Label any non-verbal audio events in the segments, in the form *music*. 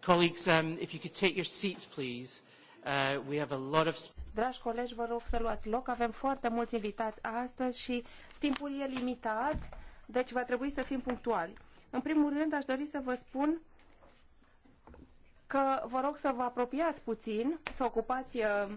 Colleagues, um, if you could take your seats, please. Uh, we have a lot of... Dragi colegi, vă rog să luați loc. Avem foarte mulți invitați astăzi și timpul e limitat, deci va trebui să fim punctuali. În primul rând, aș dori să vă spun că vă rog să vă apropiați puțin, să ocupați uh,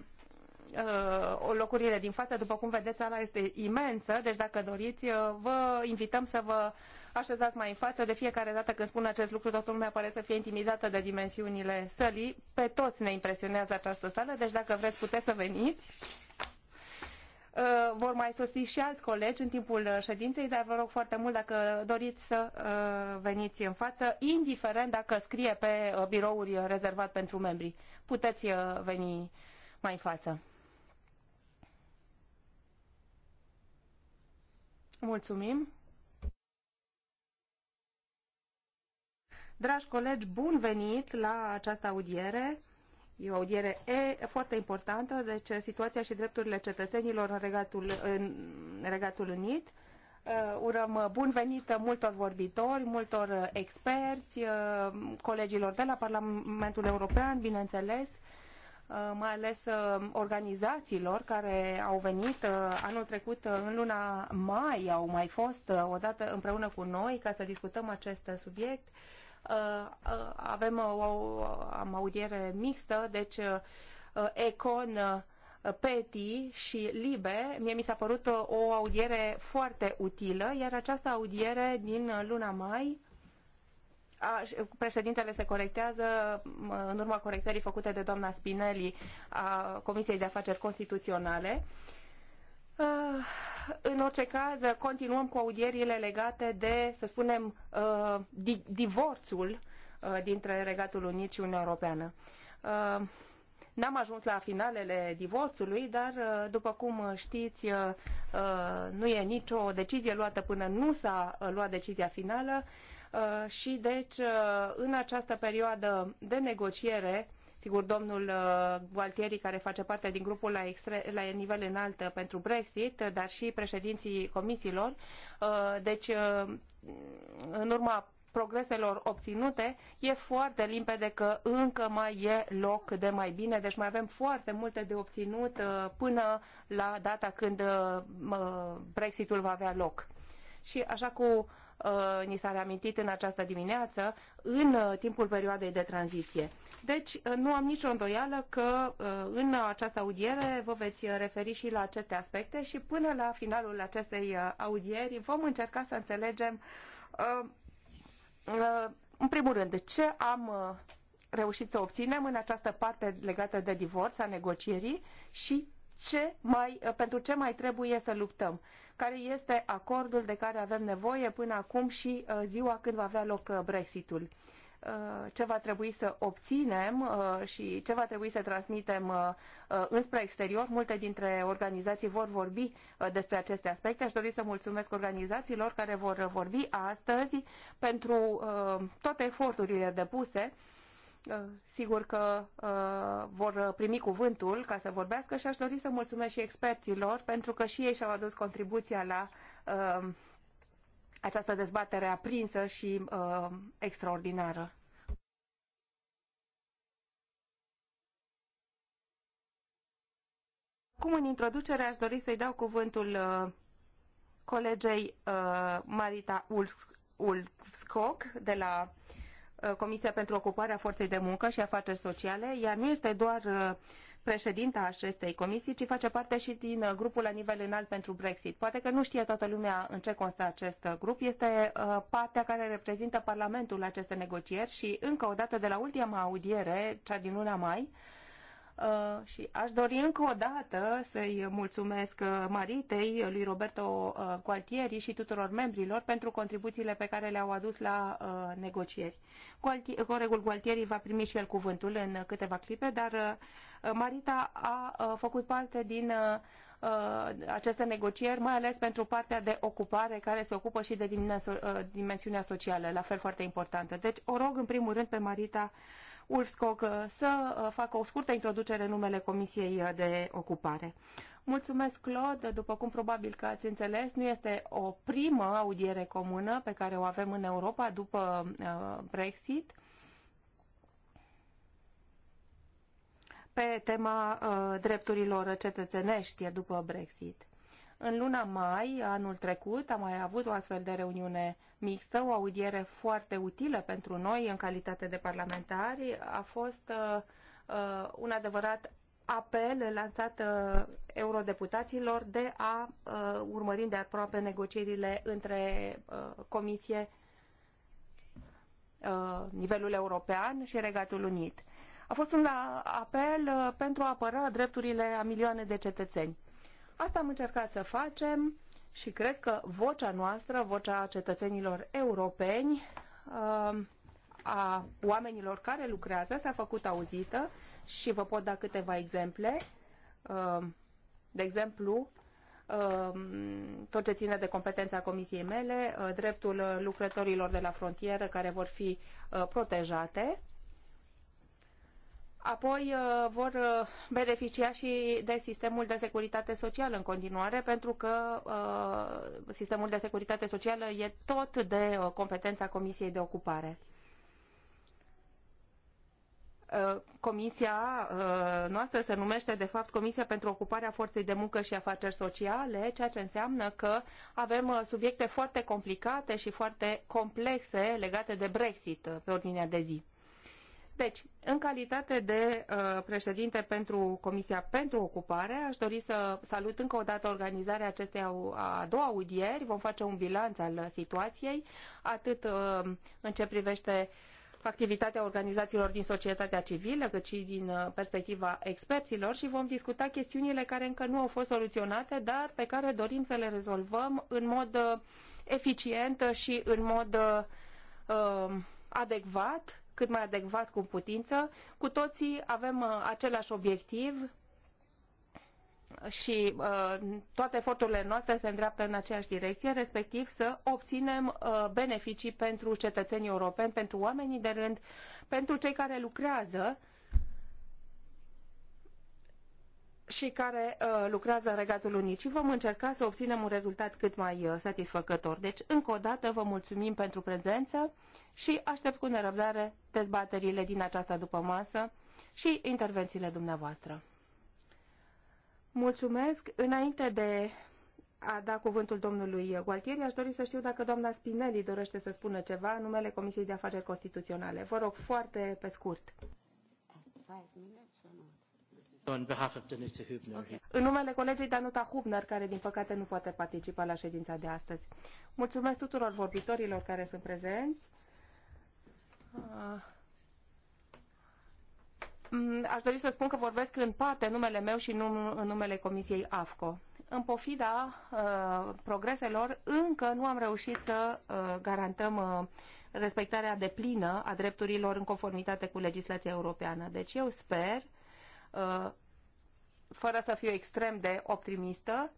uh, locurile din față. După cum vedeți, sala este imensă, deci dacă doriți, uh, vă invităm să vă așezați mai în față. De fiecare dată când spun acest lucru, toată lumea pare să fie intimidată de dimensiunile sălii. Pe toți ne impresionează această sală, deci dacă vreți, puteți să veniți. Uh, vor mai susți și alți colegi în timpul ședinței, dar vă rog foarte mult dacă doriți să uh, veniți în față, indiferent dacă scrie pe uh, birouri uh, rezervat pentru membri. Puteți uh, veni mai în față. Mulțumim! Dragi colegi, bun venit la această audiere. E o audiere e foarte importantă, deci situația și drepturile cetățenilor în Regatul, în Regatul Unit. Uh, urăm bun venit multor vorbitori, multor experți, uh, colegilor de la Parlamentul European, bineînțeles, Uh, mai ales uh, organizațiilor care au venit uh, anul trecut în luna mai, au mai fost odată împreună cu noi ca să discutăm acest subiect. Avem o am audiere mixtă, deci Econ PETI și LIBE, mie mi s-a părut o audiere foarte utilă, iar această audiere din luna mai a, președintele se corectează în urma corectării făcute de doamna Spinelli a Comisiei de Afaceri Constituționale. În orice caz, continuăm cu audierile legate de, să spunem, divorțul dintre Regatul Unit și Uniunea Europeană. N-am ajuns la finalele divorțului, dar, după cum știți, nu e nicio decizie luată până nu s-a luat decizia finală Uh, și deci uh, în această perioadă de negociere, sigur domnul uh, Gualtieri care face parte din grupul la, extre- la nivel înalt pentru Brexit, dar și președinții comisiilor, deci în urma progreselor obținute, e foarte limpede că încă mai e loc de mai bine, deci mai avem foarte multe de obținut până la data când Brexitul va avea loc. Și așa cu Uh, ni s-a reamintit în această dimineață, în uh, timpul perioadei de tranziție. Deci, uh, nu am nicio îndoială că în această audiere vă veți referi și la aceste aspecte și până la finalul acestei audieri vom încerca să înțelegem, în primul rând, ce am reușit să obținem în această parte legată de divorț, a negocierii și ce mai, pentru ce mai trebuie să luptăm care este acordul de care avem nevoie până acum și uh, ziua când va avea loc uh, Brexitul uh, ce va trebui să obținem și ce va trebui să transmitem înspre exterior. Multe dintre organizații vor vorbi despre aceste aspecte. Aș dori să mulțumesc organizațiilor care vor vorbi astăzi pentru toate eforturile depuse Uh, sigur că uh, vor primi cuvântul ca să vorbească și aș dori să mulțumesc și experților pentru că și ei și-au adus contribuția la uh, această dezbatere aprinsă și extraordinară. Acum, în introducere, aș dori să-i dau cuvântul colegei Marita Ulfskog de la uh, Uh, Comisia pentru Ocuparea Forței de Muncă și Afaceri Sociale. iar nu este doar uh, președinta acestei comisii, ci face parte și din uh, grupul la nivel înalt pentru Brexit. Poate că nu știe toată lumea în ce constă acest grup. Este partea care reprezintă Parlamentul la aceste negocieri și încă o dată de la ultima audiere, cea din luna mai, Uh, și aș dori încă o dată să-i mulțumesc uh, Maritei, lui Roberto uh, Gualtieri și tuturor membrilor pentru contribuțiile pe care le-au adus la negocieri. Coregul Gualtieri va primi și el cuvântul în câteva clipe, dar Marita a făcut parte din aceste negocieri, mai ales pentru partea de ocupare care se ocupă și de dimensiunea socială, la fel foarte importantă. Deci o rog în primul rând pe Marita Ulfskog să uh, facă o scurtă introducere în numele Comisiei uh, de Ocupare. Mulțumesc, Claude. După cum probabil că ați înțeles, nu este o primă audiere comună pe care o avem în Europa după uh, Brexit. pe tema uh, drepturilor cetățenești după Brexit. În luna mai, anul trecut, am mai avut o astfel de reuniune mixtă, o audiere foarte utilă pentru noi în calitate de parlamentari. A fost uh, uh, un adevărat apel lansat uh, eurodeputaților de a uh, urmări de aproape negocierile între uh, Comisie, uh, nivelul european și Regatul Unit. A fost un apel uh, pentru a apăra drepturile a milioane de cetățeni. Asta am încercat să facem și cred că vocea noastră, vocea cetățenilor europeni, um, a oamenilor care lucrează, s-a făcut auzită și vă pot da câteva exemple. Um, de exemplu, um, tot ce ține de competența comisiei mele, uh, dreptul lucrătorilor de la frontieră care vor fi uh, protejate Apoi uh, vor uh, beneficia și de sistemul de securitate socială în continuare, pentru că uh, sistemul de securitate socială e tot de competența Comisiei de Ocupare. Comisia noastră se numește de fapt Comisia pentru Ocuparea Forței de Muncă și Afaceri Sociale, ceea ce înseamnă că avem subiecte foarte complicate și foarte complexe legate de Brexit pe ordinea de zi. Deci, în calitate de uh, președinte pentru Comisia pentru Ocupare, aș dori să salut încă o dată organizarea acestei au, a doua audieri. Vom face un bilanț al situației, atât uh, în ce privește activitatea organizațiilor din societatea civilă, cât și din uh, perspectiva experților și vom discuta chestiunile care încă nu au fost soluționate, dar pe care dorim să le rezolvăm în mod uh, eficient și în mod uh, uh, adecvat cât mai adecvat cu putință. Cu toții avem uh, același obiectiv și uh, toate eforturile noastre se îndreaptă în aceeași direcție, respectiv să obținem uh, beneficii pentru cetățenii europeni, pentru oamenii de rând, pentru cei care lucrează și care uh, lucrează în Regatul Unit și vom încerca să obținem un rezultat cât mai uh, satisfăcător. Deci, încă o dată, vă mulțumim pentru prezență și aștept cu nerăbdare dezbaterile din această după masă și intervențiile dumneavoastră. Mulțumesc. Înainte de a da cuvântul domnului Gualtieri, aș dori să știu dacă doamna Spinelli dorește să spună ceva în numele Comisiei de Afaceri Constituționale. Vă rog foarte pe scurt. Five minutes. În numele colegii Danuta Hubner, care din păcate nu poate participa la ședința de astăzi. Mulțumesc tuturor vorbitorilor care sunt prezenți. Ah. Mm, aș dori să spun că vorbesc în parte numele meu și nu în numele Comisiei AFCO. În pofida uh, progreselor, încă nu am reușit să uh, garantăm uh, respectarea deplină a drepturilor în conformitate cu legislația europeană. Deci eu sper uh, Uh, fără să fiu extrem de optimistă,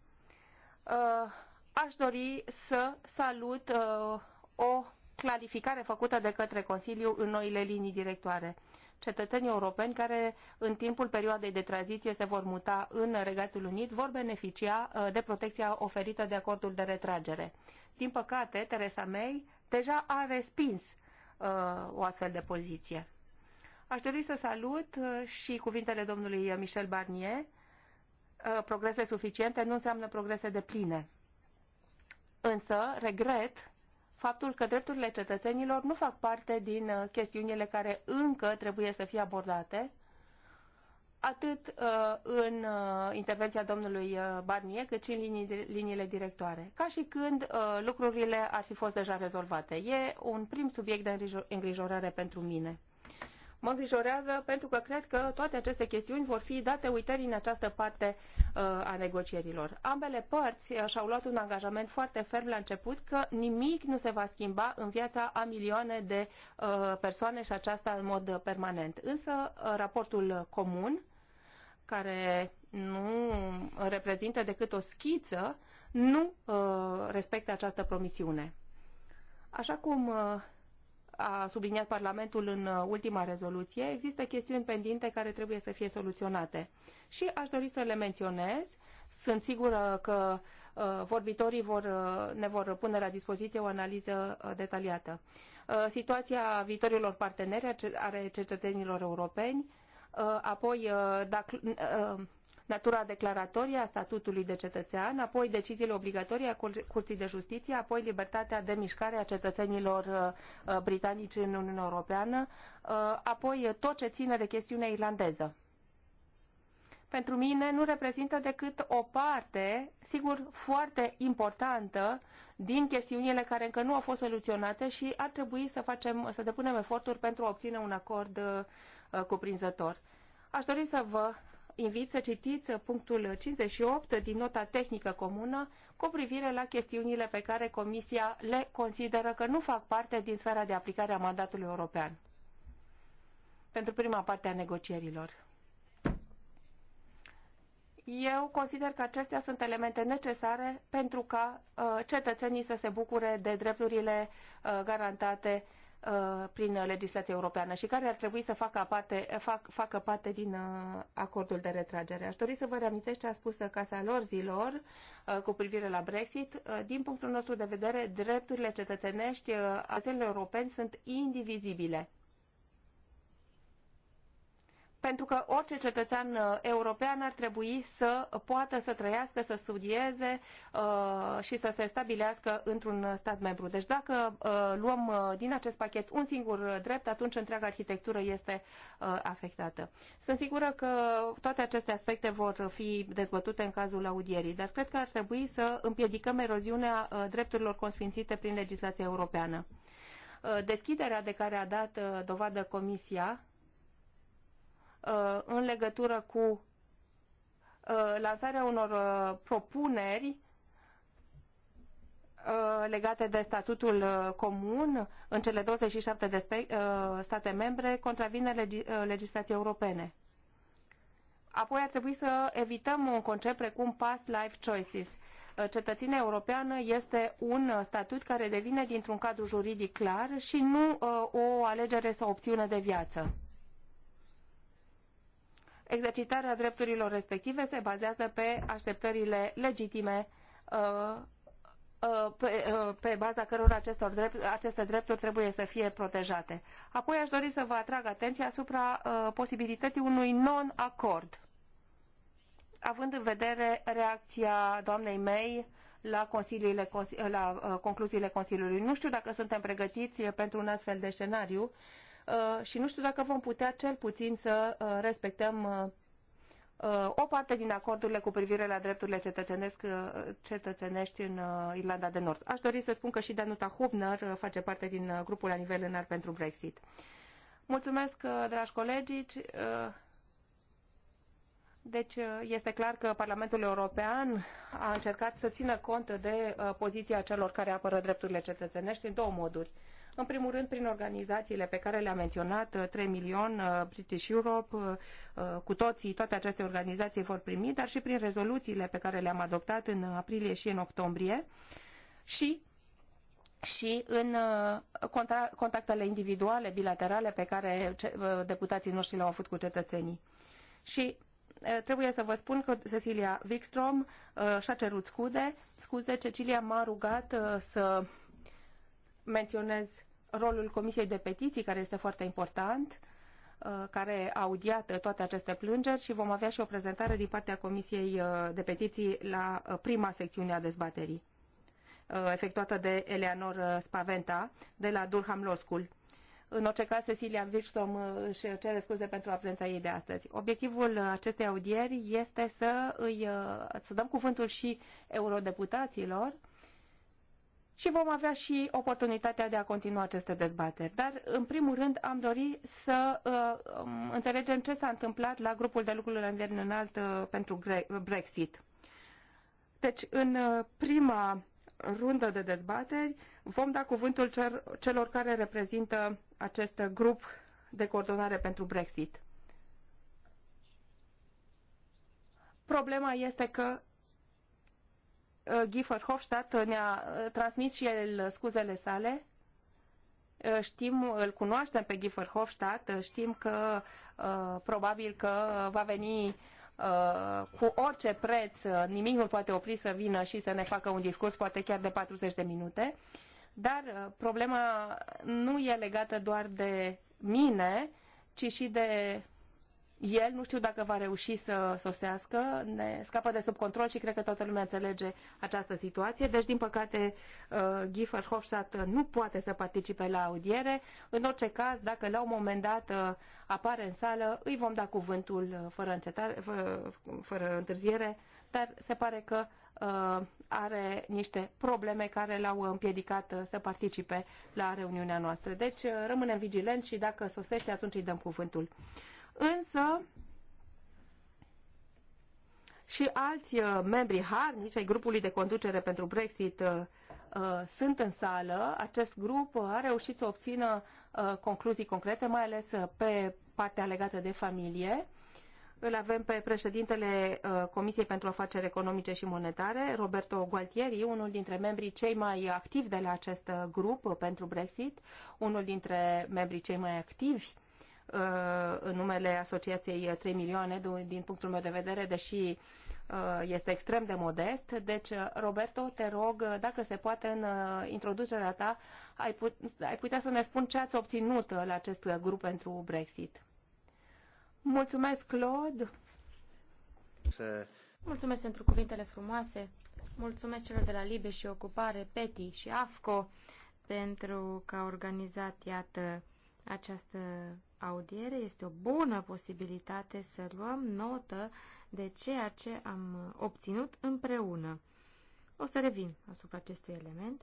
uh, aș dori să salut uh, o clarificare făcută de către Consiliu în noile linii directoare. Cetățenii europeni care în timpul perioadei de tranziție se vor muta în Regatul Unit vor beneficia de protecția oferită de acordul de retragere. Din păcate, Teresa May deja a respins uh, o astfel de poziție. Aș dori să salut uh, și cuvintele domnului Michel Barnier. Uh, progrese suficiente nu înseamnă progrese de pline. Însă, regret faptul că drepturile cetățenilor nu fac parte din uh, chestiunile care încă trebuie să fie abordate, atât în intervenția domnului Barnier, cât și în liniile directoare, ca și când lucrurile ar fi fost deja rezolvate. E un prim subiect de îngrijorare pentru mine mă îngrijorează pentru că cred că toate aceste chestiuni vor fi date uitării în această parte uh, a negocierilor. Ambele părți uh, și-au luat un angajament foarte ferm la început că nimic nu se va schimba în viața a milioane de uh, persoane și aceasta în mod permanent. Însă uh, raportul comun, care nu reprezintă decât o schiță, nu uh, respectă această promisiune. Așa cum uh, a subliniat Parlamentul în uh, ultima rezoluție, există chestiuni pendinte care trebuie să fie soluționate. Și aș dori să le menționez. Sunt sigură că uh, vorbitorii vor, uh, ne vor pune la dispoziție o analiză detaliată. Situația viitorilor parteneri ale cetățenilor europeni, Uh, apoi uh, uh, natura declaratorie a statutului de cetățean, apoi deciziile obligatorii a Curții de Justiție, apoi libertatea de mișcare a cetățenilor britanici în Uniunea Europeană, apoi tot ce ține de chestiunea irlandeză pentru mine nu reprezintă decât o parte, sigur, foarte importantă din chestiunile care încă nu au fost soluționate și ar trebui să facem, să depunem eforturi pentru a obține un acord Uh, cuprinzător. Aș dori să vă invit să citiți punctul 58 din nota tehnică comună cu privire la chestiunile pe care Comisia le consideră că nu fac parte din sfera de aplicare a mandatului european pentru prima parte a negocierilor. Eu consider că acestea sunt elemente necesare pentru ca uh, cetățenii să se bucure de drepturile uh, garantate uh, Uh, prin legislația europeană și care ar trebui să facă parte, fac, facă parte din uh, acordul de retragere. Aș dori să vă reamintesc ce a spus Casa lor zilor uh, cu privire la Brexit. Din punctul nostru de vedere, drepturile cetățenești a cetățenilor europeni sunt indivizibile pentru că orice cetățean uh, european ar trebui să poată să trăiască, să studieze uh, și să se stabilească într-un stat membru. Deci dacă uh, luăm din acest pachet un singur drept, atunci întreaga arhitectură este afectată. Sunt sigură că toate aceste aspecte vor fi dezbătute în cazul audierii, dar cred că ar trebui să împiedicăm eroziunea drepturilor consfințite prin legislația europeană. Deschiderea de care a dat dovadă Comisia Uh, în legătură cu uh, lansarea unor uh, propuneri legate de statutul comun în cele 27 de state membre contravine legislației europene. Apoi ar trebui să evităm un concept precum past life choices. Cetățenia europeană este un statut care devine dintr-un cadru juridic clar și nu o alegere sau opțiune de viață. Exercitarea drepturilor respective se bazează pe așteptările legitime uh, uh, pe, uh, pe baza cărora acestor drept, aceste drepturi trebuie să fie protejate. Apoi aș dori să vă atrag atenția asupra posibilității unui non-acord, având în vedere reacția doamnei mei la, consiliile, la concluziile Consiliului. Nu știu dacă suntem pregătiți pentru un astfel de scenariu Uh, și nu știu dacă vom putea cel puțin să uh, respectăm uh, o parte din acordurile cu privire la drepturile cetățenesc, cetățenești în Irlanda de Nord. Aș dori să spun că și Danuta Hubner face parte din grupul la nivel înalt pentru Brexit. Mulțumesc, dragi colegi. Deci este clar că Parlamentul European a încercat să țină cont de poziția celor care apără drepturile cetățenești în două moduri. În primul rând, prin organizațiile pe care le-am menționat, 3 uh, milion, uh, British Europe, uh, cu toții, toate aceste organizații vor primi, dar și prin rezoluțiile pe care le-am adoptat în aprilie și în octombrie și și în contactele individuale, bilaterale pe care deputații noștri le-au avut cu cetățenii. Și trebuie să vă spun că Cecilia Wikstrom și-a cerut scuze, scuze, Cecilia m-a rugat să menționez rolul Comisiei de Petiții, care este foarte important, uh, care a audiat toate aceste plângeri și vom avea și o prezentare din partea Comisiei uh, de Petiții la uh, prima secțiune a dezbaterii, efectuată de Eleanor Spaventa de la Durham Law School. În orice caz, Cecilia Virstom își cere scuze pentru absența ei de astăzi. Obiectivul acestei audieri este să, îi, să dăm cuvântul și eurodeputaților, și vom avea și oportunitatea de a continua aceste dezbateri. Dar, în primul rând, am dori să uh, um, înțelegem ce s-a întâmplat la grupul de lucruri în nivel înalt uh, pentru Brexit. Deci, în uh, prima rundă de dezbateri vom da cuvântul cer, celor care reprezintă acest grup de coordonare pentru Brexit. Problema este că Uh, Guy Verhofstadt uh, ne-a uh, transmis și el scuzele sale. Știm, îl cunoaștem pe Guy Verhofstadt, știm că probabil că va veni cu orice preț, nimic nu poate opri să vină și să ne facă un discurs, poate chiar de 40 de minute. Dar problema nu e legată doar de mine, ci și de el nu știu dacă va reuși să sosească, ne scapă de sub control și cred că toată lumea înțelege această situație. Deci, din păcate, uh, Guy Hofstadt nu poate să participe la audiere. În orice caz, dacă la un moment dat uh, apare în sală, îi vom da cuvântul uh, fără, încetare, fără, fără întârziere, dar se pare că are niște probleme care l-au împiedicat să participe la reuniunea noastră. Deci rămânem vigilenți și dacă sosește, atunci îi dăm cuvântul însă și alți uh, membri harnici ai grupului de conducere pentru Brexit uh, uh, sunt în sală. Acest grup a reușit să obțină concluzii concrete, mai ales pe partea legată de familie. Îl avem pe președintele Comisiei pentru Afaceri Economice și Monetare, Roberto Gualtieri, unul dintre membrii cei mai activi de la acest grup pentru Brexit, unul dintre membrii cei mai activi Uh, în numele Asociației 3 milioane, din punctul meu de vedere, deși uh, este extrem de modest. Deci, uh, Roberto, te rog, dacă se poate, în introducerea ta, ai, ai putea să ne spun ce ați obținut la acest grup pentru Brexit. Mulțumesc, Claude! Se... Mulțumesc pentru cuvintele frumoase. Mulțumesc celor de la Libe și Ocupare, PETI și AFCO pentru că au organizat, iată, această audiere este o bună posibilitate să luăm notă de ceea ce am obținut împreună. O să revin asupra acestui element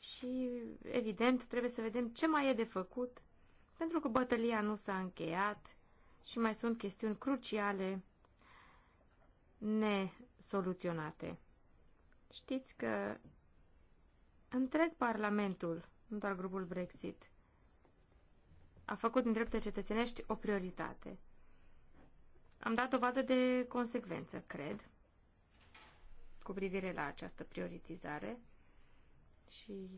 și, evident, trebuie să vedem ce mai e de făcut, pentru că bătălia nu s-a încheiat și mai sunt chestiuni cruciale nesoluționate. Știți că întreg Parlamentul, nu doar grupul Brexit, a făcut în drepturile cetățenești o prioritate. Am dat dovadă de consecvență, cred, cu privire la această prioritizare și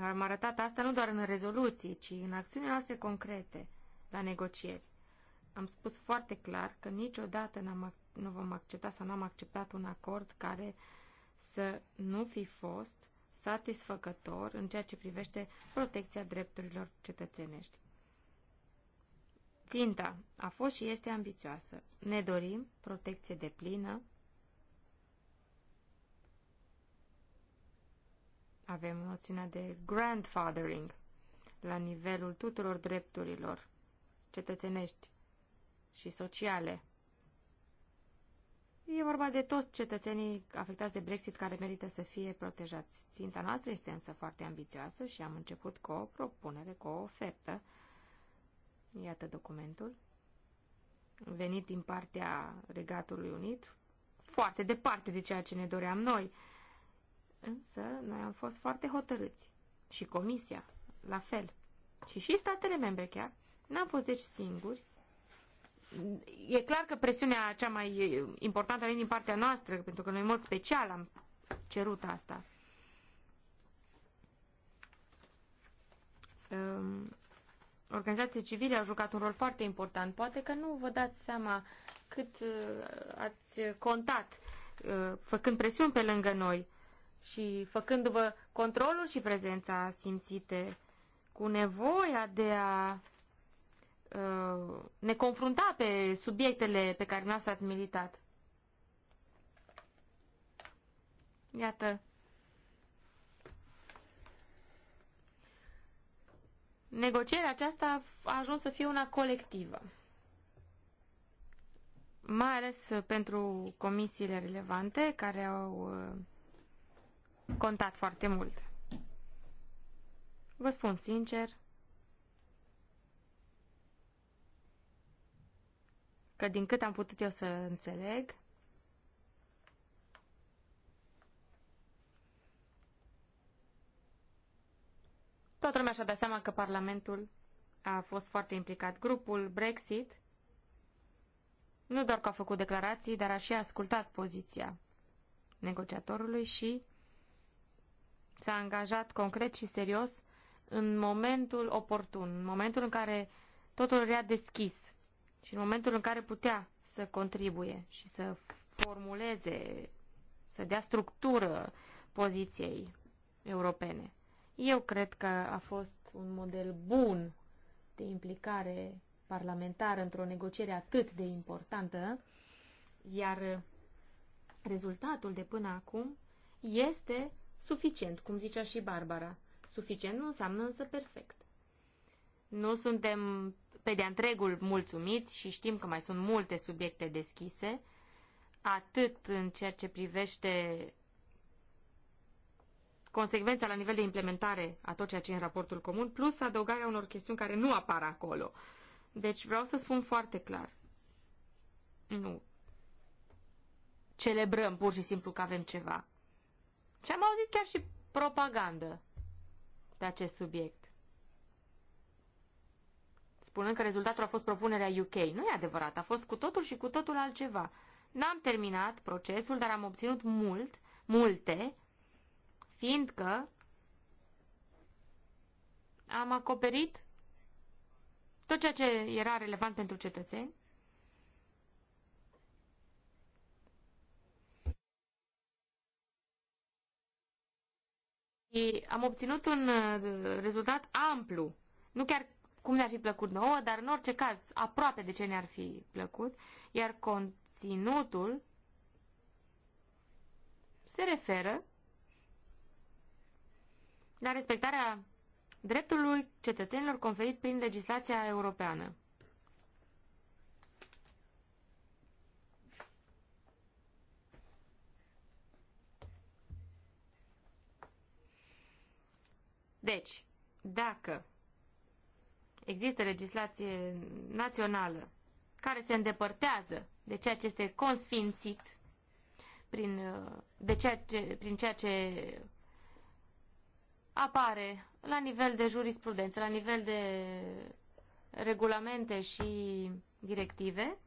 am arătat asta nu doar în rezoluții, ci în acțiunile noastre concrete, la negocieri. Am spus foarte clar că niciodată -am, nu vom accepta sau nu am acceptat un acord care să nu fi fost satisfăcător în ceea ce privește protecția drepturilor cetățenești. Ținta a fost și este ambițioasă. Ne dorim protecție de plină. Avem noțiunea de grandfathering la nivelul tuturor drepturilor cetățenești și sociale. E vorba de toți cetățenii afectați de Brexit care merită să fie protejați. Ținta noastră este însă foarte ambițioasă și am început cu o propunere, cu o ofertă. Iată documentul. Venit din partea Regatului Unit, foarte departe de ceea ce ne doream noi. Însă noi am fost foarte hotărâți. Și Comisia, la fel. Și și statele membre chiar. N-am fost deci singuri E clar că presiunea cea mai importantă vine din partea noastră, pentru că noi în mod special am cerut asta. Um, ehm, organizații civile au jucat un rol foarte important. Poate că nu vă dați seama cât eh, ați contat eh, făcând presiuni pe lângă noi și făcându-vă controlul și prezența simțite cu nevoia de a Uh, ne confrunta pe subiectele pe care noi ați militat. Iată. Negocierea aceasta a ajuns să fie una colectivă, mai ales pentru comisiile relevante care au uh, contat foarte mult. Vă spun sincer, că din cât am putut eu să înțeleg, toată lumea și-a dat seama că Parlamentul a fost foarte implicat. Grupul Brexit nu doar că a făcut declarații, dar a și ascultat poziția negociatorului și s-a angajat concret și serios în momentul oportun, în momentul în care totul era deschis și în momentul în care putea să contribuie și să formuleze, să dea structură poziției europene. Eu cred că a fost un model bun de implicare parlamentară într-o negociere atât de importantă, iar rezultatul de până acum este suficient, cum zicea și Barbara. Suficient nu înseamnă însă perfect. Nu suntem pe de-a întregul mulțumiți și știm că mai sunt multe subiecte deschise, atât în ceea ce privește consecvența la nivel de implementare a tot ceea ce e în raportul comun, plus adăugarea unor chestiuni care nu apar acolo. Deci vreau să spun foarte clar. Nu. Celebrăm pur și simplu că avem ceva. Și am auzit chiar și propagandă pe acest subiect spunând că rezultatul a fost propunerea UK. Nu e adevărat, a fost cu totul și cu totul altceva. N-am terminat procesul, dar am obținut mult, multe, fiindcă am acoperit tot ceea ce era relevant pentru cetățeni. Și am obținut un uh, rezultat amplu, nu chiar cum ne-ar fi plăcut nouă, dar în orice caz aproape de ce ne-ar fi plăcut, iar conținutul se referă la respectarea dreptului cetățenilor conferit prin legislația europeană. Deci, dacă există legislație națională care se îndepărtează de ceea ce este consfințit prin, uh, de ceea ce, prin ceea ce apare la nivel de jurisprudență, la nivel de regulamente și directive,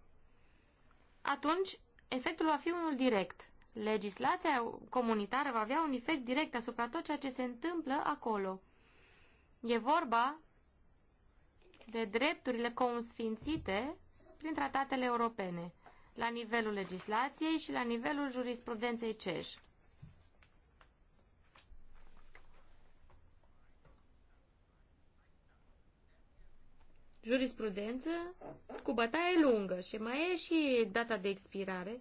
atunci efectul va fi unul direct. Legislația comunitară va avea un efect direct asupra tot ceea ce se întâmplă acolo. E vorba de drepturile consfințite prin tratatele europene, la nivelul legislației și la nivelul jurisprudenței CEJ. Jurisprudență cu bătaie lungă și mai e și data de expirare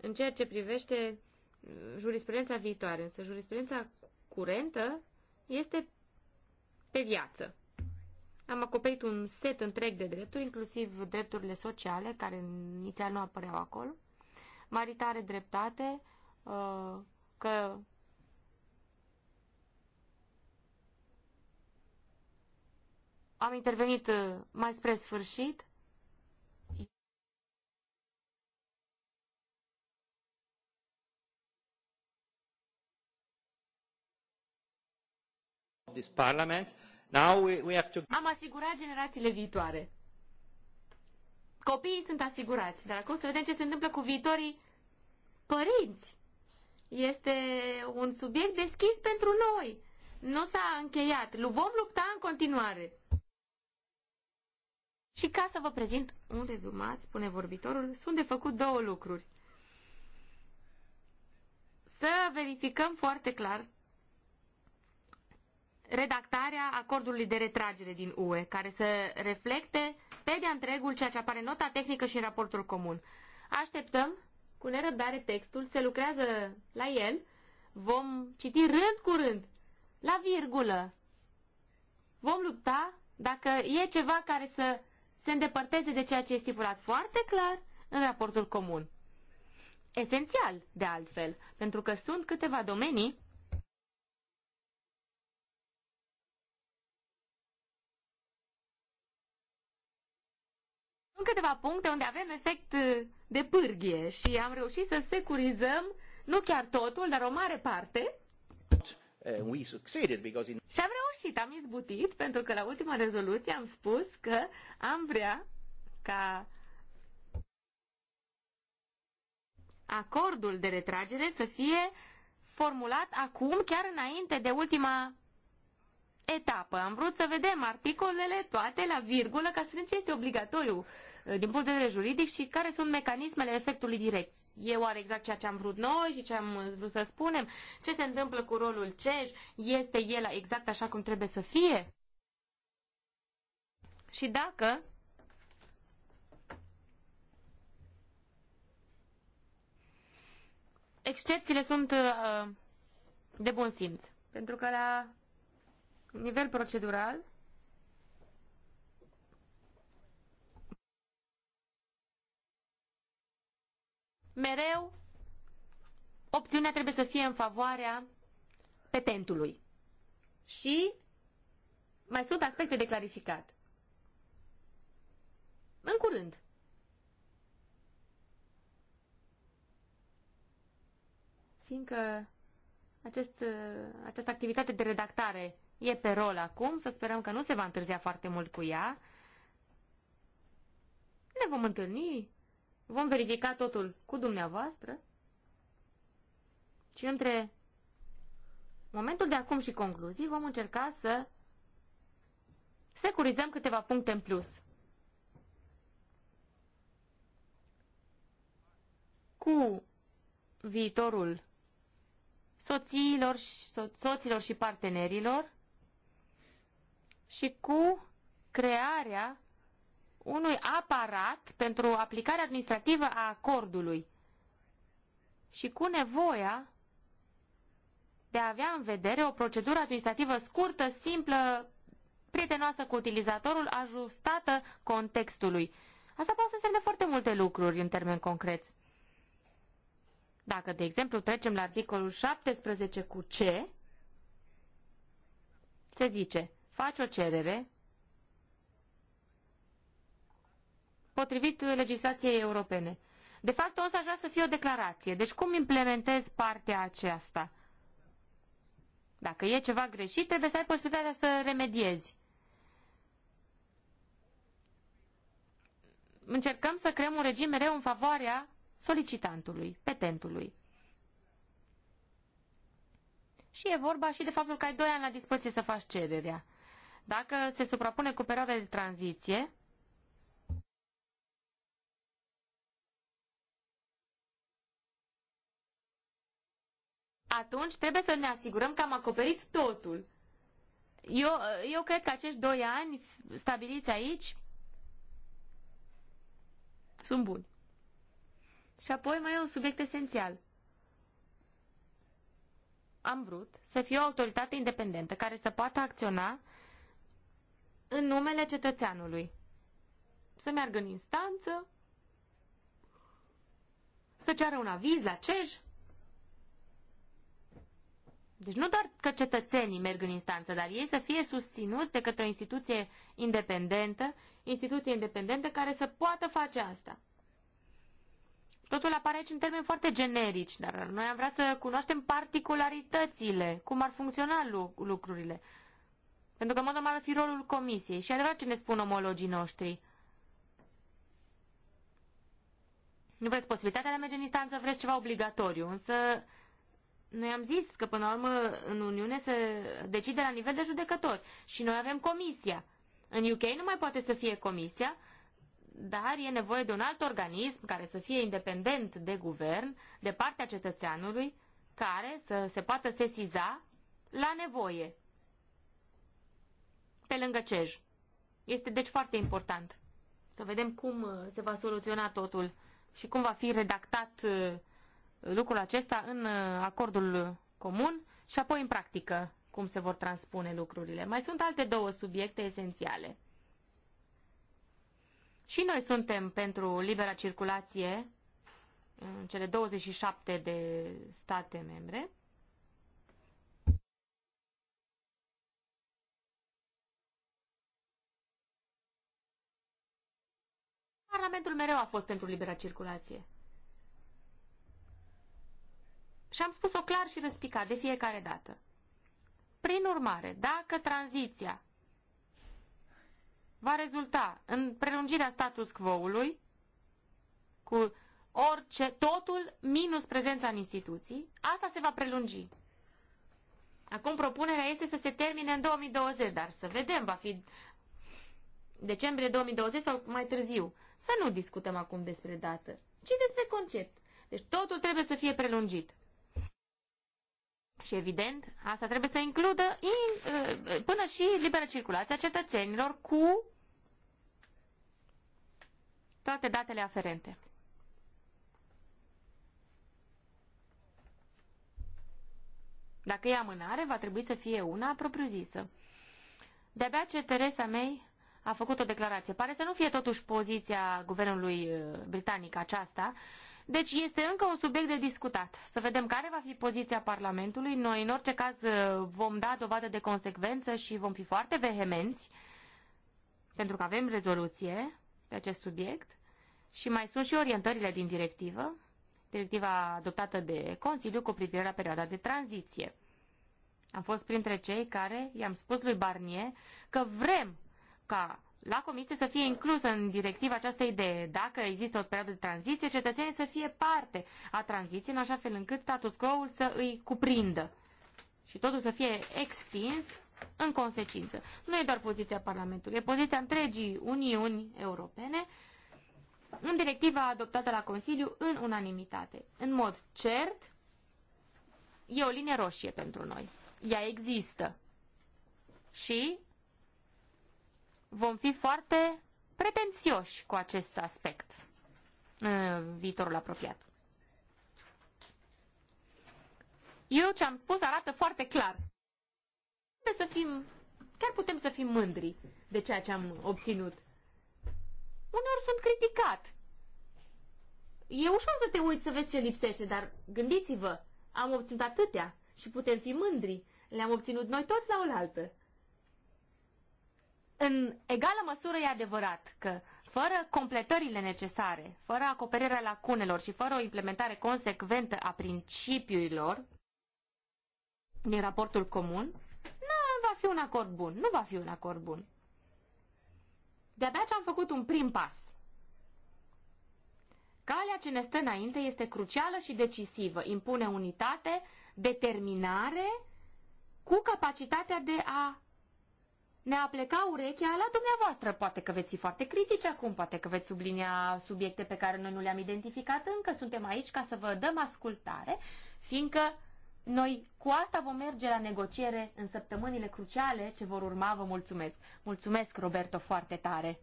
în ceea ce privește uh, jurisprudența viitoare, însă jurisprudența curentă este pe viață. Am acoperit un set întreg de drepturi, inclusiv drepturile sociale, care inițial nu apăreau acolo. Maritare dreptate uh, că am intervenit uh, mai spre sfârșit. This parliament Now we, we have to... Am asigurat generațiile viitoare. Copiii sunt asigurați, dar acum să vedem ce se întâmplă cu viitorii părinți. Este un subiect deschis pentru noi. Nu s-a încheiat. Vom lupta în continuare. Și ca să vă prezint un rezumat, spune vorbitorul, sunt de făcut două lucruri. Să verificăm foarte clar redactarea acordului de retragere din UE, care să reflecte pe de întregul ceea ce apare în nota tehnică și în raportul comun. Așteptăm cu nerăbdare textul, se lucrează la el, vom citi rând cu rând, la virgulă. Vom lupta dacă e ceva care să se îndepărteze de ceea ce e stipulat foarte clar în raportul comun. Esențial, de altfel, pentru că sunt câteva domenii în câteva puncte unde avem efect uh, de pârghie și am reușit să securizăm nu chiar totul, dar o mare parte. Eh, și am reușit, am izbutit, pentru că la ultima rezoluție am spus că am vrea ca acordul de retragere să fie formulat acum, chiar înainte de ultima etapă. Am vrut să vedem articolele toate la virgulă ca să vedem ce este obligatoriu Uh, din punct de vedere juridic și care sunt mecanismele efectului direct. E oare exact ceea ce am vrut noi și ce am vrut să spunem? Ce se întâmplă cu rolul CEJ? Este el exact așa cum trebuie să fie? Și dacă excepțiile sunt uh, de bun simț, pentru că la nivel procedural mereu opțiunea trebuie să fie în favoarea petentului. Și mai sunt aspecte de clarificat. În curând. Fiindcă acest, această activitate de redactare e pe rol acum, să sperăm că nu se va întârzia foarte mult cu ea. Ne vom întâlni Vom verifica totul cu dumneavoastră și între momentul de acum și concluzii vom încerca să securizăm câteva puncte în plus. Cu viitorul soțiilor și, so- soților și partenerilor și cu crearea unui aparat pentru aplicarea administrativă a acordului și cu nevoia de a avea în vedere o procedură administrativă scurtă, simplă, prietenoasă cu utilizatorul, ajustată contextului. Asta poate să însemne foarte multe lucruri în termeni concreți. Dacă, de exemplu, trecem la articolul 17 cu C, se zice, faci o cerere potrivit legislației europene. De fapt, o să aș vrea să fie o declarație. Deci cum implementez partea aceasta? Dacă e ceva greșit, trebuie să ai posibilitatea să remediezi. Încercăm să creăm un regim mereu în favoarea solicitantului, petentului. Și e vorba și de faptul că ai doi ani la dispoziție să faci cererea. Dacă se suprapune cu perioada de tranziție, atunci trebuie să ne asigurăm că am acoperit totul. Eu, eu cred că acești doi ani stabiliți aici sunt buni. Și apoi mai e un subiect esențial. Am vrut să fie o autoritate independentă care să poată acționa în numele cetățeanului. Să meargă în instanță, să ceară un aviz la CEJ, deci nu doar că cetățenii merg în instanță, dar ei să fie susținuți de către o instituție independentă, instituție independentă care să poată face asta. Totul apare aici în termeni foarte generici, dar noi am vrea să cunoaștem particularitățile, cum ar funcționa lucrurile. Pentru că, în mod normal, ar fi rolul comisiei. Și adevărat ce ne spun omologii noștri. Nu vreți posibilitatea de a merge în instanță, vreți ceva obligatoriu, însă noi am zis că, până la urmă, în Uniune se decide la nivel de judecători și noi avem comisia. În UK nu mai poate să fie comisia, dar e nevoie de un alt organism care să fie independent de guvern, de partea cetățeanului, care să se poată sesiza la nevoie, pe lângă CEJ. Este deci foarte important să vedem cum uh, se va soluționa totul și cum va fi redactat uh, lucrul acesta în uh, acordul comun și apoi în practică cum se vor transpune lucrurile. Mai sunt alte două subiecte esențiale. Și noi suntem pentru libera circulație în cele 27 de state membre. Parlamentul mereu a fost pentru libera circulație. Și am spus-o clar și răspicat de fiecare dată. Prin urmare, dacă tranziția va rezulta în prelungirea status quo-ului, cu orice, totul minus prezența în instituții, asta se va prelungi. Acum propunerea este să se termine în 2020, dar să vedem, va fi decembrie 2020 sau mai târziu. Să nu discutăm acum despre dată, ci despre concept. Deci totul trebuie să fie prelungit. Și evident, asta trebuie să includă in, uh, până și liberă circulație a cetățenilor cu toate datele aferente. Dacă e amânare, va trebui să fie una propriu-zisă. De-abia ce Teresa May a făcut o declarație. Pare să nu fie totuși poziția guvernului uh, britanic aceasta, uh, deci este încă un subiect de discutat. Să vedem care va fi poziția Parlamentului. Noi, în orice caz, vom da dovadă de consecvență și vom fi foarte vehemenți, pentru că avem rezoluție pe acest subiect și mai sunt și orientările din directivă, directiva adoptată de Consiliu cu privire la perioada de tranziție. Am fost printre cei care i-am spus lui Barnier că vrem ca la comisie să fie inclusă în directivă această idee. Dacă există o perioadă de tranziție, cetățenii să fie parte a tranziției, în așa fel încât status quo-ul să îi cuprindă și totul să fie extins în consecință. Nu e doar poziția Parlamentului, e poziția întregii Uniuni Europene în directiva adoptată la Consiliu în unanimitate. În mod cert, e o linie roșie pentru noi. Ea există. Și vom fi foarte pretențioși cu acest aspect în viitorul apropiat. Eu ce am spus arată foarte clar. Trebuie să fim, chiar putem să fim mândri de ceea ce am obținut. Uneori sunt criticat. E ușor să te uiți să vezi ce lipsește, dar gândiți-vă, am obținut atâtea și putem fi mândri. Le-am obținut noi toți la oaltă. În egală măsură e adevărat că fără completările necesare, fără acoperirea lacunelor și fără o implementare consecventă a principiilor din raportul comun, nu va fi un acord bun. Nu va fi un acord bun. De-abia ce am făcut un prim pas. Calea ce ne stă înainte este crucială și decisivă. Impune unitate, determinare, cu capacitatea de a ne-a plecat urechea la dumneavoastră. Poate că veți fi foarte critici acum, poate că veți sublinia subiecte pe care noi nu le-am identificat încă. Suntem aici ca să vă dăm ascultare, fiindcă noi cu asta vom merge la negociere în săptămânile cruciale ce vor urma. Vă mulțumesc. Mulțumesc, Roberto, foarte tare.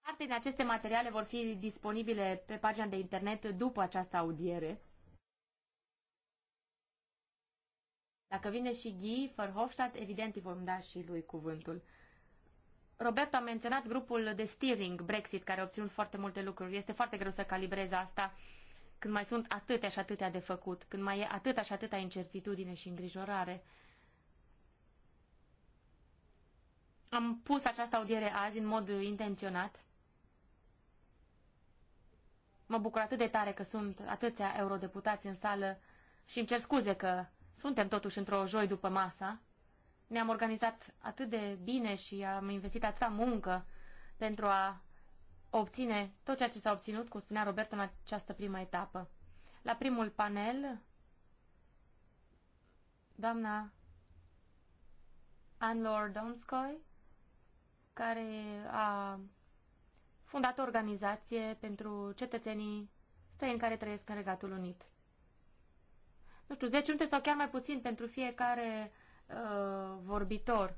Parte din aceste materiale vor fi disponibile pe pagina de internet după această audiere. Dacă vine și Guy Verhofstadt, evident îi vom da și lui cuvântul. Roberto a menționat grupul de steering Brexit, care a obținut foarte multe lucruri. Este foarte greu să calibrez asta când mai sunt atâtea și atâtea de făcut, când mai e atâta și atâta incertitudine și îngrijorare. Am pus această audiere azi în mod intenționat. Mă bucur atât de tare că sunt atâția eurodeputați în sală și îmi cer scuze că suntem totuși într-o joi după masa. Ne-am organizat atât de bine și am investit atâta muncă pentru a obține tot ceea ce s-a obținut, cum spunea Robert în această primă etapă. La primul panel, doamna Anlor Donskoy, care a fundat o organizație pentru cetățenii străini care trăiesc în Regatul Unit nu știu, 10 minute sau chiar mai puțin pentru fiecare uh, vorbitor.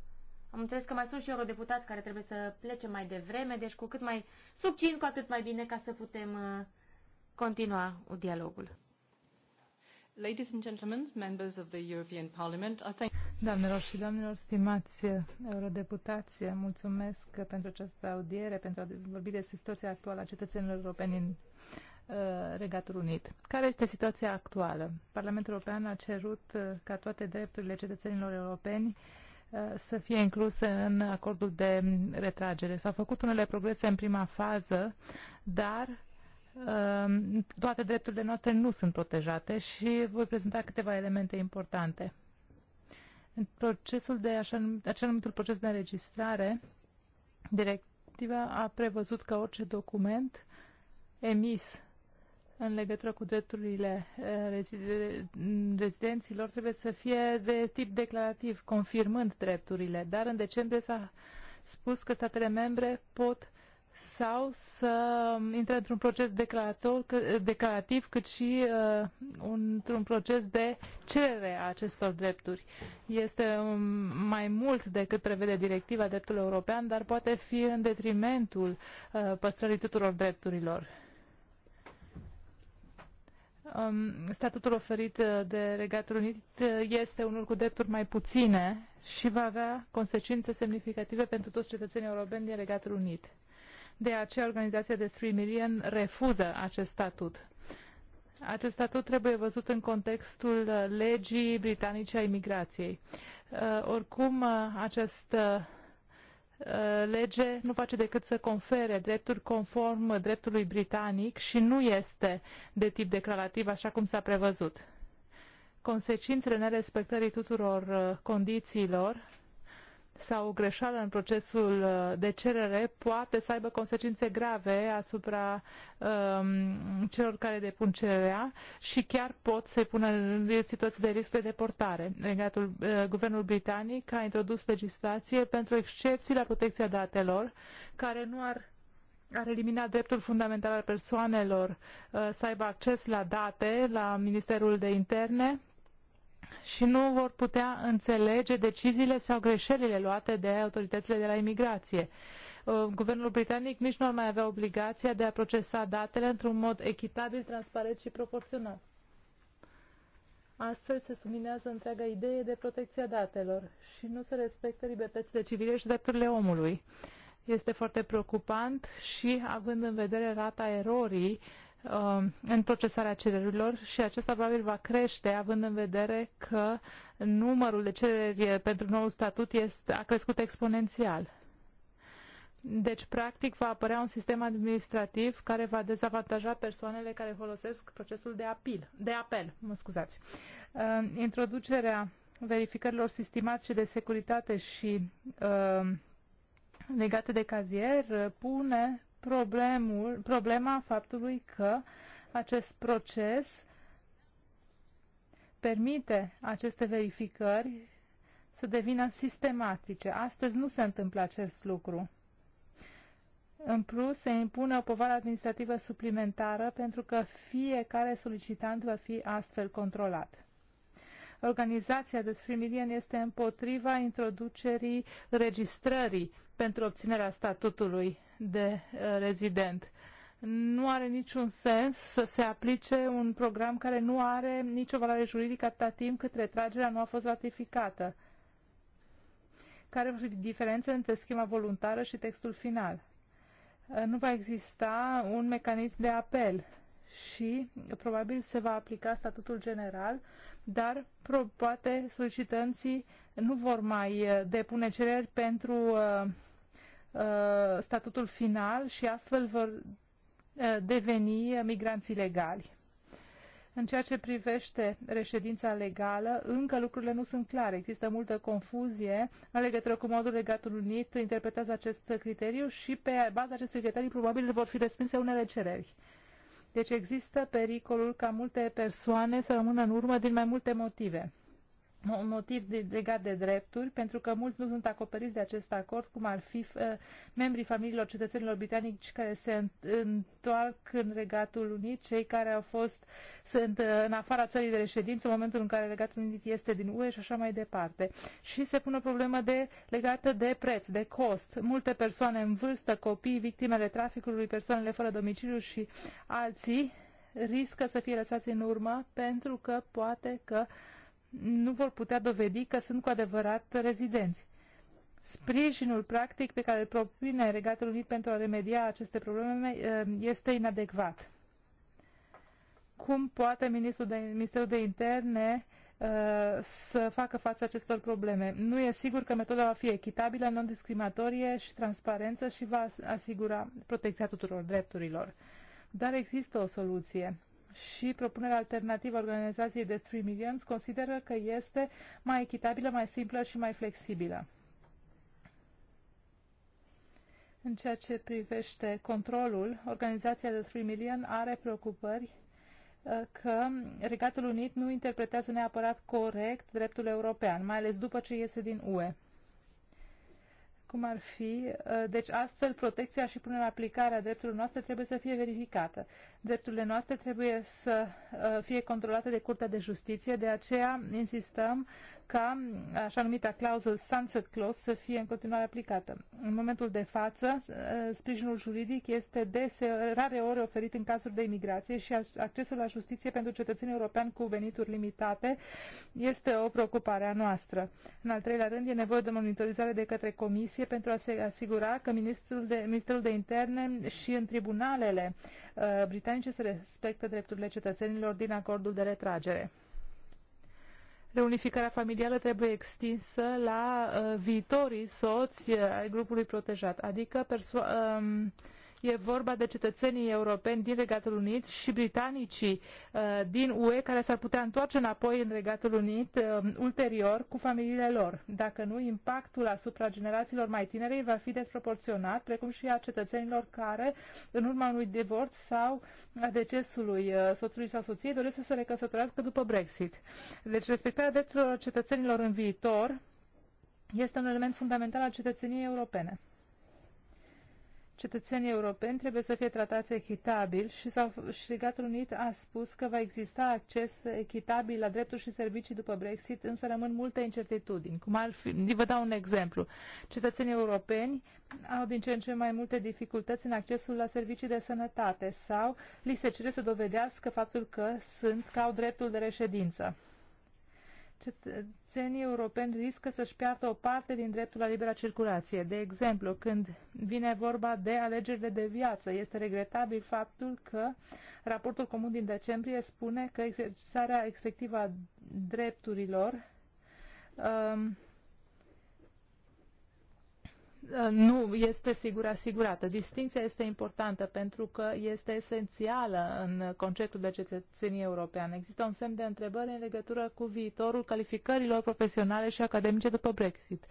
Am înțeles că mai sunt și eurodeputați care trebuie să plece mai devreme, deci cu cât mai subțin, cu atât mai bine ca să putem uh, continua dialogul. Ladies and gentlemen, members of the European Parliament, I think... Doamnelor și domnilor, stimați eurodeputați, mulțumesc pentru această audiere, pentru a vorbi despre situația actuală a cetățenilor europeni în Uh, Regatul Unit. Care este situația actuală? Parlamentul European a cerut uh, ca toate drepturile cetățenilor europeni uh, să fie incluse în acordul de retragere. S-au făcut unele progrese în prima fază, dar toate drepturile noastre nu sunt protejate și voi prezenta câteva elemente importante. În procesul de așa, acel numitul proces de înregistrare, directiva a prevăzut că orice document emis în legătură cu drepturile eh, rezidenților trebuie să fie de tip declarativ, confirmând drepturile, dar în decembrie s-a spus că statele membre pot sau să intre într-un proces declarativ, cât și uh, într-un proces de cerere a acestor drepturi. Este um, mai mult decât prevede directiva dreptului european, dar poate fi în detrimentul uh, păstrării tuturor drepturilor. Um, statutul oferit uh, de Regatul Unit uh, este unul cu drepturi mai puține și va avea consecințe semnificative pentru toți cetățenii europeni din Regatul Unit. De aceea, organizația de 3 Million refuză acest statut. Acest statut trebuie văzut în contextul uh, legii britanice a imigrației. Oricum, acest Uh, lege nu face decât să confere drepturi conform dreptului britanic și nu este de tip declarativ așa cum s-a prevăzut. Consecințele nerespectării tuturor uh, condițiilor sau o greșeală în procesul uh, de cerere poate să aibă consecințe grave asupra um, celor care depun cererea și chiar pot să-i pună în situații de risc de deportare. Regatul, uh, guvernul britanic a introdus legislație pentru excepții la protecția datelor care nu ar ar elimina dreptul fundamental al persoanelor uh, să aibă acces la date la Ministerul de Interne și nu vor putea înțelege deciziile sau greșelile luate de autoritățile de la imigrație. Uh, guvernul britanic nici nu ar mai avea obligația de a procesa datele într-un mod echitabil, transparent și proporțional. Astfel se suminează întreaga idee de protecția datelor și nu se respectă libertățile civile și drepturile omului. Este foarte preocupant și având în vedere rata erorii Um, în procesarea cererilor și acesta probabil va crește având în vedere că numărul de cereri pentru noul statut este, a crescut exponențial. Deci, practic, va apărea un sistem administrativ care va dezavantaja persoanele care folosesc procesul de apel. De apel mă scuzați. Um, introducerea verificărilor sistematice de securitate și um, legate de cazier pune problemul, problema faptului că acest proces permite aceste verificări să devină sistematice. Astăzi nu se întâmplă acest lucru. În plus, se impune o povară administrativă suplimentară pentru că fiecare solicitant va fi astfel controlat. Organizația de Trimilion este împotriva introducerii registrării pentru obținerea statutului de uh, rezident. Nu are niciun sens să se aplice un program care nu are nicio valoare juridică atâta timp cât retragerea nu a fost ratificată. Care vor fi diferențele între schema voluntară și textul final? Uh, nu va exista un mecanism de apel și probabil se va aplica statutul general, dar poate solicitanții nu vor mai uh, depune cereri pentru Uh, statutul final și astfel vor uh, deveni migranți ilegali. În ceea ce privește reședința legală, încă lucrurile nu sunt clare. Există multă confuzie în legătură cu modul legatul Unit interpretează acest criteriu și pe baza acestui criteriu probabil vor fi respinse unele cereri. Deci există pericolul ca multe persoane să rămână în urmă din mai multe motive un motiv de, legat de drepturi, pentru că mulți nu sunt acoperiți de acest acord, cum ar fi uh, membrii familiilor cetățenilor britanici care se întoarc în Regatul Unit, cei care au fost, sunt uh, în afara țării de reședință în momentul în care Regatul Unit este din UE și așa mai departe. Și se pune o problemă de, legată de preț, de cost. Multe persoane în vârstă, copii, victimele traficului, persoanele fără domiciliu și alții riscă să fie lăsați în urmă pentru că poate că uh, nu vor putea dovedi că sunt cu adevărat rezidenți. Sprijinul practic pe care îl propune Regatul Unit pentru a remedia aceste probleme eh, este inadecvat. Cum poate ministrul de, Ministerul de Interne eh, să facă față acestor probleme. Nu e sigur că metoda va fi echitabilă, non-discriminatorie și transparență și va asigura protecția tuturor drepturilor. Dar există o soluție și propunerea alternativă a organizației de 3 Millions consideră că este mai echitabilă, mai simplă și mai flexibilă. În ceea ce privește controlul, organizația de 3 Million are preocupări uh, că Regatul Unit nu interpretează neapărat corect dreptul european, mai ales după ce iese din UE cum ar fi. Uh, deci astfel protecția și punerea aplicarea drepturilor noastre trebuie să fie verificată. Drepturile noastre trebuie să uh, fie controlate de Curtea de Justiție, de aceea insistăm ca așa numita clauză sunset clause să fie în continuare aplicată. În momentul de față, uh, sprijinul juridic este dese, rare ori oferit în cazuri de imigrație și accesul la justiție pentru cetățenii europeni cu venituri limitate este o preocupare a noastră. În al treilea rând, e nevoie de monitorizare de către Comisie pentru a se asigura că Ministerul de, Ministerul de Interne și în tribunalele uh, britanice se respectă drepturile cetățenilor din acordul de retragere reunificarea familială trebuie extinsă la uh, viitorii soți uh, ai grupului protejat, adică perso- um, E vorba de cetățenii europeni din Regatul Unit și britanicii uh, din UE care s-ar putea întoarce înapoi în Regatul Unit uh, ulterior cu familiile lor. Dacă nu, impactul asupra generațiilor mai tinere va fi desproporționat, precum și a cetățenilor care, în urma unui divorț sau a decesului uh, soțului sau soției, doresc să se recăsătorească după Brexit. Deci respectarea drepturilor cetățenilor în viitor este un element fundamental al cetățeniei europene cetățenii europeni trebuie să fie tratați echitabil și, și Regatul Unit a spus că va exista acces echitabil la drepturi și servicii după Brexit, însă rămân multe incertitudini. Cum ar fi, vă dau un exemplu. Cetățenii europeni au din ce în ce mai multe dificultăți în accesul la servicii de sănătate sau li se cere să dovedească faptul că sunt, că au dreptul de reședință cetățenii europeni riscă să-și piardă o parte din dreptul la libera circulație. De exemplu, când vine vorba de alegerile de viață, este regretabil faptul că raportul comun din decembrie spune că exercitarea efectivă a drepturilor um, nu este sigur asigurată. Distinția este importantă pentru că este esențială în conceptul de cetățenie europeană. Există un semn de întrebări în legătură cu viitorul calificărilor profesionale și academice după Brexit.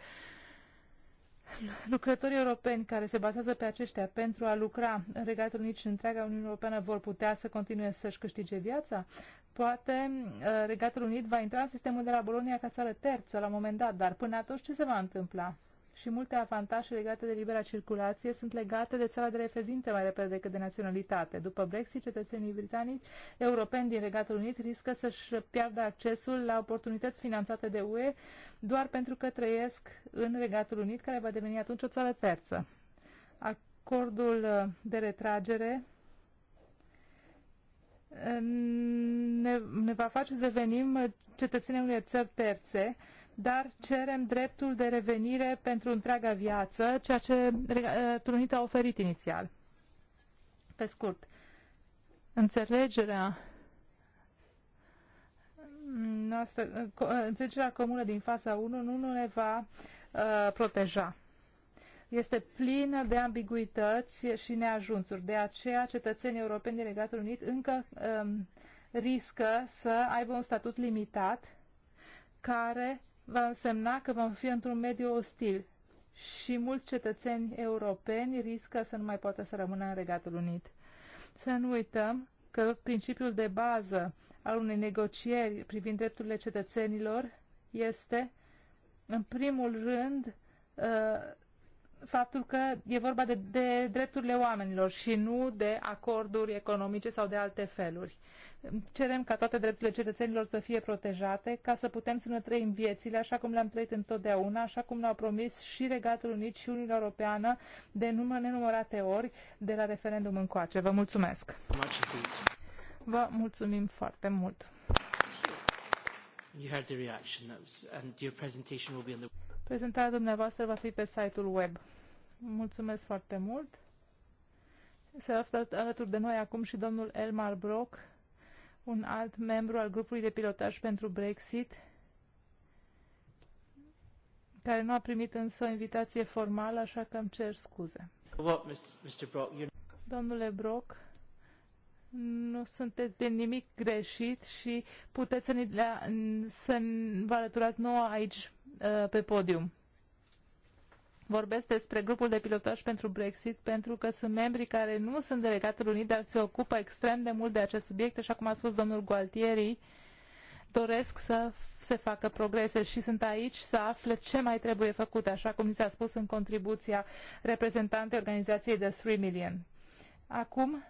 Lucrătorii europeni care se bazează pe aceștia pentru a lucra în Regatul Unit și în întreaga Uniune Europeană vor putea să continue să-și câștige viața? Poate uh, Regatul Unit va intra în sistemul de la Bolonia ca țară terță la un moment dat, dar până atunci ce se va întâmpla? și multe avantaje legate de libera circulație sunt legate de țara de referinte mai repede decât de naționalitate. După Brexit, cetățenii britanici, europeni din Regatul Unit riscă să-și piardă accesul la oportunități finanțate de UE doar pentru că trăiesc în Regatul Unit, care va deveni atunci o țară terță. Acordul de retragere ne, ne va face să devenim cetățenii unei țări terțe, dar cerem dreptul de revenire pentru întreaga viață, ceea ce uh, Trunit a oferit inițial. Pe scurt, înțelegerea noastră, uh, înțelegerea comună din fața 1 nu ne va uh, proteja este plină de ambiguități și neajunsuri. De aceea, cetățenii europeni din Regatul Unit încă um, riscă să aibă un statut limitat care va însemna că vom fi într-un mediu ostil și mulți cetățeni europeni riscă să nu mai poată să rămână în Regatul Unit. Să nu uităm că principiul de bază al unei negocieri privind drepturile cetățenilor este, în primul rând, uh, faptul că e vorba de, de drepturile oamenilor și nu de acorduri economice sau de alte feluri. Cerem ca toate drepturile cetățenilor să fie protejate, ca să putem să ne trăim viețile așa cum le-am trăit întotdeauna, așa cum ne-au promis și Regatul Unit și Uniunea Europeană de număr nenumărate ori de la referendum încoace. Vă mulțumesc! Vă mulțumim foarte mult! You heard the reaction, that was, and your presentation will be on the... Prezentarea dumneavoastră va fi pe site-ul web. Mulțumesc foarte mult! Se află alături de noi acum și domnul Elmar Brock, un alt membru al grupului de pilotaj pentru Brexit, care nu a primit însă o invitație formală, așa că îmi cer scuze. Domnule Brock, nu sunteți de nimic greșit și puteți să, ne să vă alăturați nouă aici Uh, pe podium. Vorbesc despre grupul de pilotaj pentru Brexit pentru că sunt membri care nu sunt delegatul unit, dar se ocupă extrem de mult de acest subiect, așa cum a spus domnul Gualtieri, doresc să se facă progrese și sunt aici să afle ce mai trebuie făcut, așa cum s-a spus în contribuția reprezentantei organizației de 3 Million. Acum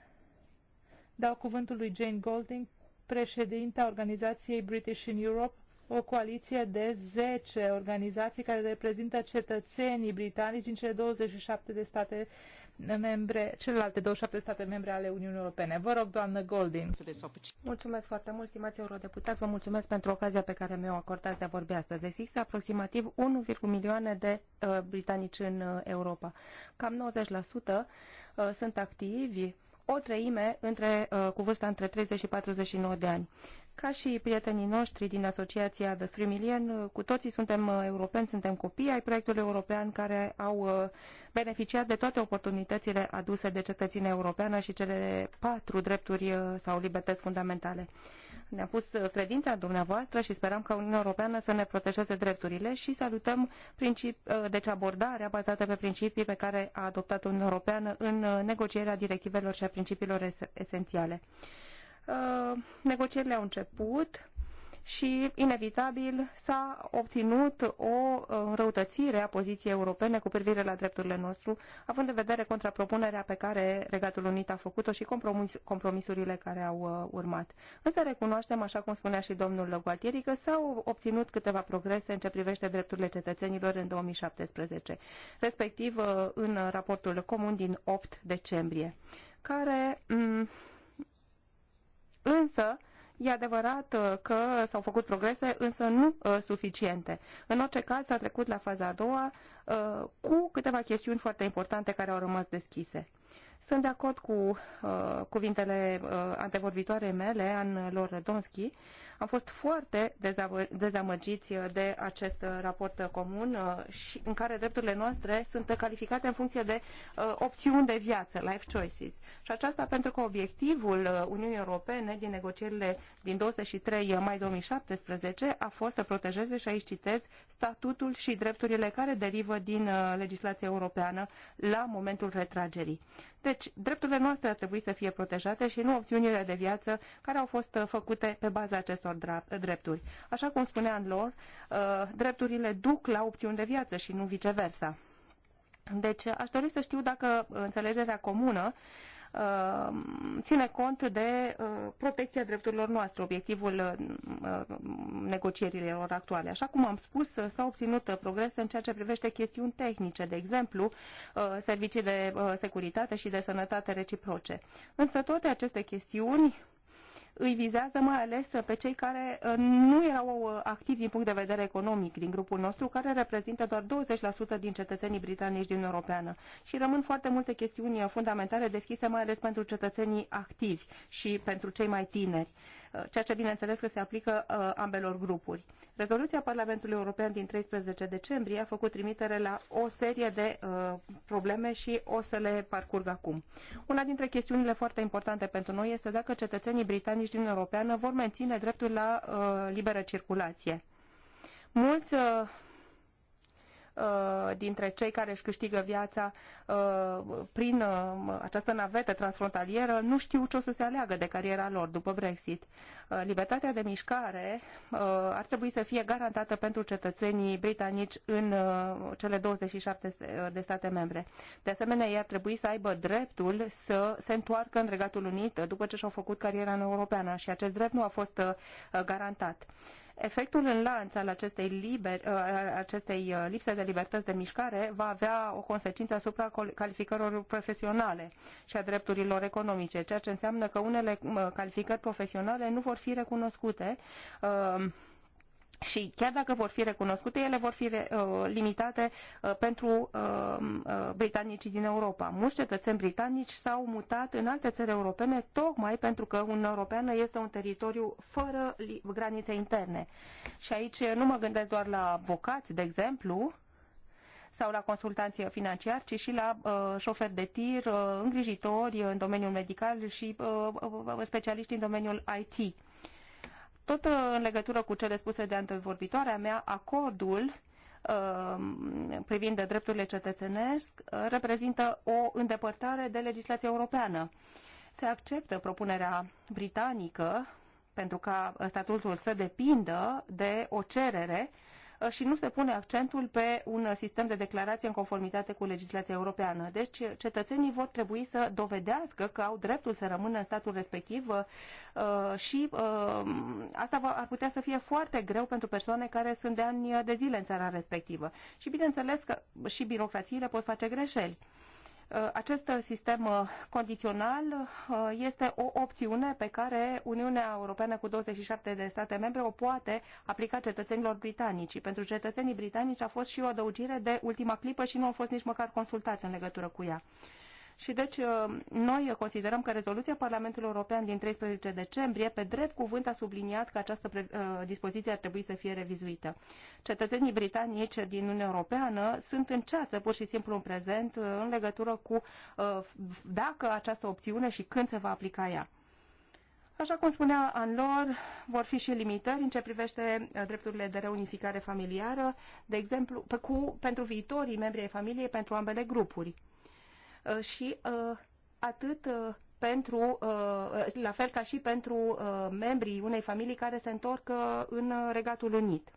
dau cuvântul lui Jane Golding, președinta organizației British in Europe, o coaliție de 10 organizații care reprezintă cetățenii britanici din cele 27 de state membre, celelalte 27 de state membre ale Uniunii Europene. Vă rog, doamnă Goldin. Mulțumesc foarte mult, stimați eurodeputați, vă mulțumesc pentru ocazia pe care mi-o acordați de a vorbi astăzi. Există aproximativ 1,1 milioane de uh, britanici în uh, Europa. Cam 90% uh, sunt activi o treime între, uh, cu vârsta între 30 și 49 de ani. Ca și prietenii noștri din Asociația The 3 Million, cu toții suntem uh, europeni, suntem copii ai proiectului european care au uh, beneficiat de toate oportunitățile aduse de cetățenia europeană și cele patru drepturi uh, sau libertăți fundamentale. Ne-a pus credința dumneavoastră și sperăm ca Uniunea Europeană să ne protejeze drepturile și salutăm princip- deci abordarea bazată pe principii pe care a adoptat Uniunea Europeană în negocierea directivelor și a principiilor es- esențiale. Uh, negocierile au început și, inevitabil, s-a obținut o uh, răutățire a poziției europene cu privire la drepturile nostru, având în vedere contrapropunerea pe care Regatul Unit a făcut-o și compromis, compromisurile care au uh, urmat. Însă recunoaștem, așa cum spunea și domnul Gualtieri, că s-au obținut câteva progrese în ce privește drepturile cetățenilor în 2017, respectiv în raportul comun din 8 decembrie, care mm, Însă, E adevărat uh, că s-au făcut progrese, însă nu uh, suficiente. În orice caz, s-a trecut la faza a doua uh, cu câteva chestiuni foarte importante care au rămas deschise. Sunt de acord cu uh, cuvintele uh, antevorbitoare mele, An Lor Donski. Am fost foarte dezamăgiți de acest uh, raport comun uh, și în care drepturile noastre sunt calificate în funcție de uh, opțiuni de viață, life choices. Și aceasta pentru că obiectivul uh, Uniunii Europene din negocierile din 23 mai 2017 a fost să protejeze, și aici citez, statutul și drepturile care derivă din uh, legislația europeană la momentul retragerii. Deci, drepturile noastre ar trebui să fie protejate și nu opțiunile de viață care au fost uh, făcute pe baza acestor drepturi. Așa cum spunea lor, uh, drepturile duc la opțiuni de viață și nu viceversa. Deci, aș dori să știu dacă uh, înțelegerea comună Uh, ține cont de uh, protecția drepturilor noastre, obiectivul uh, negocierilor actuale. Așa cum am spus, s-au obținut progrese în ceea ce privește chestiuni tehnice, de exemplu, servicii de securitate și de sănătate reciproce. Însă toate aceste chestiuni îi vizează mai ales pe cei care uh, nu erau uh, activi din punct de vedere economic din grupul nostru, care reprezintă doar 20% din cetățenii britanici din Europeană. Și rămân foarte multe chestiuni uh, fundamentale deschise, mai ales pentru cetățenii activi și pentru cei mai tineri. Uh, ceea ce bineînțeles că se aplică uh, ambelor grupuri. Rezoluția Parlamentului European din 13 decembrie a făcut trimitere la o serie de uh, probleme și o să le parcurg acum. Una dintre chestiunile foarte importante pentru noi este dacă cetățenii britanici din Europeană vor menține dreptul la liberă circulație. Mulți Uh, dintre cei care își câștigă viața uh, prin uh, această navetă transfrontalieră nu știu ce o să se aleagă de cariera lor după Brexit. Libertatea de mișcare ar trebui să fie garantată pentru cetățenii britanici în cele 27 de state membre. De asemenea, ei ar trebui să aibă dreptul să se întoarcă în Regatul Unit după ce și-au făcut cariera în Europeană și acest drept nu a fost garantat. Efectul în lanț al acestei, liber, uh, acestei uh, lipse de libertăți de mișcare va avea o consecință asupra calificărilor profesionale și a drepturilor economice, ceea ce înseamnă că unele uh, calificări profesionale nu vor fi recunoscute și chiar dacă vor fi recunoscute, ele vor fi uh, limitate uh, pentru uh, uh, britanicii din Europa. Mulți cetățeni britanici s-au mutat în alte țări europene tocmai pentru că Uniunea Europeană este un teritoriu fără granițe interne. Și aici nu mă gândesc doar la avocați, de exemplu, sau la consultanții financiari, ci și la uh, șoferi de tir, uh, îngrijitori în domeniul medical și uh, uh specialiști în domeniul IT tot uh, în legătură cu cele spuse de antevorbitoarea mea, acordul um, privind de drepturile cetățenesc uh, reprezintă o îndepărtare de legislația europeană. Se acceptă propunerea britanică pentru ca statutul să depindă de o cerere Uh, și nu se pune accentul pe un uh, sistem de declarație în conformitate cu legislația europeană. Deci uh, cetățenii vor trebui să dovedească că au dreptul să rămână în statul respectiv și asta ar putea să fie foarte greu pentru persoane care sunt de ani de zile în țara respectivă. Și bineînțeles că și birocrațiile pot face greșeli Uh, acest sistem uh, condițional uh, este o opțiune pe care Uniunea Europeană cu 27 de state membre o poate aplica cetățenilor britanici. Pentru cetățenii britanici a fost și o adăugire de ultima clipă și nu au fost nici măcar consultați în legătură cu ea și deci uh, noi considerăm că rezoluția Parlamentului European din 13 decembrie pe drept cuvânt a subliniat că această uh, dispoziție ar trebui să fie revizuită. Cetățenii britanici din Uniunea Europeană sunt în ceață pur și simplu în prezent uh, în legătură cu dacă această opțiune și când se va aplica ea. Așa cum spunea Anlor, vor fi și limitări în ce privește drepturile de reunificare familiară, de exemplu, cu, pentru viitorii membri ai familiei pentru ambele grupuri. Uh, și uh, atât uh, pentru, la fel ca și pentru membrii unei familii care se întorc în Regatul Unit.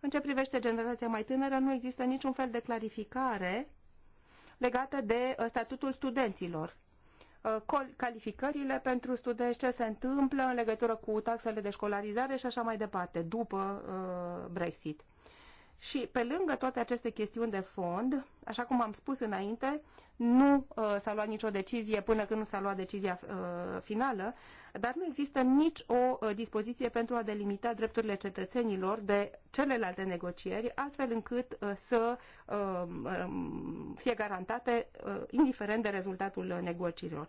În ce privește generația mai tânără, nu există niciun fel de clarificare legată de statutul studenților calificările pentru studenți, ce se întâmplă în legătură cu taxele de școlarizare și așa mai departe, după Brexit. Și pe lângă toate aceste chestiuni de fond, așa cum am spus înainte, nu uh, s-a luat nicio decizie până când nu s-a luat decizia uh, finală, dar nu există nici o uh, dispoziție pentru a delimita drepturile cetățenilor de celelalte negocieri, astfel încât uh, să uh, fie garantate, uh, indiferent de rezultatul uh, negocierilor.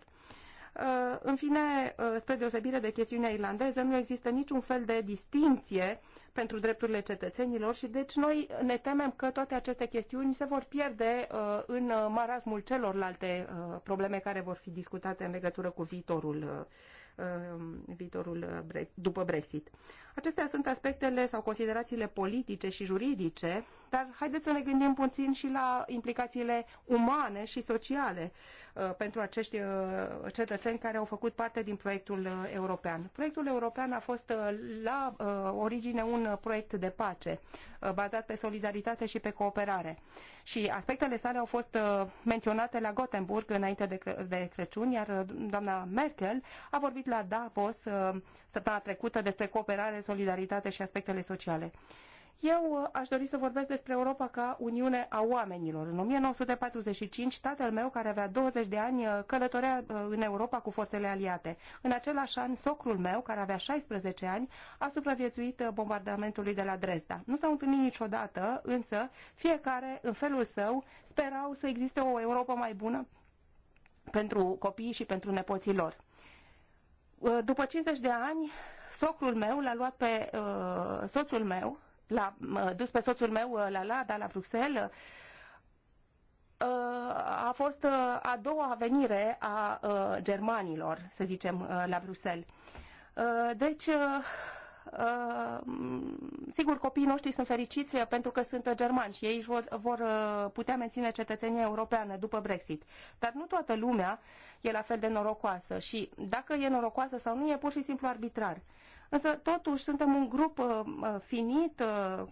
Uh, în fine, uh, spre deosebire de chestiunea irlandeză, nu există niciun fel de distinție pentru drepturile cetățenilor și deci noi ne temem că toate aceste chestiuni se vor pierde uh, în uh, marasmul celorlalte uh, probleme care vor fi discutate în legătură cu viitorul um, viitorul după Brexit. Acestea sunt aspectele sau considerațiile politice și juridice, dar haideți să ne gândim puțin și la implicațiile umane și sociale Uh, pentru acești uh, cetățeni care au făcut parte din proiectul uh, european. Proiectul european a fost la origine un proiect de pace, bazat pe solidaritate și pe cooperare. Și aspectele sale au fost menționate la Gothenburg înainte de, de Crăciun, iar doamna Merkel a vorbit la Davos săptămâna trecută despre cooperare, solidaritate și aspectele sociale. Eu uh, aș dori să vorbesc despre Europa ca Uniune a oamenilor. În 1945, tatăl meu, care avea 20 de ani, uh, călătorea uh, în Europa cu forțele aliate. În același an, socrul meu, care avea 16 ani, a supraviețuit bombardamentului de la Dresda. Nu s-au întâlnit niciodată, însă fiecare, în felul său, sperau să existe o Europa mai bună pentru copiii și pentru nepoții lor. După 50 de ani, socrul meu l-a luat pe uh, soțul meu, l-a dus pe soțul meu uh, la Lada, la Bruxelles, uh, a fost uh, a doua venire a germanilor, să zicem, la Bruxelles. Deci, sigur, copiii noștri sunt fericiți pentru că sunt germani și ei vor, vor putea menține cetățenia europeană după Brexit. Dar nu toată lumea e la fel de norocoasă și dacă e norocoasă sau nu e pur și simplu arbitrar însă totuși suntem un grup uh, finit,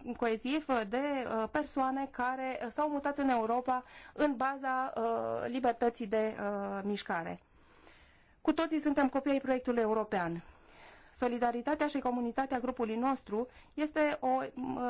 uh, coeziv de uh, persoane care s-au mutat în Europa în baza libertății de mișcare. Cu toții suntem copii ai proiectului european. Solidaritatea și comunitatea grupului nostru este o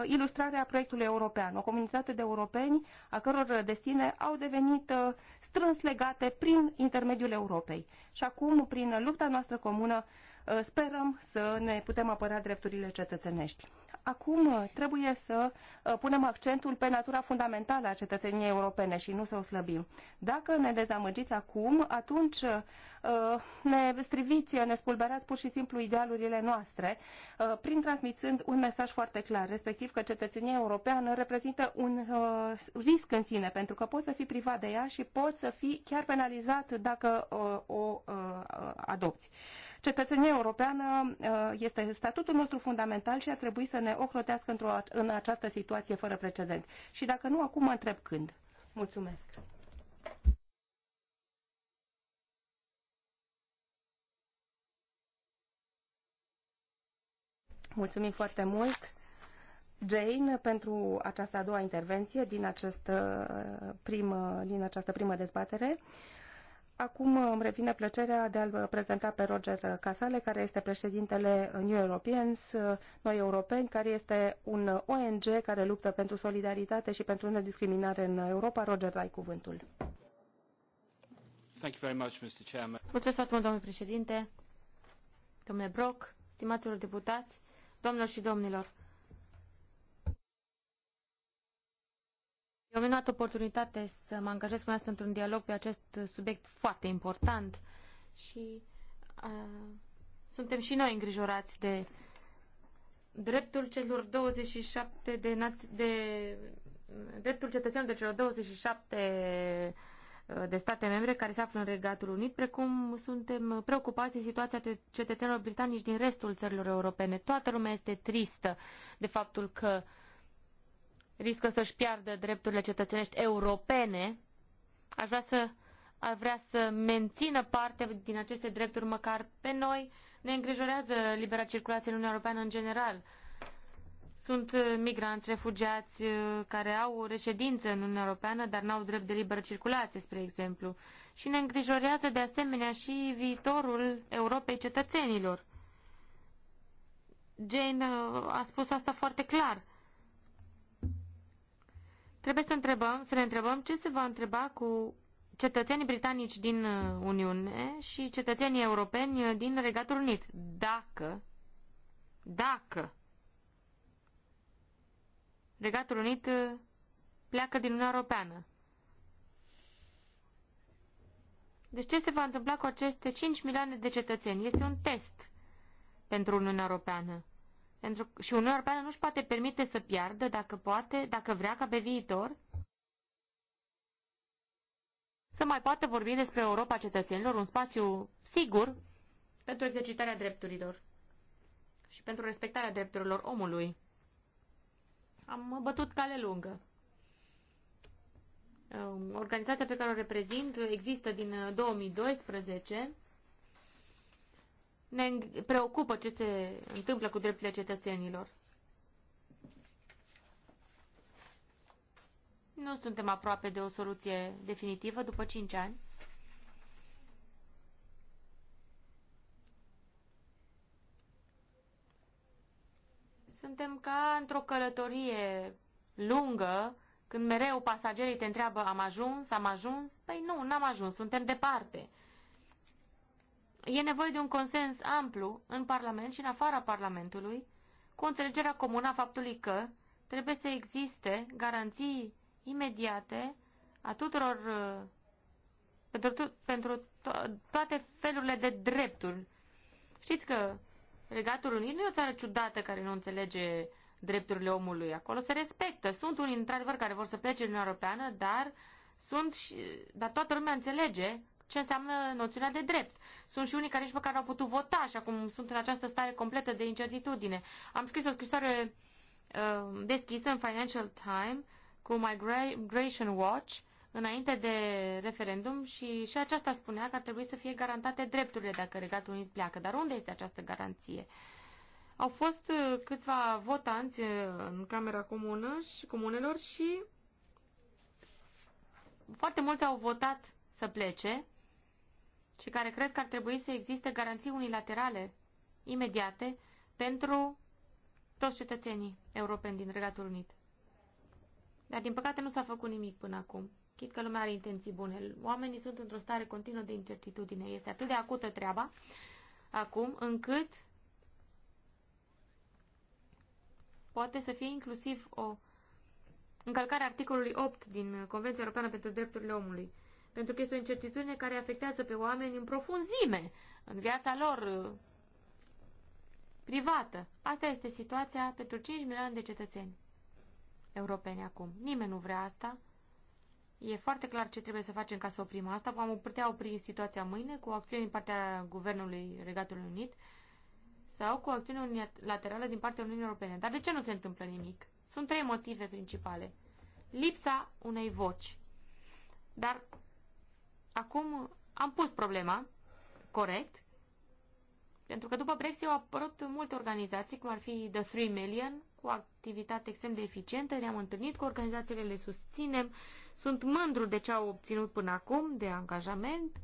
ilustrare a proiectului european, o comunitate de europeni a căror destine au devenit strâns legate prin intermediul Europei. Și acum, prin lupta noastră comună, Uh, sperăm să ne putem apăra drepturile cetățenești. Acum uh, trebuie să uh, punem accentul pe natura fundamentală a cetățeniei europene și nu să o slăbim. Dacă ne dezamăgiți acum, atunci ne striviți, ne spulberați pur și simplu idealurile noastre prin transmițând un mesaj foarte clar, respectiv că cetățenia europeană reprezintă un risc în sine, pentru că poți să fii privat de ea și poți să fii chiar penalizat dacă o adopți. Cetățenia europeană uh, este statutul nostru fundamental și ar trebui să ne ocrotească într-o, în această situație fără precedent. Și dacă nu, acum mă întreb când. Mulțumesc! Mulțumim foarte mult, Jane, pentru această a doua intervenție din, acest uh, prim, uh, din această primă dezbatere. Acum îmi revine plăcerea de a-l prezenta pe Roger Casale, care este președintele New Europeans, Noi Europeni, care este un ONG care luptă pentru solidaritate și pentru nediscriminare în Europa. Roger, dai cuvântul. Thank you very much, Mr. Chairman. Mulțumesc foarte mult, domnule președinte, domnule Brock, stimaților deputați, domnilor și domnilor. Am luat oportunitate să mă angajez cu noastră într-un dialog pe acest subiect foarte important și uh, suntem și noi îngrijorați de dreptul celor 27 de, naț- de dreptul cetățenilor de celor 27 de state membre care se află în Regatul Unit, precum suntem preocupați de situația cetățenilor britanici din restul țărilor europene. Toată lumea este tristă de faptul că uh, riscă să-și piardă drepturile cetățenești europene, aș vrea să ar vrea să mențină parte din aceste drepturi măcar pe noi, ne îngrijorează libera circulație în Uniunea Europeană în general. Sunt uh, migranți, refugiați uh, care au o reședință în Uniunea Europeană, dar n-au drept de liberă circulație, spre exemplu. Și ne îngrijorează de asemenea și viitorul Europei cetățenilor. Jane uh, a spus asta foarte clar. Trebuie să, întrebăm, să ne întrebăm ce se va întreba cu cetățenii britanici din uh, Uniune și cetățenii europeni uh, din Regatul Unit. Dacă, dacă Regatul Unit uh, pleacă din Uniunea Europeană. Deci ce se va întâmpla cu aceste 5 milioane de cetățeni? Este un test pentru Uniunea Europeană. Pentru, și Uniunea Europeană nu-și poate permite să piardă, dacă poate, dacă vrea ca pe viitor, să mai poată vorbi despre Europa cetățenilor, un spațiu sigur pentru exercitarea drepturilor și pentru respectarea drepturilor omului. Am bătut cale lungă. Ehm, organizația pe care o reprezint există din 2012 uh, ne preocupă ce se întâmplă cu drepturile cetățenilor. Nu suntem aproape de o soluție definitivă după 5 ani. Suntem ca într-o călătorie lungă, când mereu pasagerii te întreabă am ajuns, am ajuns? Păi nu, n-am ajuns, suntem departe. E nevoie de un consens amplu în Parlament și în afara Parlamentului, cu înțelegerea comună a faptului că trebuie să existe garanții imediate a tuturor, uh, pentru, to pentru to toate felurile de drepturi. Știți că Regatul Unit nu e o țară ciudată care nu înțelege drepturile omului. Acolo se respectă. Sunt unii, într-adevăr, care vor să plece în Uniunea Europeană, dar, sunt și, dar toată lumea înțelege ce înseamnă noțiunea de drept. Sunt și unii care nici măcar nu au putut vota așa cum sunt în această stare completă de incertitudine. Am scris o scrisoare uh, deschisă în Financial Times cu Migration Watch înainte de referendum și și aceasta spunea că ar trebui să fie garantate drepturile dacă Regatul Unit pleacă. Dar unde este această garanție? Au fost uh, câțiva votanți uh, în Camera Comună și Comunelor și foarte mulți au votat să plece și care cred că ar trebui să existe garanții unilaterale, imediate, pentru toți cetățenii europeni din Regatul Unit. Dar, din păcate, nu s-a făcut nimic până acum. Chit că lumea are intenții bune. Oamenii sunt într-o stare continuă de incertitudine. Este atât de acută treaba acum, încât poate să fie inclusiv o încălcare articolului 8 din Convenția Europeană pentru Drepturile Omului pentru că este o incertitudine care afectează pe oameni în profunzime, în viața lor uh, privată. Asta este situația pentru 5 milioane de cetățeni europeni acum. Nimeni nu vrea asta. E foarte clar ce trebuie să facem ca să oprim asta. Am putea opri situația mâine cu acțiuni din partea Guvernului Regatului Unit sau cu acțiuni unilaterală din partea Uniunii Europene. Dar de ce nu se întâmplă nimic? Sunt trei motive principale. Lipsa unei voci. Dar Acum am pus problema corect, pentru că după Brexit au apărut multe organizații, cum ar fi The 3 Million, cu activitate extrem de eficientă, ne-am întâlnit cu organizațiile, le susținem, sunt mândru de ce au obținut până acum, de angajament,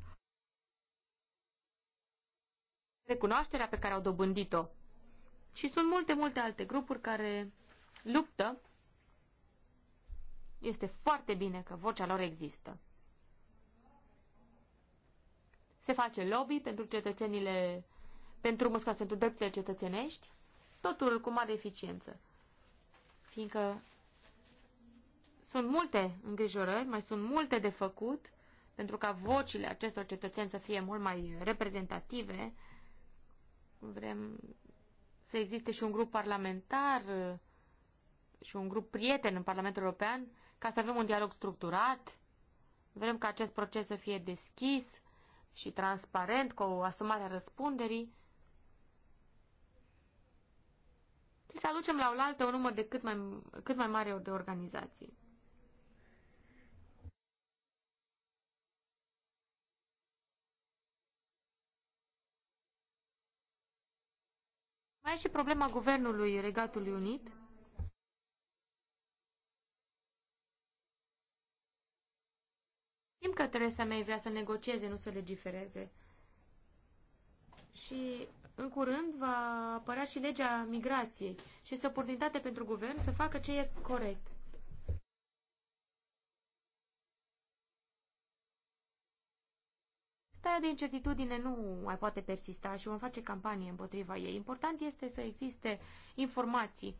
recunoașterea pe care au dobândit-o. Și sunt multe, multe alte grupuri care luptă. Este foarte bine că vocea lor există se face lobby pentru cetățenile, pentru, mă pentru drepturile cetățenești, totul cu mare eficiență. Fiindcă sunt multe îngrijorări, mai sunt multe de făcut, pentru ca vocile acestor cetățeni să fie mult mai reprezentative. Vrem să existe și un grup parlamentar și un grup prieten în Parlamentul European ca să avem un dialog structurat. Vrem ca acest proces să fie deschis, și transparent, cu o asumare a răspunderii, și să aducem la oaltă un număr de cât mai, cât mai mare de organizații. Mai e și problema Guvernului Regatului Unit, Știm că Teresa mea vrea să negocieze, nu să legifereze. Și în curând va apărea și legea migrației și este oportunitate pentru guvern să facă ce e corect. Starea de incertitudine nu mai poate persista și vom face campanie împotriva ei. Important este să existe informații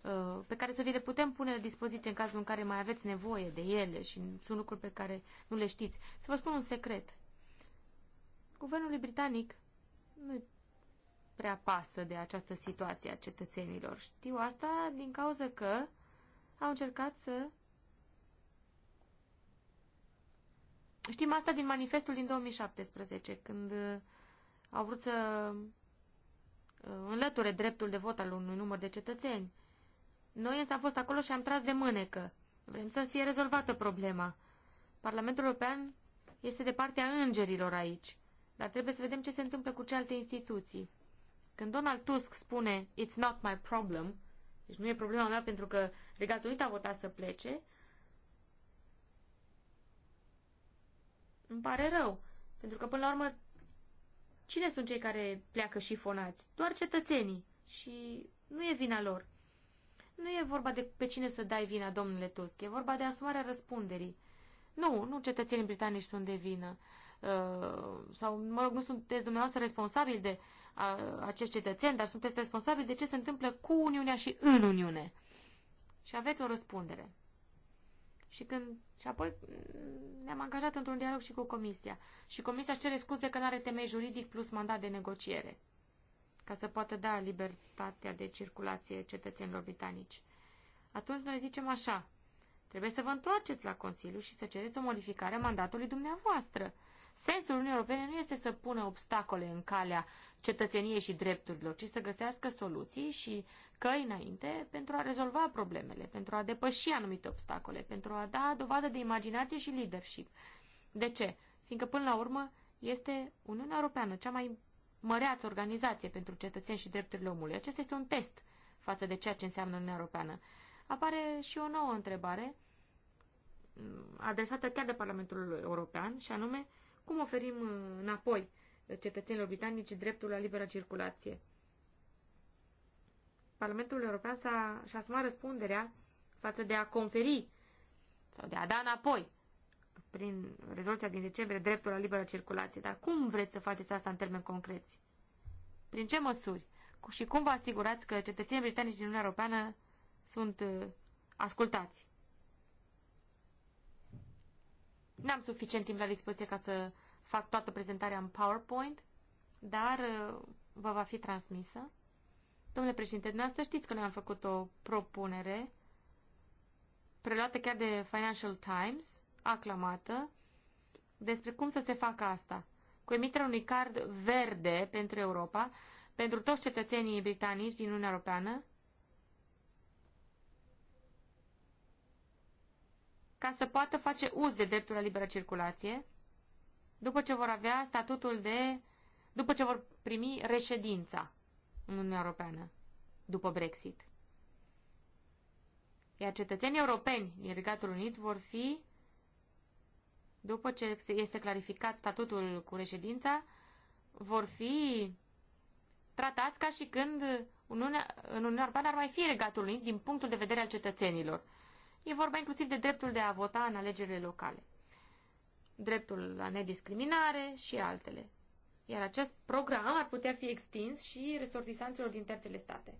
Uh, pe care să vi le putem pune la dispoziție în cazul în care mai aveți nevoie de ele și sunt lucruri pe care nu le știți. Să vă spun un secret. Guvernului britanic nu prea pasă de această situație a cetățenilor. Știu asta din cauza că au încercat să... Știm asta din manifestul din 2017, când uh, au vrut să uh, înlăture dreptul de vot al unui număr de cetățeni. Noi însă am fost acolo și am tras de mânecă. Vrem să fie rezolvată problema. Parlamentul European este de partea îngerilor aici, dar trebuie să vedem ce se întâmplă cu celelalte instituții. Când Donald Tusk spune It's not my problem, deci nu e problema mea pentru că Regatul a votat să plece, îmi pare rău, pentru că până la urmă cine sunt cei care pleacă șifonați? Doar cetățenii și nu e vina lor. Nu e vorba de pe cine să dai vina, domnule Tusk, e vorba de asumarea răspunderii. Nu, nu cetățenii britanici sunt de vină. Uh, sau, mă rog, nu sunteți dumneavoastră responsabili de uh, acești cetățeni, dar sunteți responsabili de ce se întâmplă cu Uniunea și în Uniune. Și aveți o răspundere. Și când și apoi ne-am angajat într-un dialog și cu Comisia. Și Comisia își cere scuze că nu are temei juridic plus mandat de negociere ca să poată da libertatea de circulație cetățenilor britanici. Atunci noi zicem așa, trebuie să vă întoarceți la Consiliu și să cereți o modificare a mandatului dumneavoastră. Sensul Uniunii Europene nu este să pună obstacole în calea cetățeniei și drepturilor, ci să găsească soluții și căi înainte pentru a rezolva problemele, pentru a depăși anumite obstacole, pentru a da dovadă de imaginație și leadership. De ce? Fiindcă, până la urmă, este Uniunea Europeană cea mai măreață organizație pentru cetățeni și drepturile omului. Acesta este un test față de ceea ce înseamnă Uniunea Europeană. Apare și o nouă întrebare mm, adresată chiar de Parlamentul European și anume cum oferim mm, înapoi cetățenilor britanici dreptul la liberă circulație. Parlamentul European și-a asumat răspunderea față de a conferi sau de a da înapoi prin rezoluția din decembrie dreptul la liberă circulație. Dar cum vreți să faceți asta în termeni concreți? Prin ce măsuri? Și cum vă asigurați că cetățenii britanici din Uniunea Europeană sunt uh, ascultați? N-am suficient timp la dispoziție ca să fac toată prezentarea în PowerPoint, dar uh, vă va fi transmisă. Domnule președinte, dumneavoastră știți că noi am făcut o propunere preluată chiar de Financial Times aclamată despre cum să se facă asta, cu emiterea unui card verde pentru Europa, pentru toți cetățenii britanici din Uniunea Europeană, ca să poată face uz de dreptul la liberă circulație, după ce vor avea statutul de... după ce vor primi reședința în Uniunea Europeană, după Brexit. Iar cetățenii europeni din Regatul Unit vor fi după ce este clarificat statutul cu reședința, vor fi tratați ca și când Uniunea, în Uniunea Europeană ar mai fi regatul unit din punctul de vedere al cetățenilor. E vorba inclusiv de dreptul de a vota în alegerile locale, dreptul la nediscriminare și altele. Iar acest program ar putea fi extins și resortisanților din terțele state.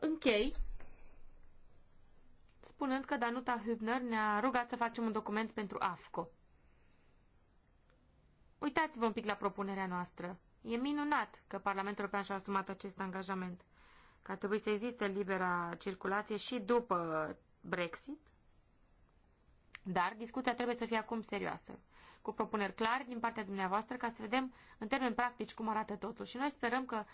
Închei spunând că Danuta Hübner ne-a rugat să facem un document pentru AFCO. Uitați-vă un pic la propunerea noastră. E minunat că Parlamentul European și-a asumat acest angajament, că a trebuit să existe libera circulație și după Brexit, dar discuția trebuie să fie acum serioasă, cu propuneri clare din partea dumneavoastră ca să vedem în termeni practici cum arată totul și noi sperăm că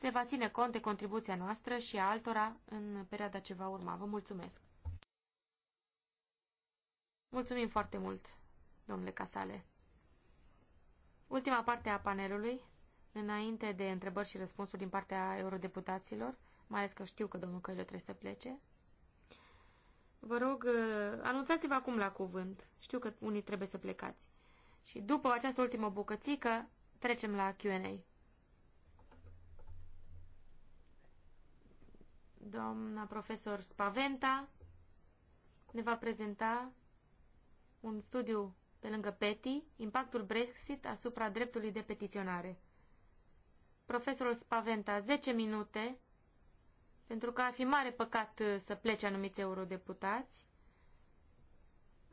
se va ține cont de contribuția noastră și a altora în perioada ce va urma. Vă mulțumesc! Mulțumim foarte mult, domnule Casale. Ultima parte a panelului, înainte de întrebări și răspunsuri din partea eurodeputaților, mai ales că știu că domnul Căliu trebuie să plece. Vă rog, uh, anunțați-vă acum la cuvânt. Știu că unii trebuie să plecați. Și după această ultimă bucățică, trecem la Q&A. Doamna profesor Spaventa ne va prezenta un studiu pe lângă PETI, impactul Brexit asupra dreptului de petiționare. Profesorul Spaventa, 10 minute, pentru că ar fi mare păcat uh, să plece anumiți eurodeputați.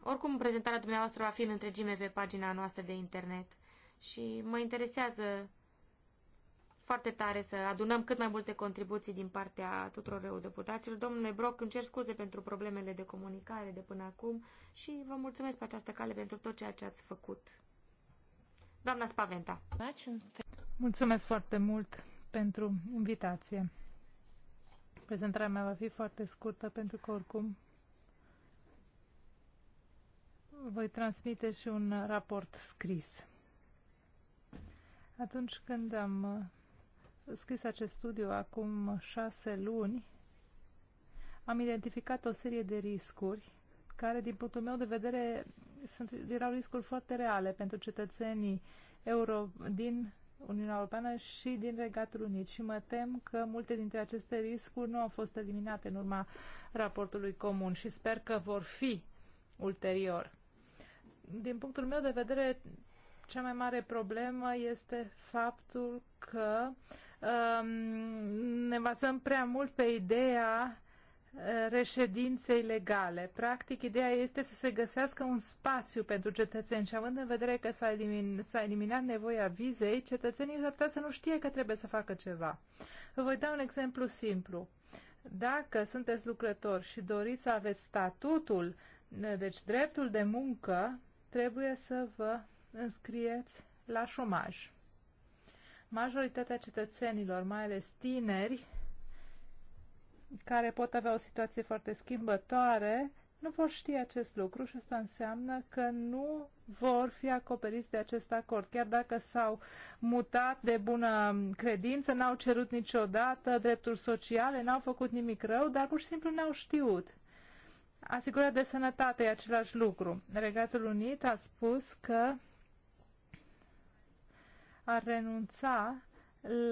Oricum, prezentarea dumneavoastră va fi în întregime pe pagina noastră de internet și mă interesează foarte tare să adunăm cât mai multe contribuții din partea tuturor eurodeputaților. Domnule Broc, îmi cer scuze pentru problemele de comunicare de până acum și vă mulțumesc pe această cale pentru tot ceea ce ați făcut. Doamna Spaventa. Mulțumesc foarte mult pentru invitație. Prezentarea mea va fi foarte scurtă pentru că oricum voi transmite și un raport scris. Atunci când am scris acest studiu acum șase luni, am identificat o serie de riscuri care, din punctul meu de vedere, sunt, erau riscuri foarte reale pentru cetățenii euro din Uniunea Europeană și din Regatul Unit și mă tem că multe dintre aceste riscuri nu au fost eliminate în urma raportului comun și sper că vor fi ulterior. Din punctul meu de vedere, cea mai mare problemă este faptul că uh, ne bazăm prea mult pe ideea reședinței legale. Practic, ideea este să se găsească un spațiu pentru cetățeni și având în vedere că s-a, elimin, eliminat nevoia vizei, cetățenii s-ar putea să nu știe că trebuie să facă ceva. Vă voi da un exemplu simplu. Dacă sunteți lucrători și doriți să aveți statutul, deci dreptul de muncă, trebuie să vă înscrieți la șomaj majoritatea cetățenilor, mai ales tineri, care pot avea o situație foarte schimbătoare, nu vor ști acest lucru și asta înseamnă că nu vor fi acoperiți de acest acord. Chiar dacă s-au mutat de bună credință, n-au cerut niciodată drepturi sociale, n-au făcut nimic rău, dar pur și simplu n-au știut. Asigurarea de sănătate e același lucru. Regatul Unit a spus că ar renunța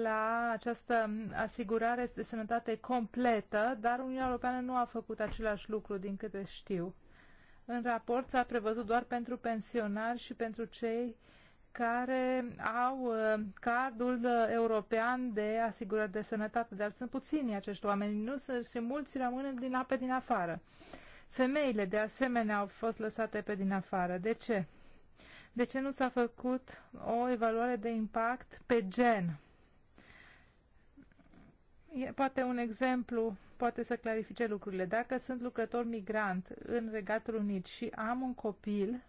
la această asigurare de sănătate completă, dar Uniunea Europeană nu a făcut același lucru din câte știu. În raport s-a prevăzut doar pentru pensionari și pentru cei care au uh, cardul uh, european de asigurări de sănătate, dar sunt puțini acești oameni nu sunt, și mulți rămân din ape din afară. Femeile, de asemenea, au fost lăsate pe din afară. De ce? De ce nu s-a făcut o evaluare de impact pe gen? E, poate un exemplu poate să clarifice lucrurile. Dacă sunt lucrător migrant în Regatul Unit și am un copil,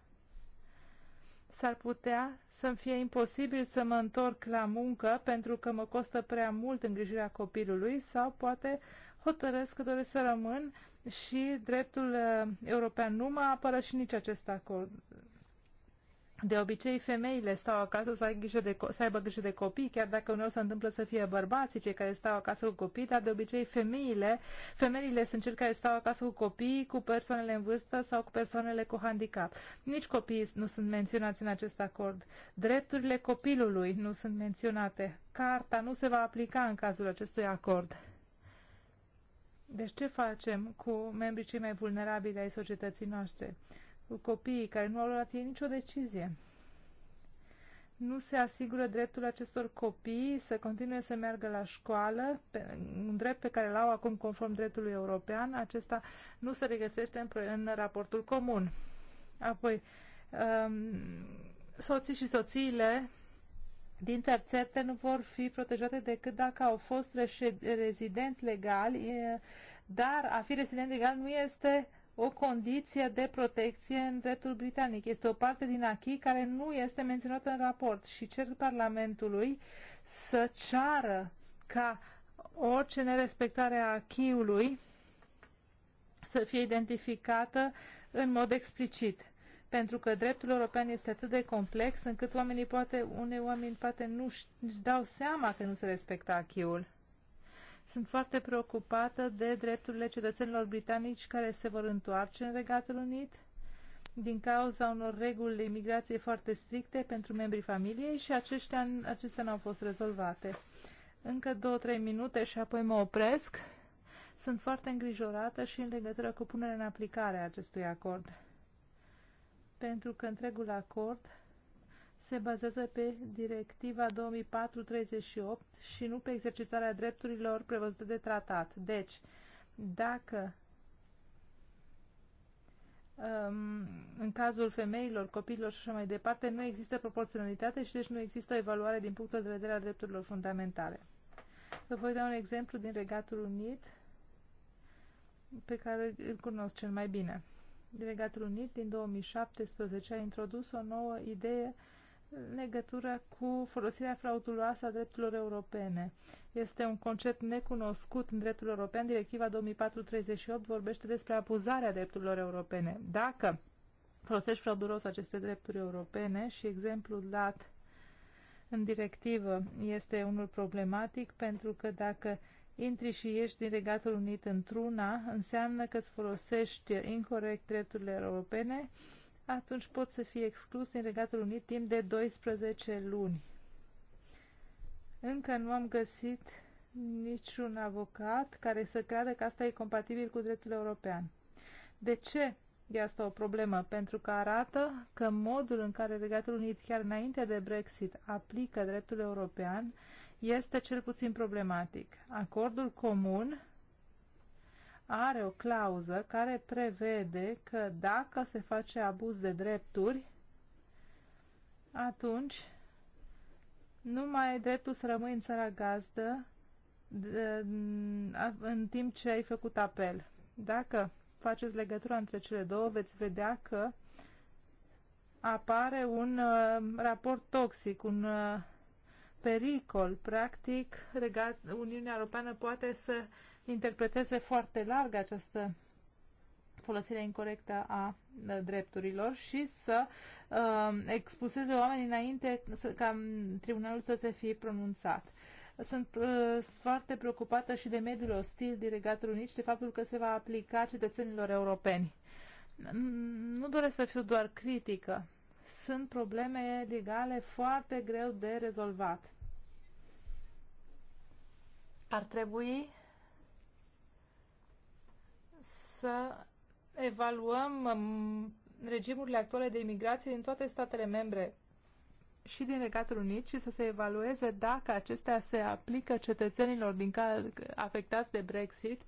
s-ar putea să-mi fie imposibil să mă întorc la muncă pentru că mă costă prea mult îngrijirea copilului sau poate hotărăsc că doresc să rămân și dreptul uh, european nu mă apără și nici acest acord. De obicei, femeile stau acasă să, ai grijă de, să aibă grijă de copii, chiar dacă uneori se întâmplă să fie bărbații cei care stau acasă cu copii, dar de obicei femeile, femeile sunt cele care stau acasă cu copii, cu persoanele în vârstă sau cu persoanele cu handicap. Nici copiii nu sunt menționați în acest acord. Drepturile copilului nu sunt menționate. Carta nu se va aplica în cazul acestui acord. Deci ce facem cu membrii cei mai vulnerabili ai societății noastre? copiii care nu au luat ei nicio decizie. Nu se asigură dreptul acestor copii să continue să meargă la școală, pe, un drept pe care l-au acum conform dreptului european. Acesta nu se regăsește în, în raportul comun. Apoi, um, soții și soțiile din terțete nu vor fi protejate decât dacă au fost rezidenți legali, dar a fi rezident legal nu este o condiție de protecție în dreptul britanic. Este o parte din acquis care nu este menționată în raport și cer Parlamentului să ceară ca orice nerespectare a acquis să fie identificată în mod explicit. Pentru că dreptul european este atât de complex încât oamenii poate, unei oameni poate nu își dau seama că nu se respectă acquis sunt foarte preocupată de drepturile cetățenilor britanici care se vor întoarce în Regatul Unit din cauza unor reguli de imigrație foarte stricte pentru membrii familiei și aceștia, acestea nu au fost rezolvate. Încă două-trei minute și apoi mă opresc. Sunt foarte îngrijorată și în legătură cu punerea în aplicare a acestui acord. Pentru că întregul acord se bazează pe directiva 2004-38 și nu pe exercitarea drepturilor prevăzute de tratat. Deci, dacă um, în cazul femeilor, copiilor și așa mai departe, nu există proporționalitate și deci nu există evaluare din punctul de vedere al drepturilor fundamentale. Vă voi da un exemplu din Regatul Unit pe care îl cunosc cel mai bine. Regatul Unit din 2017 a introdus o nouă idee legătură cu folosirea frauduloasă a drepturilor europene. Este un concept necunoscut în dreptul european. Directiva 2438 vorbește despre abuzarea drepturilor europene. Dacă folosești fraudulos aceste drepturi europene și exemplul dat în directivă este unul problematic pentru că dacă intri și ieși din Regatul Unit într-una, înseamnă că îți folosești incorrect drepturile europene atunci pot să fie exclus din Regatul Unit timp de 12 luni. Încă nu am găsit niciun avocat care să creadă că asta e compatibil cu dreptul european. De ce e asta o problemă? Pentru că arată că modul în care Regatul Unit, chiar înainte de Brexit, aplică dreptul european este cel puțin problematic. Acordul comun are o clauză care prevede că dacă se face abuz de drepturi, atunci nu mai ai dreptul să rămâi în țara gazdă de, în timp ce ai făcut apel. Dacă faceți legătura între cele două, veți vedea că apare un uh, raport toxic, un uh, pericol. Practic, regat, Uniunea Europeană poate să interpreteze foarte larg această folosire incorrectă a drepturilor și să uh, expuseze oamenii înainte ca tribunalul să se fi pronunțat. Sunt uh, foarte preocupată și de mediul ostil din Regatul Unit și de faptul că se va aplica cetățenilor europeni. Nu doresc să fiu doar critică. Sunt probleme legale foarte greu de rezolvat. Ar trebui să evaluăm um, regimurile actuale de imigrație din toate statele membre și din Regatul Unit și să se evalueze dacă acestea se aplică cetățenilor din care afectați de Brexit,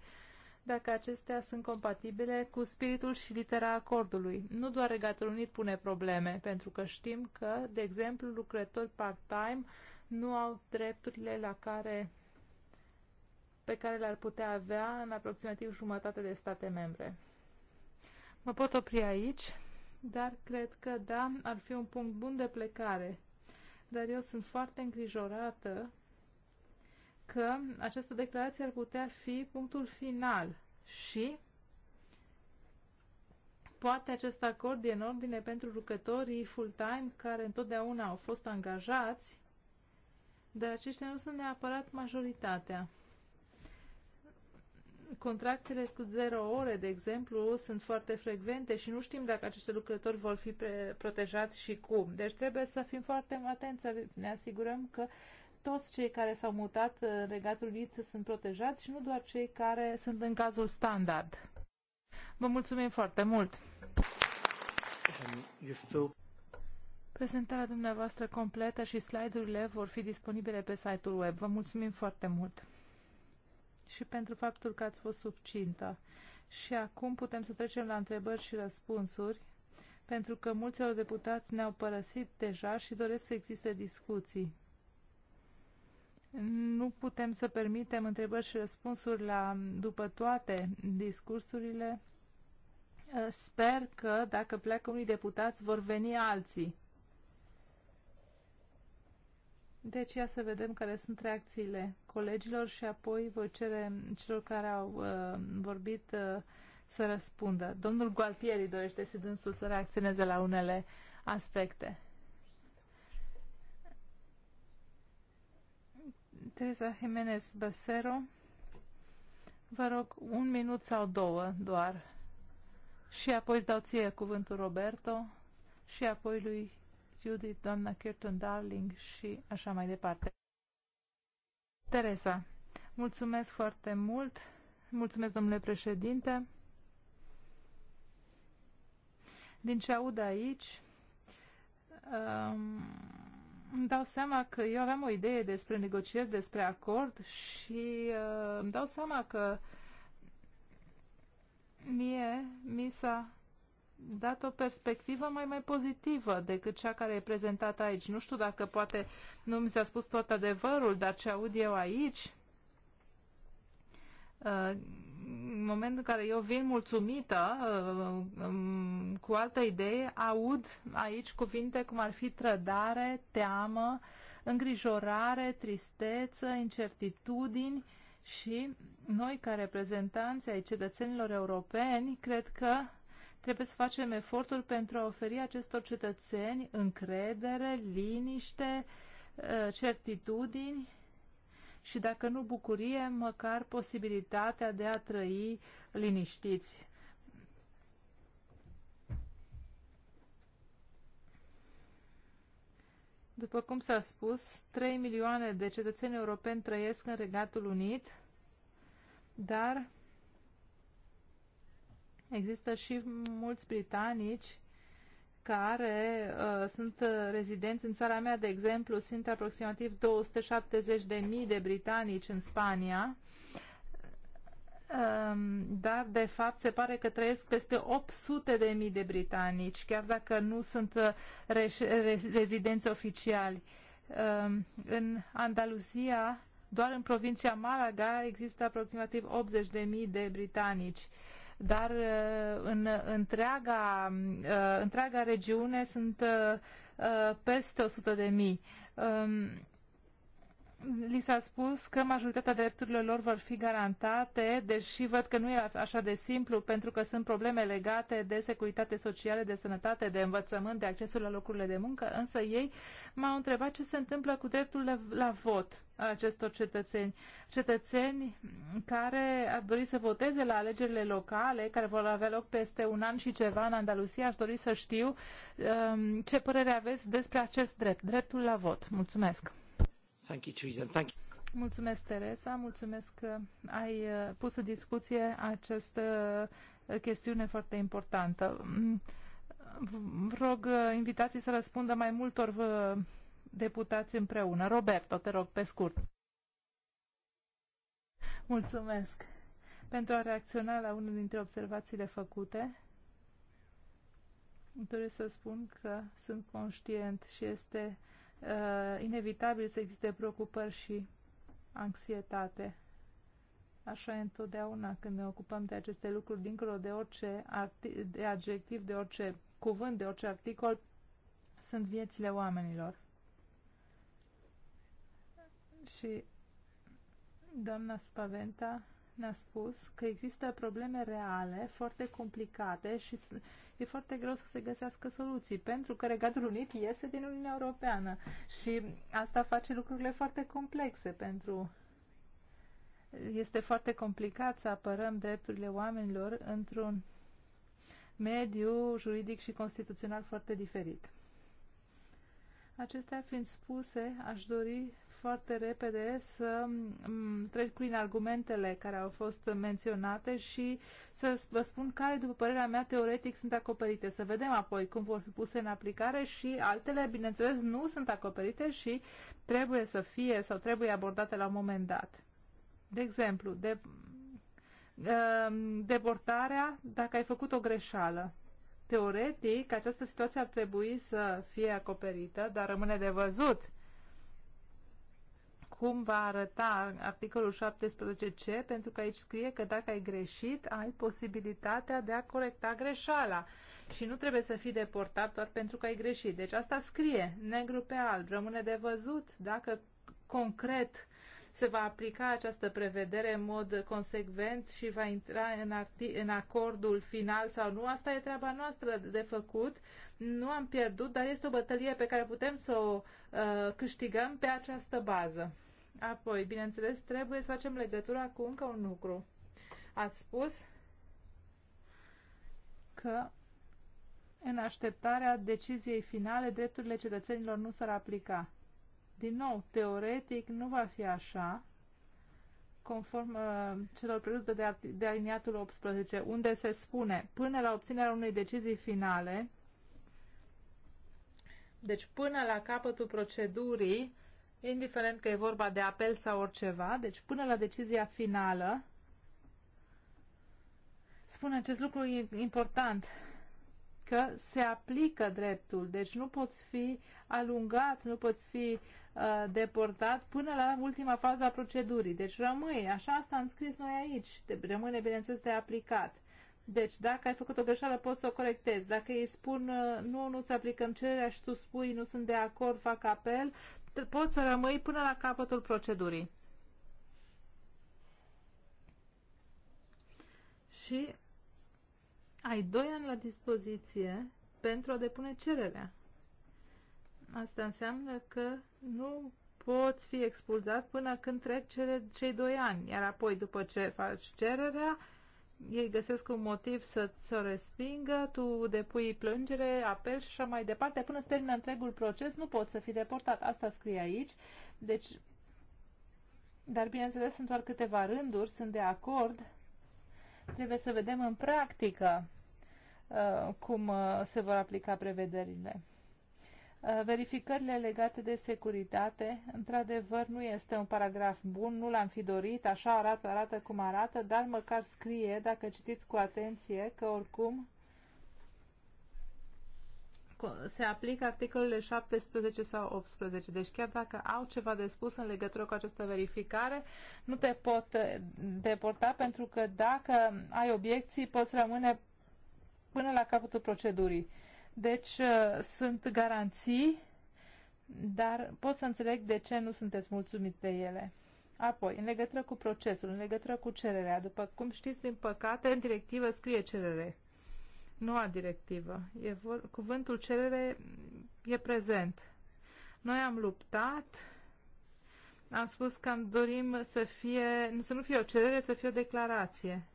dacă acestea sunt compatibile cu spiritul și litera acordului. Nu doar Regatul Unit pune probleme, pentru că știm că, de exemplu, lucrători part-time nu au drepturile la care pe care le-ar putea avea în aproximativ jumătate de state membre. Mă pot opri aici, dar cred că da, ar fi un punct bun de plecare. Dar eu sunt foarte îngrijorată că această declarație ar putea fi punctul final și poate acest acord e în ordine pentru lucrătorii full-time care întotdeauna au fost angajați, dar aceștia nu sunt neapărat majoritatea. Contractele cu zero ore, de exemplu, sunt foarte frecvente și nu știm dacă acești lucrători vor fi protejați și cum. Deci trebuie să fim foarte atenți, să ne asigurăm că toți cei care s-au mutat în Regatul Unit sunt protejați și nu doar cei care sunt în cazul standard. Vă mulțumim foarte mult! Prezentarea dumneavoastră completă și slide-urile vor fi disponibile pe site-ul web. Vă mulțumim foarte mult! și pentru faptul că ați fost subcintă. Și acum putem să trecem la întrebări și răspunsuri, pentru că mulți deputați ne-au părăsit deja și doresc să existe discuții. Nu putem să permitem întrebări și răspunsuri la, după toate discursurile. Sper că dacă pleacă unii deputați vor veni alții. Deci ia să vedem care sunt reacțiile colegilor și apoi voi cere celor care au uh, vorbit uh, să răspundă. Domnul Gualtieri dorește să dânsul să reacționeze la unele aspecte. Teresa Jimenez Basero, vă rog un minut sau două doar și apoi îți dau ție cuvântul Roberto și apoi lui Judith, doamna Kirton Darling și așa mai departe. Teresa, mulțumesc foarte mult. Mulțumesc, domnule președinte. Din ce aud aici, um, îmi dau seama că eu aveam o idee despre negocieri, despre acord și uh, îmi dau seama că mie mi s-a dat o perspectivă mai mai pozitivă decât cea care e prezentată aici. Nu știu dacă poate nu mi s-a spus tot adevărul, dar ce aud eu aici, uh, în momentul în care eu vin mulțumită uh, um, cu altă idee, aud aici cuvinte cum ar fi trădare, teamă, îngrijorare, tristeță, incertitudini și noi, ca reprezentanți ai cetățenilor europeni, cred că Trebuie să facem eforturi pentru a oferi acestor cetățeni încredere, liniște, uh, certitudini și, dacă nu bucurie, măcar posibilitatea de a trăi liniștiți. După cum s-a spus, 3 milioane de cetățeni europeni trăiesc în Regatul Unit, dar Există și mulți britanici care uh, sunt uh, rezidenți în țara mea, de exemplu, sunt aproximativ 270.000 de britanici în Spania, um, dar de fapt se pare că trăiesc peste 800.000 de, mii de britanici, chiar dacă nu sunt uh, re re rezidenți oficiali. Um, în Andaluzia, doar în provincia Malaga, există aproximativ 80.000 de, de britanici. Uh, dar uh, în întreaga, uh, întreaga regiune sunt uh, peste 100 de mii. Um, li s-a spus că majoritatea drepturilor lor vor fi garantate, deși văd că nu e așa de simplu, pentru că sunt probleme legate de securitate socială, de sănătate, de învățământ, de accesul la locurile de muncă, însă ei m-au întrebat ce se întâmplă cu dreptul la, vot a acestor cetățeni. Cetățeni care ar dori să voteze la alegerile locale, care vor avea loc peste un an și ceva în Andalusia, aș dori să știu um, ce părere aveți despre acest drept, dreptul la vot. Mulțumesc! Thank you, Thank you. Mulțumesc, Teresa. Mulțumesc că ai uh, pus în discuție această uh, chestiune foarte importantă. Mm, vă rog uh, invitații să răspundă mai multor deputați împreună. Roberto, te rog, pe scurt. Mulțumesc pentru a reacționa la unul dintre observațiile făcute. Doresc să spun că sunt conștient și este Uh, inevitabil să existe preocupări și anxietate. Așa e întotdeauna când ne ocupăm de aceste lucruri, dincolo de orice de adjectiv, de orice cuvânt, de orice articol, sunt viețile oamenilor. Și doamna Spaventa ne-a spus că există probleme reale, foarte complicate și e foarte greu să se găsească soluții, pentru că Regatul Unit iese din Uniunea Europeană și asta face lucrurile foarte complexe pentru este foarte complicat să apărăm drepturile oamenilor într-un mediu juridic și constituțional foarte diferit. Acestea fiind spuse, aș dori foarte repede să mm, trec prin argumentele care au fost menționate și să vă spun care, după părerea mea, teoretic sunt acoperite. Să vedem apoi cum vor fi puse în aplicare și altele, bineînțeles, nu sunt acoperite și trebuie să fie sau trebuie abordate la un moment dat. De exemplu, de, mm, mm, deportarea dacă ai făcut o greșeală Teoretic, această situație ar trebui să fie acoperită, dar rămâne de văzut cum va arăta articolul 17c, pentru că aici scrie că dacă ai greșit, ai posibilitatea de a corecta greșeala și nu trebuie să fii deportat doar pentru că ai greșit. Deci asta scrie negru pe alb. Rămâne de văzut dacă concret se va aplica această prevedere în mod consecvent și va intra în, în acordul final sau nu. Asta e treaba noastră de făcut. Nu am pierdut, dar este o bătălie pe care putem să o uh, câștigăm pe această bază. Apoi, bineînțeles, trebuie să facem legătura cu încă un lucru. Ați spus că în așteptarea deciziei finale, drepturile cetățenilor nu s-ar aplica. Din nou, teoretic nu va fi așa, conform uh, celor prevăzute de, de aliniatul 18, unde se spune până la obținerea unei decizii finale, deci până la capătul procedurii, indiferent că e vorba de apel sau oriceva, deci până la decizia finală, spune acest lucru important, că se aplică dreptul, deci nu poți fi alungat, nu poți fi uh, deportat până la ultima fază a procedurii. Deci rămâi, așa asta am scris noi aici, de, rămâne bineînțeles de aplicat. Deci dacă ai făcut o greșeală poți să o corectezi. Dacă ei spun uh, nu, nu-ți aplicăm cererea și tu spui nu sunt de acord, fac apel, poți să rămâi până la capătul procedurii. Și ai doi ani la dispoziție pentru a depune cererea. Asta înseamnă că nu poți fi expulzat până când trec cele, cei doi ani, iar apoi după ce faci cererea, ei găsesc un motiv să ți-o respingă, tu depui plângere, apel și așa mai departe. Până se termină întregul proces, nu poți să fii deportat. Asta scrie aici. Deci, dar bineînțeles, sunt doar câteva rânduri, sunt de acord Trebuie să vedem în practică uh, cum uh, se vor aplica prevederile. Uh, verificările legate de securitate, într-adevăr, nu este un paragraf bun, nu l-am fi dorit, așa arată, arată cum arată, dar măcar scrie, dacă citiți cu atenție, că oricum se aplică articolele 17 sau 18. Deci chiar dacă au ceva de spus în legătură cu această verificare, nu te pot eh, deporta pentru că dacă ai obiecții, poți rămâne până la capătul procedurii. Deci eh, sunt garanții, dar pot să înțeleg de ce nu sunteți mulțumiți de ele. Apoi, în legătură cu procesul, în legătură cu cererea, după cum știți, din păcate, în directivă scrie cererea noua directivă. E vor, cuvântul cerere e prezent. Noi am luptat, am spus că am dorim să fie, să nu fie o cerere, să fie o declarație.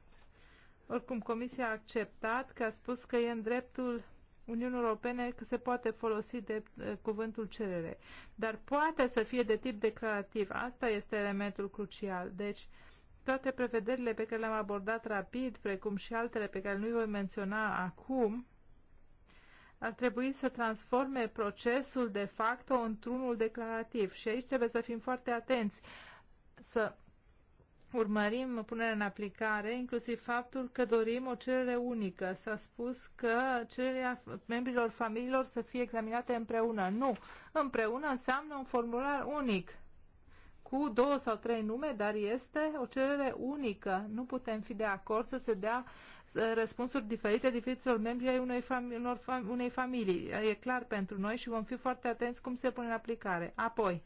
Oricum, Comisia a acceptat că a spus că e în dreptul Uniunii Europene că se poate folosi de cuvântul cerere. Dar poate să fie de tip declarativ. Asta este elementul crucial. Deci, toate prevederile pe care le-am abordat rapid, precum și altele pe care nu i voi menționa acum, ar trebui să transforme procesul de facto într-unul declarativ. Și aici trebuie să fim foarte atenți, să urmărim punerea în aplicare, inclusiv faptul că dorim o cerere unică. S-a spus că cererea membrilor familiilor să fie examinate împreună. Nu, împreună înseamnă un formular unic cu două sau trei nume, dar este o cerere unică. Nu putem fi de acord să se dea răspunsuri diferite diferiților membri ai unei, fami- unor fam- unei familii. E clar pentru noi și vom fi foarte atenți cum se pune în aplicare. Apoi,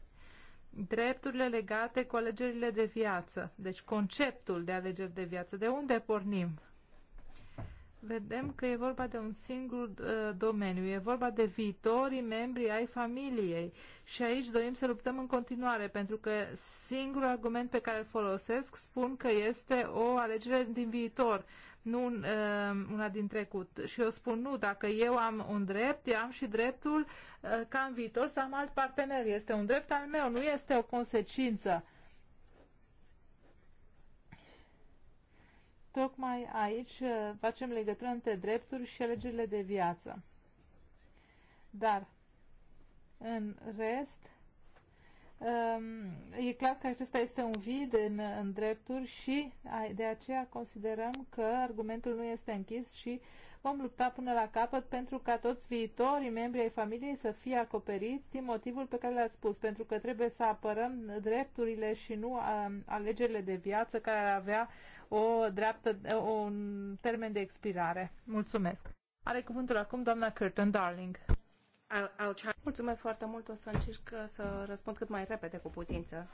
drepturile legate cu alegerile de viață. Deci conceptul de alegeri de viață. De unde pornim? vedem că e vorba de un singur uh, domeniu, e vorba de viitorii membri ai familiei și aici dorim să luptăm în continuare, pentru că singurul argument pe care îl folosesc spun că este o alegere din viitor, nu uh, una din trecut. Și eu spun nu, dacă eu am un drept, eu am și dreptul uh, ca în viitor să am alt partener. Este un drept al meu, nu este o consecință Tocmai aici uh, facem legătură între drepturi și alegerile de viață. Dar, în rest, um, e clar că acesta este un vid în, în drepturi și de aceea considerăm că argumentul nu este închis și vom lupta până la capăt pentru ca toți viitorii membri ai familiei să fie acoperiți din motivul pe care l-ați spus, pentru că trebuie să apărăm drepturile și nu um, alegerile de viață care ar avea o dreaptă, un termen de expirare. Mulțumesc. Are cuvântul acum doamna Curtin Darling. Mulțumesc foarte mult, o să încerc să răspund cât mai repede cu putință.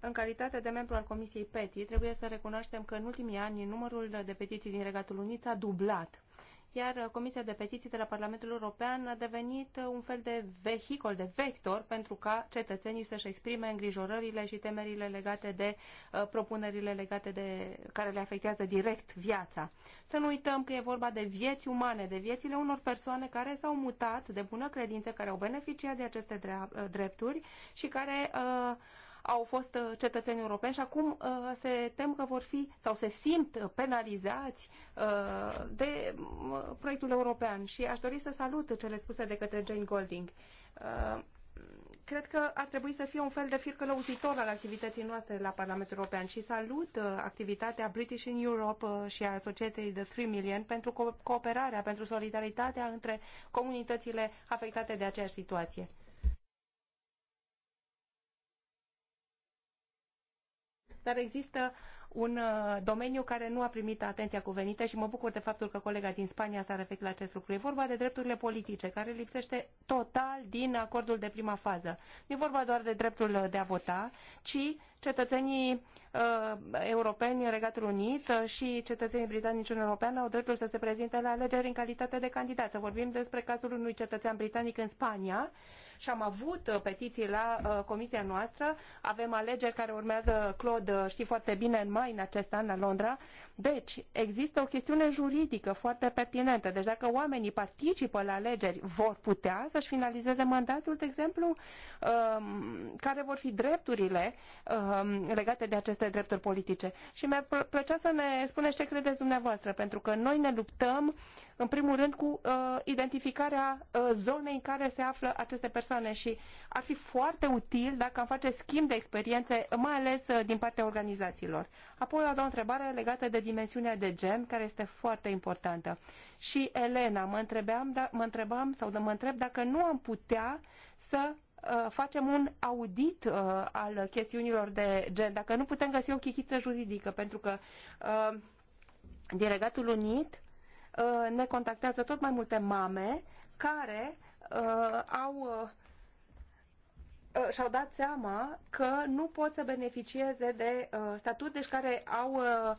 În calitate de membru al Comisiei PETI, trebuie să recunoaștem că în ultimii ani numărul de petiții din Regatul Unit s-a dublat iar uh, Comisia de Petiții de la Parlamentul European a devenit uh, un fel de vehicol, de vector pentru ca cetățenii să-și exprime îngrijorările și temerile legate de uh, propunerile legate de care le afectează direct viața. Să nu uităm că e vorba de vieți umane, de viețile unor persoane care s-au mutat de bună credință, care au beneficiat de aceste uh, drepturi și care uh, au fost uh, cetățeni europeni și acum uh, se tem că vor fi sau se simt penalizați uh, de proiectul european. Și aș dori să salut cele spuse de către Jane Golding cred că ar trebui să fie un fel de fir călăuzitor al activității noastre la Parlamentul European și salut activitatea British in Europe și a societății de 3 Million pentru cooperarea, pentru solidaritatea între comunitățile afectate de aceeași situație. dar există un uh, domeniu care nu a primit atenția cuvenită și mă bucur de faptul că colega din Spania s-a referit la acest lucru. E vorba de drepturile politice, care lipsește total din acordul de prima fază. Nu e vorba doar de dreptul de a vota, ci cetățenii uh, europeni în Regatul Unit uh, și cetățenii britanici în European au dreptul să se prezinte la alegeri în calitate de candidat. Să vorbim despre cazul unui cetățean britanic în Spania, uh, și am avut uh, petiții la uh, comisia noastră. Avem alegeri care urmează, Claude uh, știi foarte bine, în mai în acest an la Londra. Deci, există o chestiune juridică foarte pertinentă. Deci, dacă oamenii participă la alegeri, vor putea să-și finalizeze mandatul, de exemplu, um, care vor fi drepturile um, legate de aceste drepturi politice. Și mi-ar plăcea să ne spuneți ce credeți dumneavoastră, pentru că noi ne luptăm, în primul rând, cu uh, identificarea uh, zonei în care se află aceste persoane și ar fi foarte util dacă am face schimb de experiențe, mai ales uh, din partea organizațiilor. Apoi, o a doua întrebare legată de dimensiunea de gen, care este foarte importantă. Și Elena, mă, întrebeam, da, mă întrebam sau mă întreb dacă nu am putea să uh, facem un audit uh, al chestiunilor de gen, dacă nu putem găsi o chichiță juridică, pentru că uh, din Unit uh, ne contactează tot mai multe mame care uh, au uh, uh, și-au dat seama că nu pot să beneficieze de uh, statut, deci care au uh,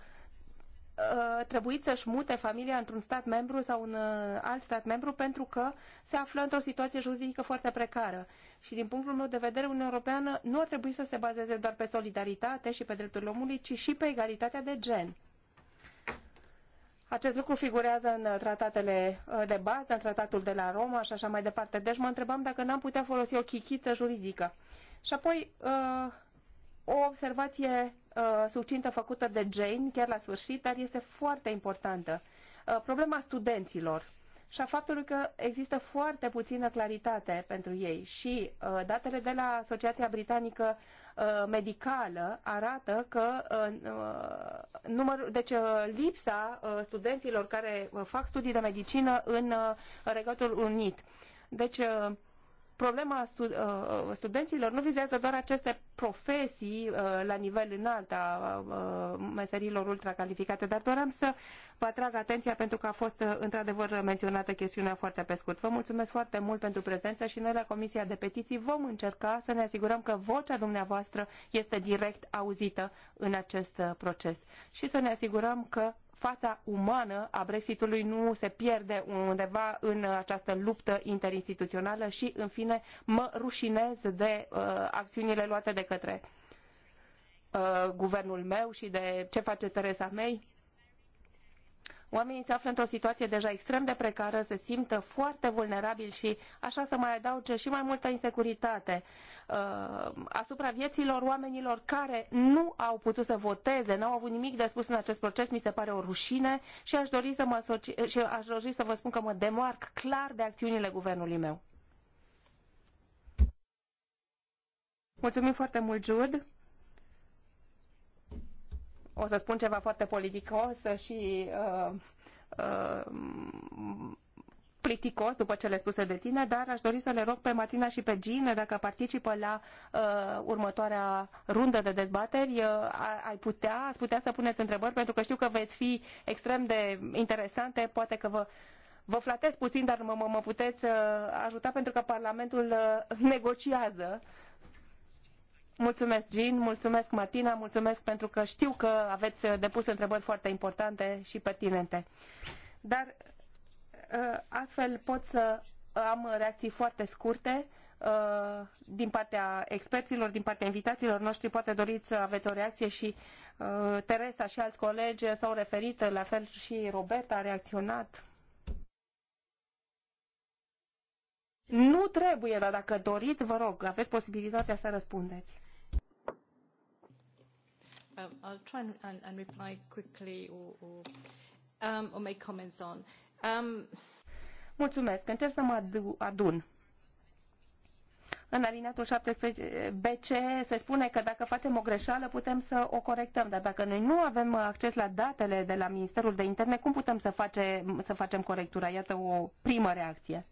Uh, trebuit să-și mute familia într-un stat membru sau un uh, alt stat membru pentru că se află într-o situație juridică foarte precară. Și din punctul meu de vedere, Uniunea Europeană nu ar trebui să se bazeze doar pe solidaritate și pe drepturile omului, ci și pe egalitatea de gen. Acest lucru figurează în uh, tratatele de bază, în tratatul de la Roma și așa mai departe. Deci mă întrebam dacă n-am putea folosi o chichiță juridică. Și apoi, o observație uh, sucintă făcută de Jane chiar la sfârșit, dar este foarte importantă. Uh, problema studenților și a faptului că există foarte puțină claritate pentru ei și uh, datele de la Asociația Britanică uh, medicală arată că uh, uh, numărul, deci lipsa studenților care fac studii de medicină în Regatul Unit. Deci problema uh, uh, studenților nu vizează doar aceste profesii uh, la nivel înalt a meserilor ultracalificate, dar doream să vă atrag atenția pentru că a fost într-adevăr menționată chestiunea foarte pe scurt. Vă mulțumesc foarte mult pentru prezență și noi la Comisia de Petiții vom încerca să ne asigurăm că vocea dumneavoastră este direct auzită în acest proces și să ne asigurăm că fața umană a Brexitului nu se pierde undeva în această luptă interinstituțională și, în fine, mă rușinez de uh, acțiunile luate de către uh, guvernul meu și de ce face Teresa May Oamenii se află într-o situație deja extrem de precară, se simt foarte vulnerabili și așa să mai adauge și mai multă insecuritate uh, asupra vieților oamenilor care nu au putut să voteze, nu au avut nimic de spus în acest proces, mi se pare o rușine și aș dori să, mă asoci- și aș dori să vă spun că mă demarc clar de acțiunile guvernului meu. Mulțumim foarte mult, Jude o să spun ceva foarte politicos și uh, uh, plicticos după cele spuse de tine, dar aș dori să le rog pe Martina și pe Gine dacă participă la uh, următoarea rundă de dezbateri, uh, ai putea, ați putea să puneți întrebări pentru că știu că veți fi extrem de interesante, poate că vă Vă flatez puțin, dar mă, mă, mă puteți uh, ajuta pentru că Parlamentul uh, *laughs* negociază uh, Mulțumesc, Jean, mulțumesc, Martina, mulțumesc pentru că știu că aveți depus întrebări foarte importante și pertinente. Dar uh, astfel pot să am reacții foarte scurte uh, din partea experților, din partea invitaților noștri. Poate doriți să aveți o reacție și uh, Teresa și alți colegi s-au referit, la fel și Roberta a reacționat. Nu trebuie, dar dacă doriți, vă rog, aveți posibilitatea să răspundeți. Um, I'll try and, and, and reply quickly or, or, um, or make comments on. Um... Mulțumesc. Încerc să mă adun. În alineatul 17 BC se spune că dacă facem o greșeală putem să o corectăm, dar dacă noi nu avem acces la datele de la Ministerul de Interne, cum putem să, face, să facem corectura? Iată o primă reacție.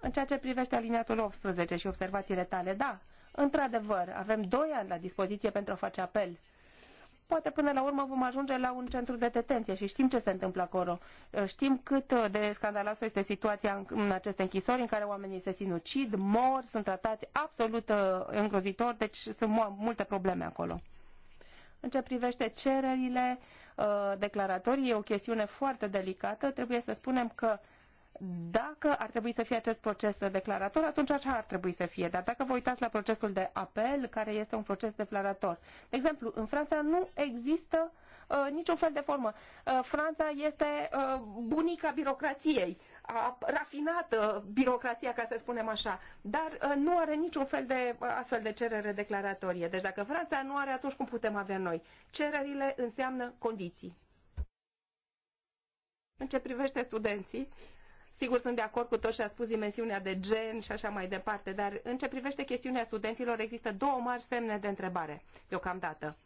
În ceea ce privește aliniatul 18 și observațiile tale, da, Într-adevăr, avem doi ani la dispoziție pentru a face apel. Poate până la urmă vom ajunge la un centru de detenție și știm ce se întâmplă acolo. Uh, știm cât uh, de scandaloasă este situația în aceste închisori în care oamenii se sinucid, mor, sunt tratați absolut uh, îngrozitor, deci sunt multe probleme acolo. În ce privește cererile, declaratorii, e o chestiune foarte delicată. Trebuie să spunem că uh, dacă ar trebui să fie acest proces declarator, atunci așa ar trebui să fie. Dar dacă vă uitați la procesul de apel, care este un proces declarator, de exemplu, în Franța nu există uh, niciun fel de formă. Uh, Franța este uh, bunica birocrației a rafinată birocrația, ca să spunem așa, dar uh, nu are niciun fel de uh, astfel de cerere declaratorie. Deci dacă Franța nu are, atunci cum putem avea noi? Cererile înseamnă condiții. În ce privește studenții, Sigur, sunt de acord cu tot ce a spus dimensiunea de gen și așa mai departe, dar în ce privește chestiunea studenților există două mari semne de întrebare deocamdată.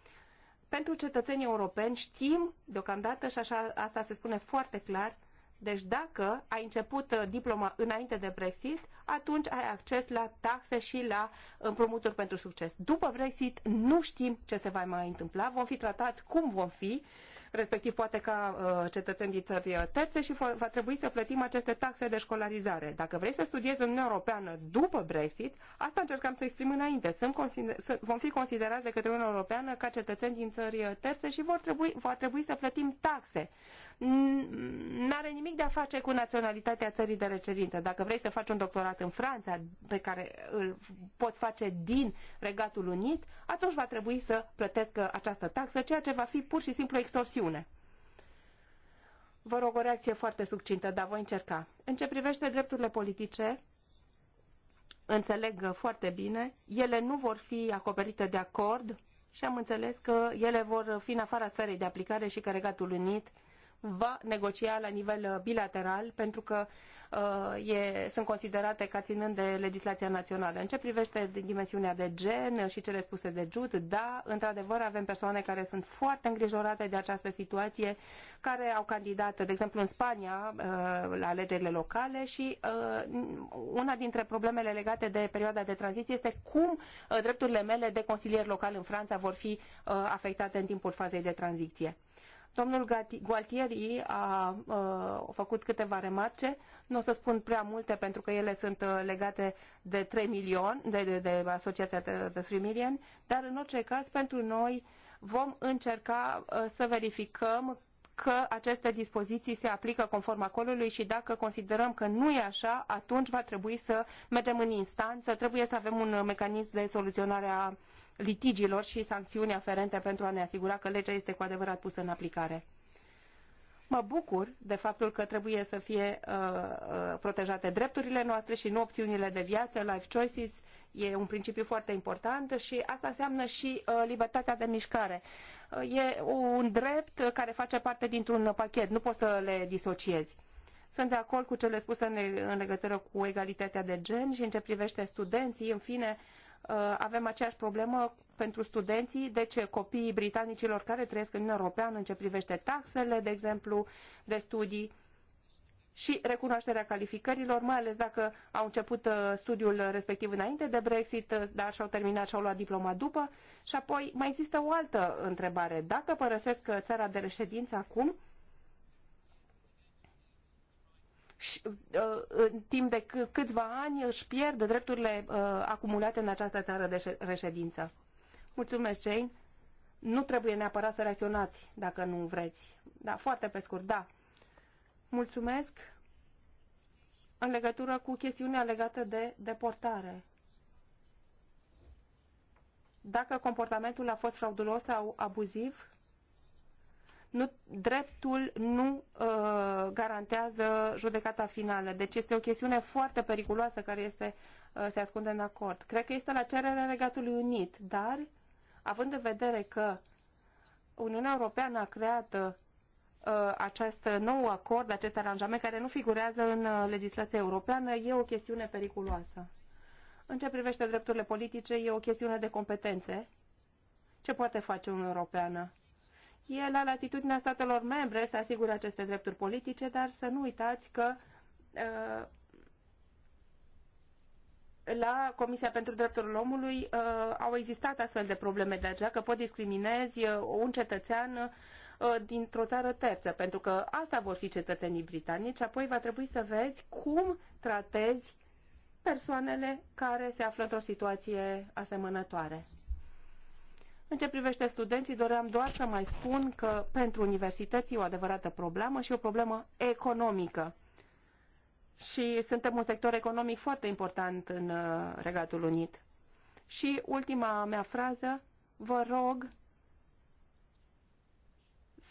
Pentru cetățenii europeni știm deocamdată și așa asta se spune foarte clar, deci dacă ai început uh, diploma înainte de Brexit, atunci ai acces la taxe și la împrumuturi pentru succes. După Brexit nu știm ce se va mai întâmpla, vom fi tratați cum vom fi respectiv poate ca uh, cetățeni din țări uh, terțe și va trebui să plătim aceste taxe de școlarizare. Dacă vrei să studiezi în Uniunea Europeană după Brexit, asta încercam să exprim înainte. Sunt consider, vom fi considerați de către Uniunea Europeană ca cetățeni din țări uh, terțe și vor trebui, va trebui să plătim taxe n-are nimic de a face cu naționalitatea țării de recerință. Dacă vrei să faci un doctorat în Franța, pe care îl pot face din Regatul Unit, atunci va trebui să plătesc această taxă, ceea ce va fi pur și simplu extorsiune. Vă rog o reacție foarte succintă, dar voi încerca. În ce privește drepturile politice, înțeleg foarte bine, ele nu vor fi acoperite de acord și am înțeles că ele vor fi în afara sferei de aplicare și că Regatul Unit va negocia la nivel uh, bilateral pentru că uh, e, sunt considerate ca ținând de legislația națională. În ce privește dimensiunea de gen și cele spuse de Jud, da, într-adevăr avem persoane care sunt foarte îngrijorate de această situație, care au candidat, de exemplu, în Spania uh, la alegerile locale și uh, una dintre problemele legate de perioada de tranziție este cum uh, drepturile mele de consilier local în Franța vor fi uh, afectate în timpul fazei de tranziție. Domnul Gualtieri a uh, făcut câteva remarce, nu o să spun prea multe pentru că ele sunt uh, legate de 3 milion, de, de, de asociația de, de 3 million, dar în orice caz pentru noi vom încerca uh, să verificăm că aceste dispoziții se aplică conform acolului și dacă considerăm că nu e așa, atunci va trebui să mergem în instanță, trebuie să avem un mecanism de soluționare a litigiilor și sancțiuni aferente pentru a ne asigura că legea este cu adevărat pusă în aplicare. Mă bucur de faptul că trebuie să fie uh, uh, protejate drepturile noastre și nu opțiunile de viață, life choices, e un principiu foarte important și asta înseamnă și uh, libertatea de mișcare. Uh, e un drept care face parte dintr-un pachet, nu poți să le disociezi. Sunt de acord cu cele spuse în, în legătură cu egalitatea de gen și în ce privește studenții, în fine, uh, Uh, avem aceeași problemă pentru studenții, deci copiii britanicilor care trăiesc în Uniunea Europeană în ce privește taxele, de exemplu, de studii și recunoașterea calificărilor, mai ales dacă au început uh, studiul respectiv înainte de Brexit, uh, dar și-au terminat și-au luat diploma după. Și apoi mai există o altă întrebare. Dacă părăsesc țara de reședință acum, și, uh, în timp de câțiva ani își pierd drepturile uh, acumulate în această țară de reședință. Mulțumesc, Jane. Nu trebuie neapărat să reacționați dacă nu vreți. Da, foarte pe scurt, da. Mulțumesc în legătură cu chestiunea legată de deportare. Dacă comportamentul a fost fraudulos sau abuziv, nu, dreptul nu uh, garantează judecata finală. Deci este o chestiune foarte periculoasă care este, uh, se ascunde în acord. Cred că este la cererea Regatului Unit, dar având în vedere că Uniunea Europeană a creat uh, acest nou acord, acest aranjament care nu figurează în uh, legislația europeană, e o chestiune periculoasă. În ce privește drepturile politice, e o chestiune de competențe. Ce poate face Uniunea Europeană? E la latitudinea statelor membre să asigure aceste drepturi politice, dar să nu uitați că uh, la Comisia pentru Drepturile Omului uh, au existat astfel de probleme, aceea că pot discriminezi uh, un cetățean dintr-o țară terță, pentru că asta vor fi cetățenii britanici, apoi va trebui să vezi cum tratezi persoanele care se află într-o situație asemănătoare. În ce privește studenții, doream doar să mai spun că pentru universități e o adevărată problemă și o problemă economică. Și suntem un sector economic foarte important în uh, Regatul Unit. Și ultima mea frază, vă rog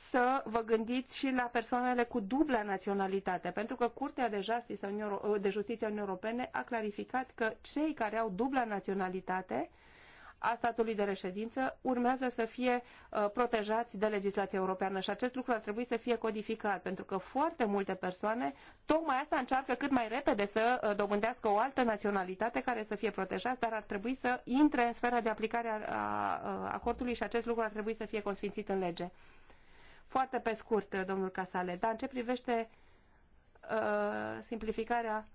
să vă gândiți și la persoanele cu dubla naționalitate, pentru că Curtea de Justiție a Uniunii Europene a clarificat că cei care au dubla naționalitate a statului de reședință urmează să fie uh, protejați de legislația europeană și acest lucru ar trebui să fie codificat, pentru că foarte multe persoane tocmai asta încearcă cât mai repede să uh, dobândească o altă naționalitate care să fie protejată, dar ar trebui să intre în sfera de aplicare a acordului și acest lucru ar trebui să fie consfințit în lege. Foarte pe scurt, uh, domnul Casale, dar în ce privește simplificarea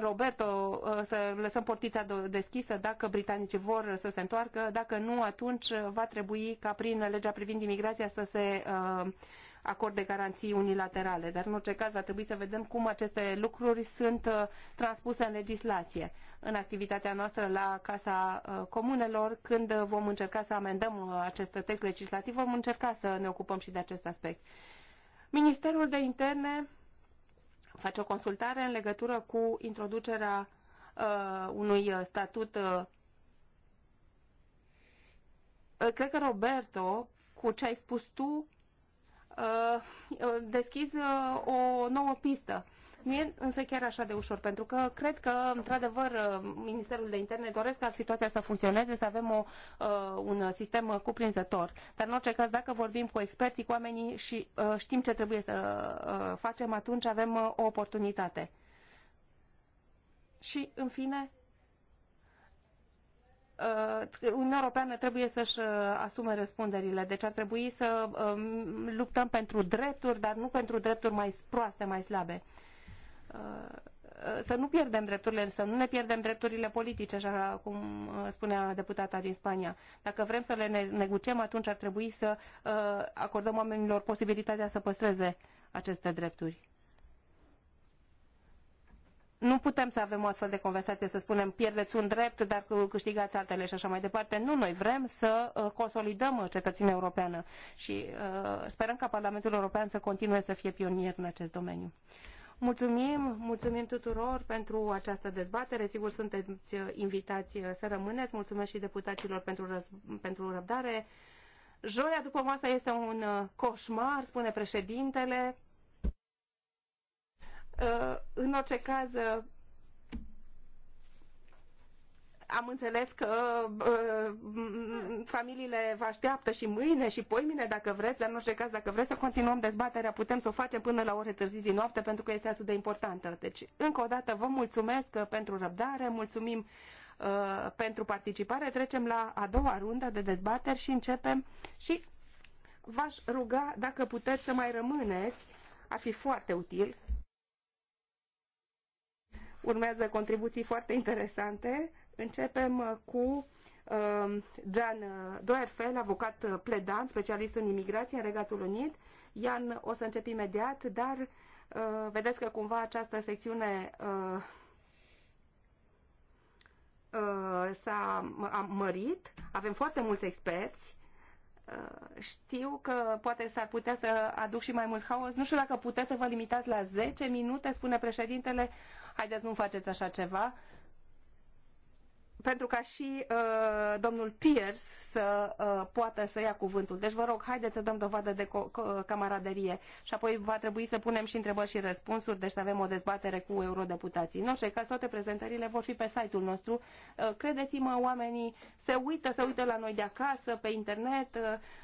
Roberto, uh, să lăsăm portița deschisă dacă britanicii vor să se întoarcă, dacă nu, atunci uh, va trebui ca prin legea privind imigrația să se uh, acorde garanții unilaterale. Dar în orice caz va trebui să vedem cum aceste lucruri sunt transpuse în legislație. În activitatea noastră la Casa Comunelor, când vom încerca să amendăm acest text legislativ, vom încerca să ne ocupăm și de acest aspect. Ministerul de Interne face o consultare în legătură cu introducerea uh, unui uh, statut. Uh, uh, cred că, Roberto, cu ce ai spus tu, uh, uh deschizi uh, o nouă pistă e însă chiar așa de ușor, pentru că cred că, într-adevăr, Ministerul de Interne doresc ca situația să funcționeze, să avem o, uh, un sistem cuprinzător. Dar, în orice caz, dacă vorbim cu experții, cu oamenii și uh, știm ce trebuie să uh, facem, atunci avem o oportunitate. Și, în fine, Uniunea Europeană trebuie să-și asume răspunderile, deci ar trebui să luptăm pentru drepturi, dar nu pentru drepturi mai proaste, mai slabe. Uh, să nu pierdem drepturile, să nu ne pierdem drepturile politice, așa cum uh, spunea deputata din Spania. Dacă vrem să le negociem, atunci ar trebui să uh, acordăm oamenilor posibilitatea să păstreze aceste drepturi. Nu putem să avem o astfel de conversație, să spunem pierdeți un drept, dar câștigați altele și așa mai departe. Nu, noi vrem să consolidăm cetățenia europeană și uh, sperăm ca Parlamentul European să continue să fie pionier în acest domeniu. Mulțumim, mulțumim tuturor pentru această dezbatere. Sigur, sunteți uh, invitați uh, să rămâneți. Mulțumesc și deputaților pentru, răz- pentru răbdare. Joia după masa este un uh, coșmar, spune președintele. În orice caz, am înțeles că uh, familiile vă așteaptă și mâine și poimine dacă vreți, dar în orice caz dacă vreți să continuăm dezbaterea putem să o facem până la ore târzii din noapte pentru că este atât de importantă. Deci încă o dată vă mulțumesc uh, pentru răbdare, mulțumim uh, pentru participare. Trecem la a doua rundă de dezbateri și începem și v-aș ruga dacă puteți să mai rămâneți, ar fi foarte util. Urmează contribuții foarte interesante Începem uh, cu Jan uh, uh, Doerfel, avocat pledant, specialist în imigrație în Regatul Unit. Ian, o să încep imediat, dar vedeți că cumva această secțiune s-a mărit. Avem foarte mulți experți. Știu că poate s-ar putea să aduc și mai mult haos. Nu știu dacă puteți să vă limitați la 10 minute, spune președintele. Haideți, nu faceți așa ceva pentru ca și uh, domnul Pierce să uh, poată să ia cuvântul. Deci vă rog, haideți să dăm dovadă de co- camaraderie și apoi va trebui să punem și întrebări și răspunsuri, deci să avem o dezbatere cu eurodeputații. Nu știu, caz, toate prezentările vor fi pe site-ul nostru. Uh, credeți-mă, oamenii se uită, se uită la noi de acasă, pe internet, uh,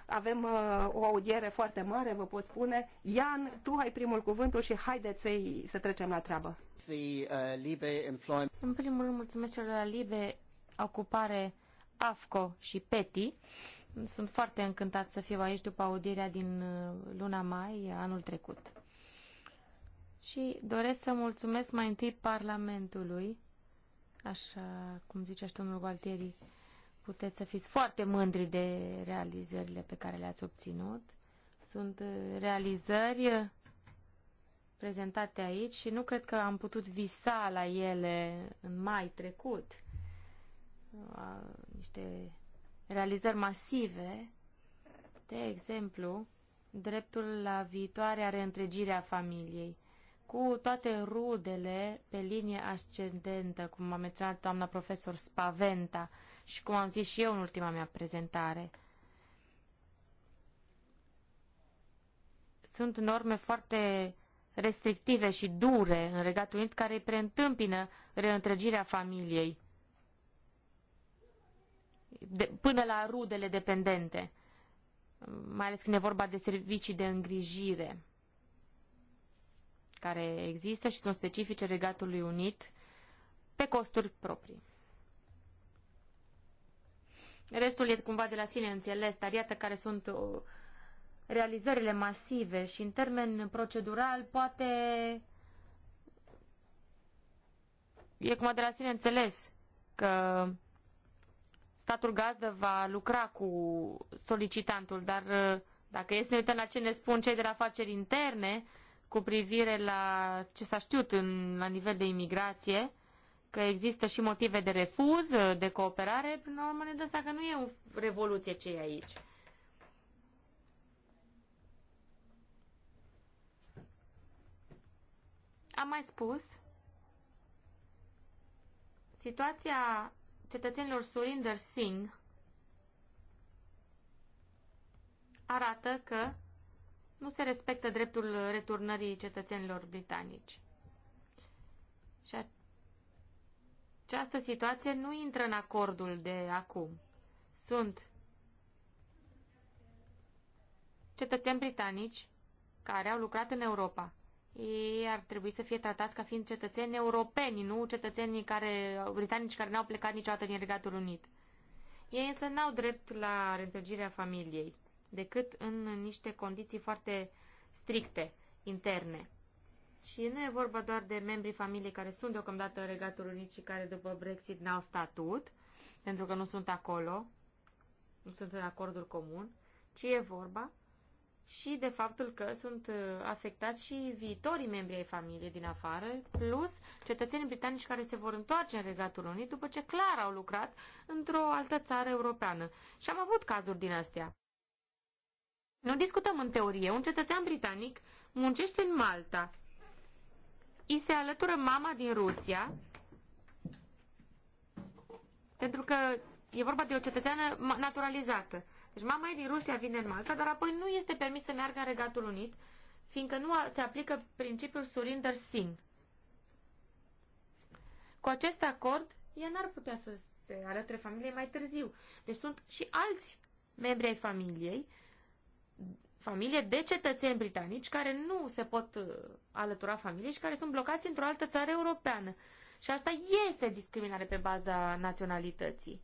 avem uh, o audiere foarte mare, vă pot spune. Ian, tu ai primul cuvântul și haideți să, să trecem la treabă. The, uh, Libe Employment... În primul rând, mulțumesc celor la Libe ocupare AFCO și PETI. Sunt foarte încântat să fiu aici după audierea din uh, luna mai anul trecut. Și doresc să mulțumesc mai întâi Parlamentului, așa cum zice și domnul Gualtieri, puteți să fiți foarte mândri de realizările pe care le-ați obținut. Sunt uh, realizări uh, prezentate aici și nu cred că am putut visa la ele în mai trecut a, niște realizări masive, de exemplu, dreptul la viitoarea reîntregire a familiei, cu toate rudele pe linie ascendentă, cum a menționat doamna profesor Spaventa și cum am zis și eu în ultima mea prezentare. Sunt norme foarte restrictive și dure în Regatul Unit care preîntâmpină reîntregirea familiei de, până la rudele dependente, mai ales când e vorba de servicii de îngrijire care există și sunt specifice Regatului Unit pe costuri proprii. Restul e cumva de la sine înțeles, dar iată care sunt uh, realizările masive și în termen procedural poate e cumva de la sine înțeles că statul gazdă va lucra cu solicitantul, dar uh, dacă este să ne uităm la ce ne spun cei de la afaceri interne cu privire la ce s-a știut în, la nivel de imigrație, că există și motive de refuz, uh, de cooperare, până la urmă ne dă seama că nu e o revoluție ce e aici. Am mai spus, situația cetățenilor Surinder Singh arată că nu se respectă dreptul returnării cetățenilor britanici. Și această situație nu intră în acordul de acum. Sunt cetățeni britanici care au lucrat în Europa ei ar trebui să fie tratați ca fiind cetățeni europeni, nu cetățenii care, britanici care n-au plecat niciodată din Regatul Unit. Ei însă n-au drept la reîntregirea familiei, decât în niște condiții foarte stricte, interne. Și nu e vorba doar de membrii familiei care sunt deocamdată în Regatul Unit și care după Brexit n-au statut, pentru că nu sunt acolo, nu sunt în acordul comun, ci e vorba și de faptul că sunt uh, afectați și viitorii membri ai familiei din afară, plus cetățenii britanici care se vor întoarce în Regatul Unit după ce clar au lucrat într-o altă țară europeană. Și am avut cazuri din astea. Nu discutăm în teorie. Un cetățean britanic muncește în Malta. I se alătură mama din Rusia pentru că e vorba de o cetățeană naturalizată. Deci mama ei din Rusia vine în Malta, dar apoi nu este permis să meargă în Regatul Unit, fiindcă nu se aplică principiul Surinder sing. Cu acest acord, ea n-ar putea să se alăture familiei mai târziu. Deci sunt și alți membri ai familiei, familie de cetățeni britanici, care nu se pot uh, alătura familiei și care sunt blocați într-o altă țară europeană. Și asta este discriminare pe baza naționalității.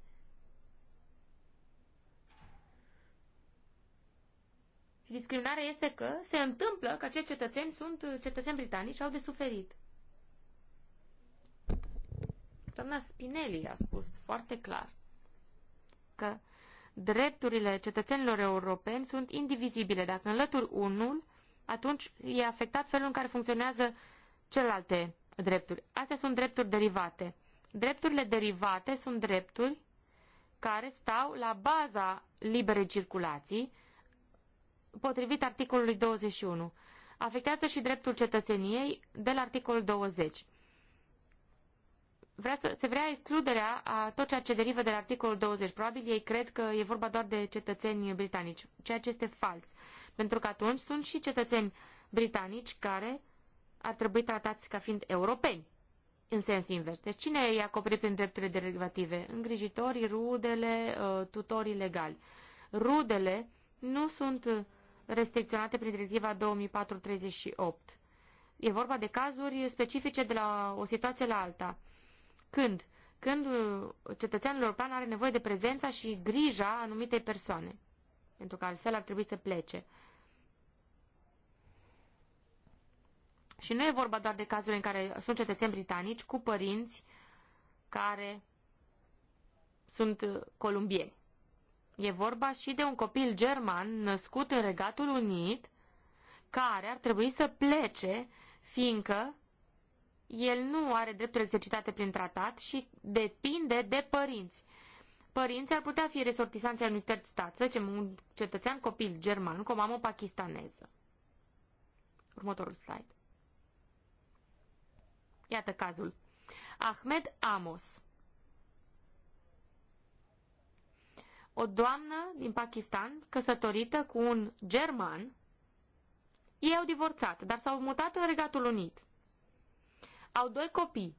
discriminarea este că se întâmplă că acești cetățeni sunt uh, cetățeni britanici și au de suferit. Doamna Spinelli a spus foarte clar că drepturile cetățenilor europeni sunt indivizibile. Dacă înlături unul, atunci e afectat felul în care funcționează celelalte drepturi. Astea sunt drepturi derivate. Drepturile derivate sunt drepturi care stau la baza liberei circulații potrivit articolului 21. Afectează și dreptul cetățeniei de la articolul 20. Vrea să, se vrea excluderea a tot ceea ce derivă de la articolul 20. Probabil ei cred că e vorba doar de cetățeni britanici, ceea ce este fals. Pentru că atunci sunt și cetățeni britanici care ar trebui tratați ca fiind europeni în sens invers. Deci cine e acoperit prin drepturile derivative? Îngrijitorii, rudele, uh, tutorii legali. Rudele nu sunt uh, restricționate prin directiva 2004/38. E vorba de cazuri specifice de la o situație la alta. Când? Când uh, cetățeanul european are nevoie de prezența și grija anumitei persoane. Pentru că altfel ar trebui să plece. Și nu e vorba doar de cazuri în care sunt cetățeni britanici cu părinți care sunt uh, columbieni. E vorba și de un copil german născut în Regatul Unit, care ar trebui să plece, fiindcă el nu are dreptul exercitate prin tratat și depinde de părinți. Părinții ar putea fi resortisanții unui tert stat, să zicem un cetățean copil german cu o mamă pakistaneză. Următorul slide. Iată cazul. Ahmed Amos o doamnă din Pakistan căsătorită cu un german. Ei au divorțat, dar s-au mutat în Regatul Unit. Au doi copii,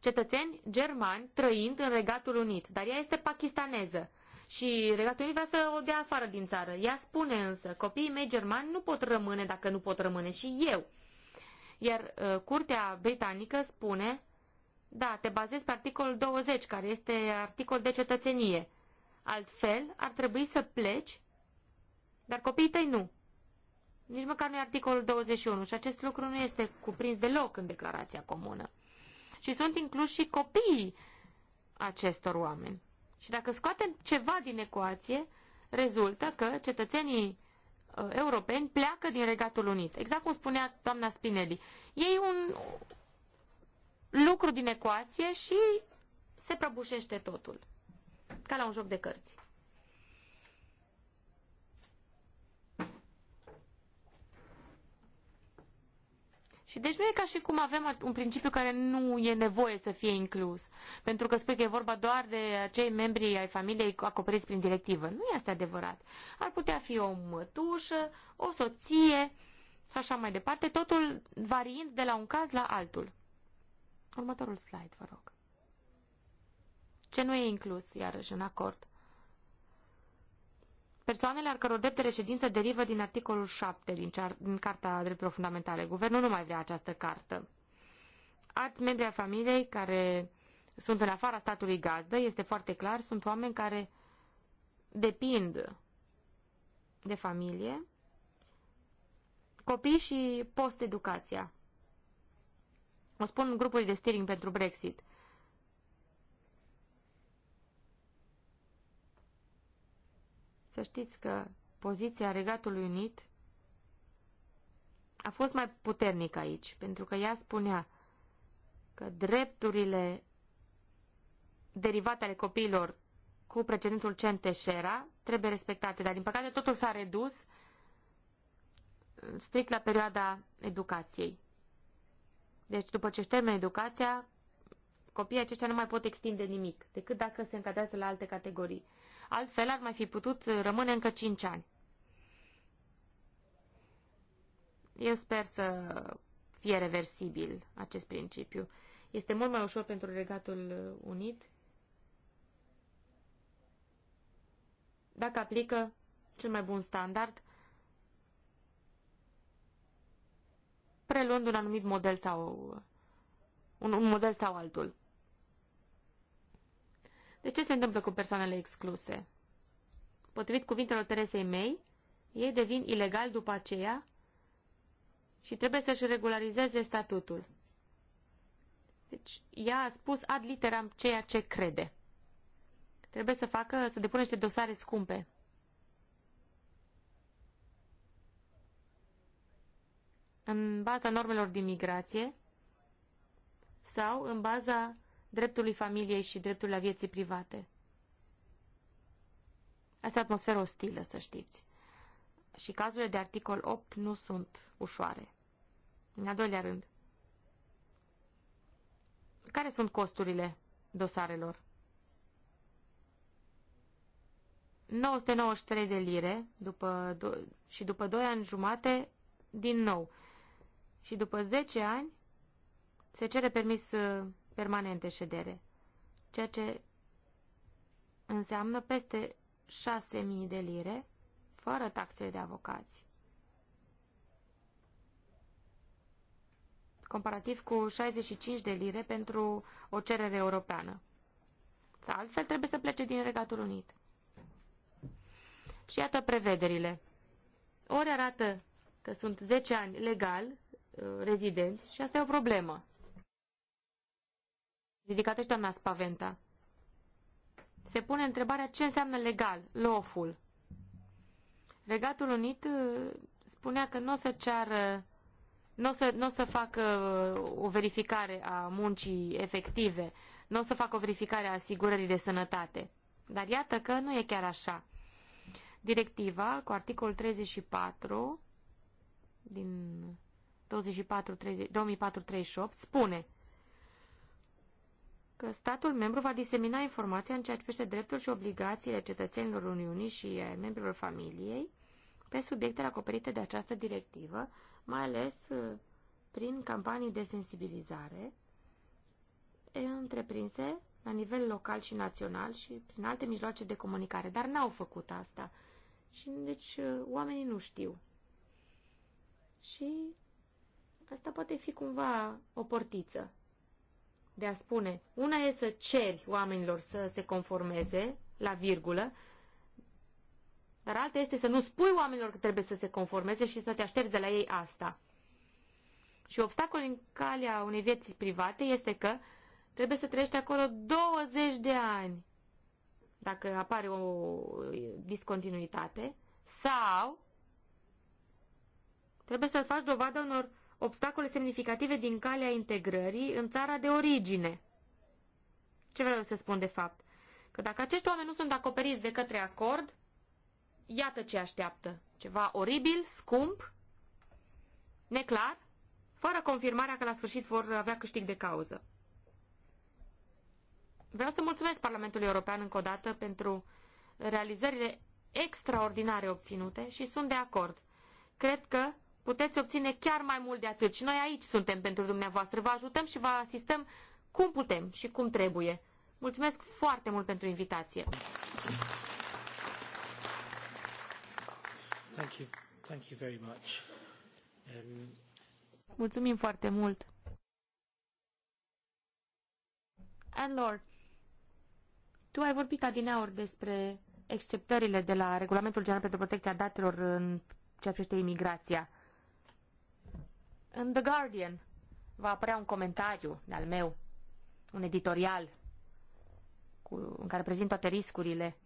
cetățeni germani trăind în Regatul Unit, dar ea este pakistaneză și Regatul Unit vrea să o dea afară din țară. Ea spune însă, copiii mei germani nu pot rămâne dacă nu pot rămâne și eu. Iar uh, curtea britanică spune, da, te bazezi pe articolul 20, care este articol de cetățenie. Altfel, ar trebui să pleci, dar copiii tăi nu. Nici măcar nu e articolul 21 și acest lucru nu este cuprins deloc în declarația comună. Și sunt incluși și copiii acestor oameni. Și dacă scoatem ceva din ecuație, rezultă că cetățenii uh, europeni pleacă din Regatul Unit. Exact cum spunea doamna Spinelli. Ei un lucru din ecuație și se prăbușește totul. Ca la un joc de cărți. Și deci nu e ca și cum avem un principiu care nu e nevoie să fie inclus. Pentru că spui că e vorba doar de acei membri ai familiei acoperiți prin directivă. Nu este adevărat. Ar putea fi o mătușă, o soție și așa mai departe, totul variind de la un caz la altul. Următorul slide, vă rog ce nu e inclus, iarăși, în acord. Persoanele al căror drept de reședință derivă din articolul 7 din, cear, din Carta Drepturilor Fundamentale. Guvernul nu mai vrea această cartă. Alți membri ai familiei care sunt în afara statului gazdă, este foarte clar, sunt oameni care depind de familie, copii și post-educația. O spun grupului de steering pentru Brexit. Să știți că poziția Regatului Unit a fost mai puternică aici, pentru că ea spunea că drepturile derivate ale copiilor cu precedentul Centeșera trebuie respectate, dar din păcate totul s-a redus strict la perioada educației. Deci după ce termină educația, copiii aceștia nu mai pot extinde nimic, decât dacă se încadrează la alte categorii altfel ar mai fi putut rămâne încă 5 ani. Eu sper să fie reversibil acest principiu. Este mult mai ușor pentru Regatul Unit dacă aplică cel mai bun standard, preluând un anumit model sau un, un model sau altul. De deci ce se întâmplă cu persoanele excluse? Potrivit cuvintelor Teresei mei, ei devin ilegali după aceea și trebuie să-și regularizeze statutul. Deci, ea a spus ad literam ceea ce crede. Trebuie să facă, să depună niște dosare scumpe. În baza normelor de migrație sau în baza dreptului familiei și dreptul la vieții private. Asta e atmosferă ostilă, să știți. Și cazurile de articol 8 nu sunt ușoare. În al doilea rând, care sunt costurile dosarelor? 993 de lire după do- și după 2 ani jumate din nou. Și după 10 ani se cere permis uh, permanente ședere, ceea ce înseamnă peste 6.000 de lire, fără taxele de avocați. comparativ cu 65 de lire pentru o cerere europeană. Sau altfel trebuie să plece din Regatul Unit. Și iată prevederile. Ori arată că sunt 10 ani legal uh, rezidenți și asta e o problemă ridicată și doamna Spaventa. Se pune întrebarea ce înseamnă legal, lawful. Regatul Unit uh, spunea că nu o să ceară, nu o să, n-o să facă uh, o verificare a muncii efective, nu o să facă o verificare a asigurării de sănătate. Dar iată că nu e chiar așa. Directiva cu articolul 34 din 24, 30, 2004 spune că statul membru va disemina informația în ceea ce privește drepturi și obligațiile cetățenilor Uniunii și membrilor familiei pe subiectele acoperite de această directivă, mai ales uh, prin campanii de sensibilizare întreprinse la nivel local și național și prin alte mijloace de comunicare, dar n-au făcut asta. Și deci uh, oamenii nu știu. Și asta poate fi cumva o portiță de a spune, una e să ceri oamenilor să se conformeze la virgulă, dar alta este să nu spui oamenilor că trebuie să se conformeze și să te aștepți de la ei asta. Și obstacolul în calea unei vieți private este că trebuie să trăiești acolo 20 de ani dacă apare o discontinuitate sau trebuie să faci dovadă unor obstacole semnificative din calea integrării în țara de origine. Ce vreau să spun de fapt? Că dacă acești oameni nu sunt acoperiți de către acord, iată ce așteaptă. Ceva oribil, scump, neclar, fără confirmarea că la sfârșit vor avea câștig de cauză. Vreau să mulțumesc Parlamentului European încă o dată pentru realizările extraordinare obținute și sunt de acord. Cred că puteți obține chiar mai mult de atât. Și noi aici suntem pentru dumneavoastră. Vă ajutăm și vă asistăm cum putem și cum trebuie. Mulțumesc foarte mult pentru invitație. Thank you. Thank you very much. Um... Mulțumim foarte mult. Anne Lord, tu ai vorbit adineauri despre exceptările de la Regulamentul General pentru Protecția Datelor în ceea ce privește imigrația. În The Guardian va apărea un comentariu de-al meu, un editorial cu, în care prezint toate riscurile.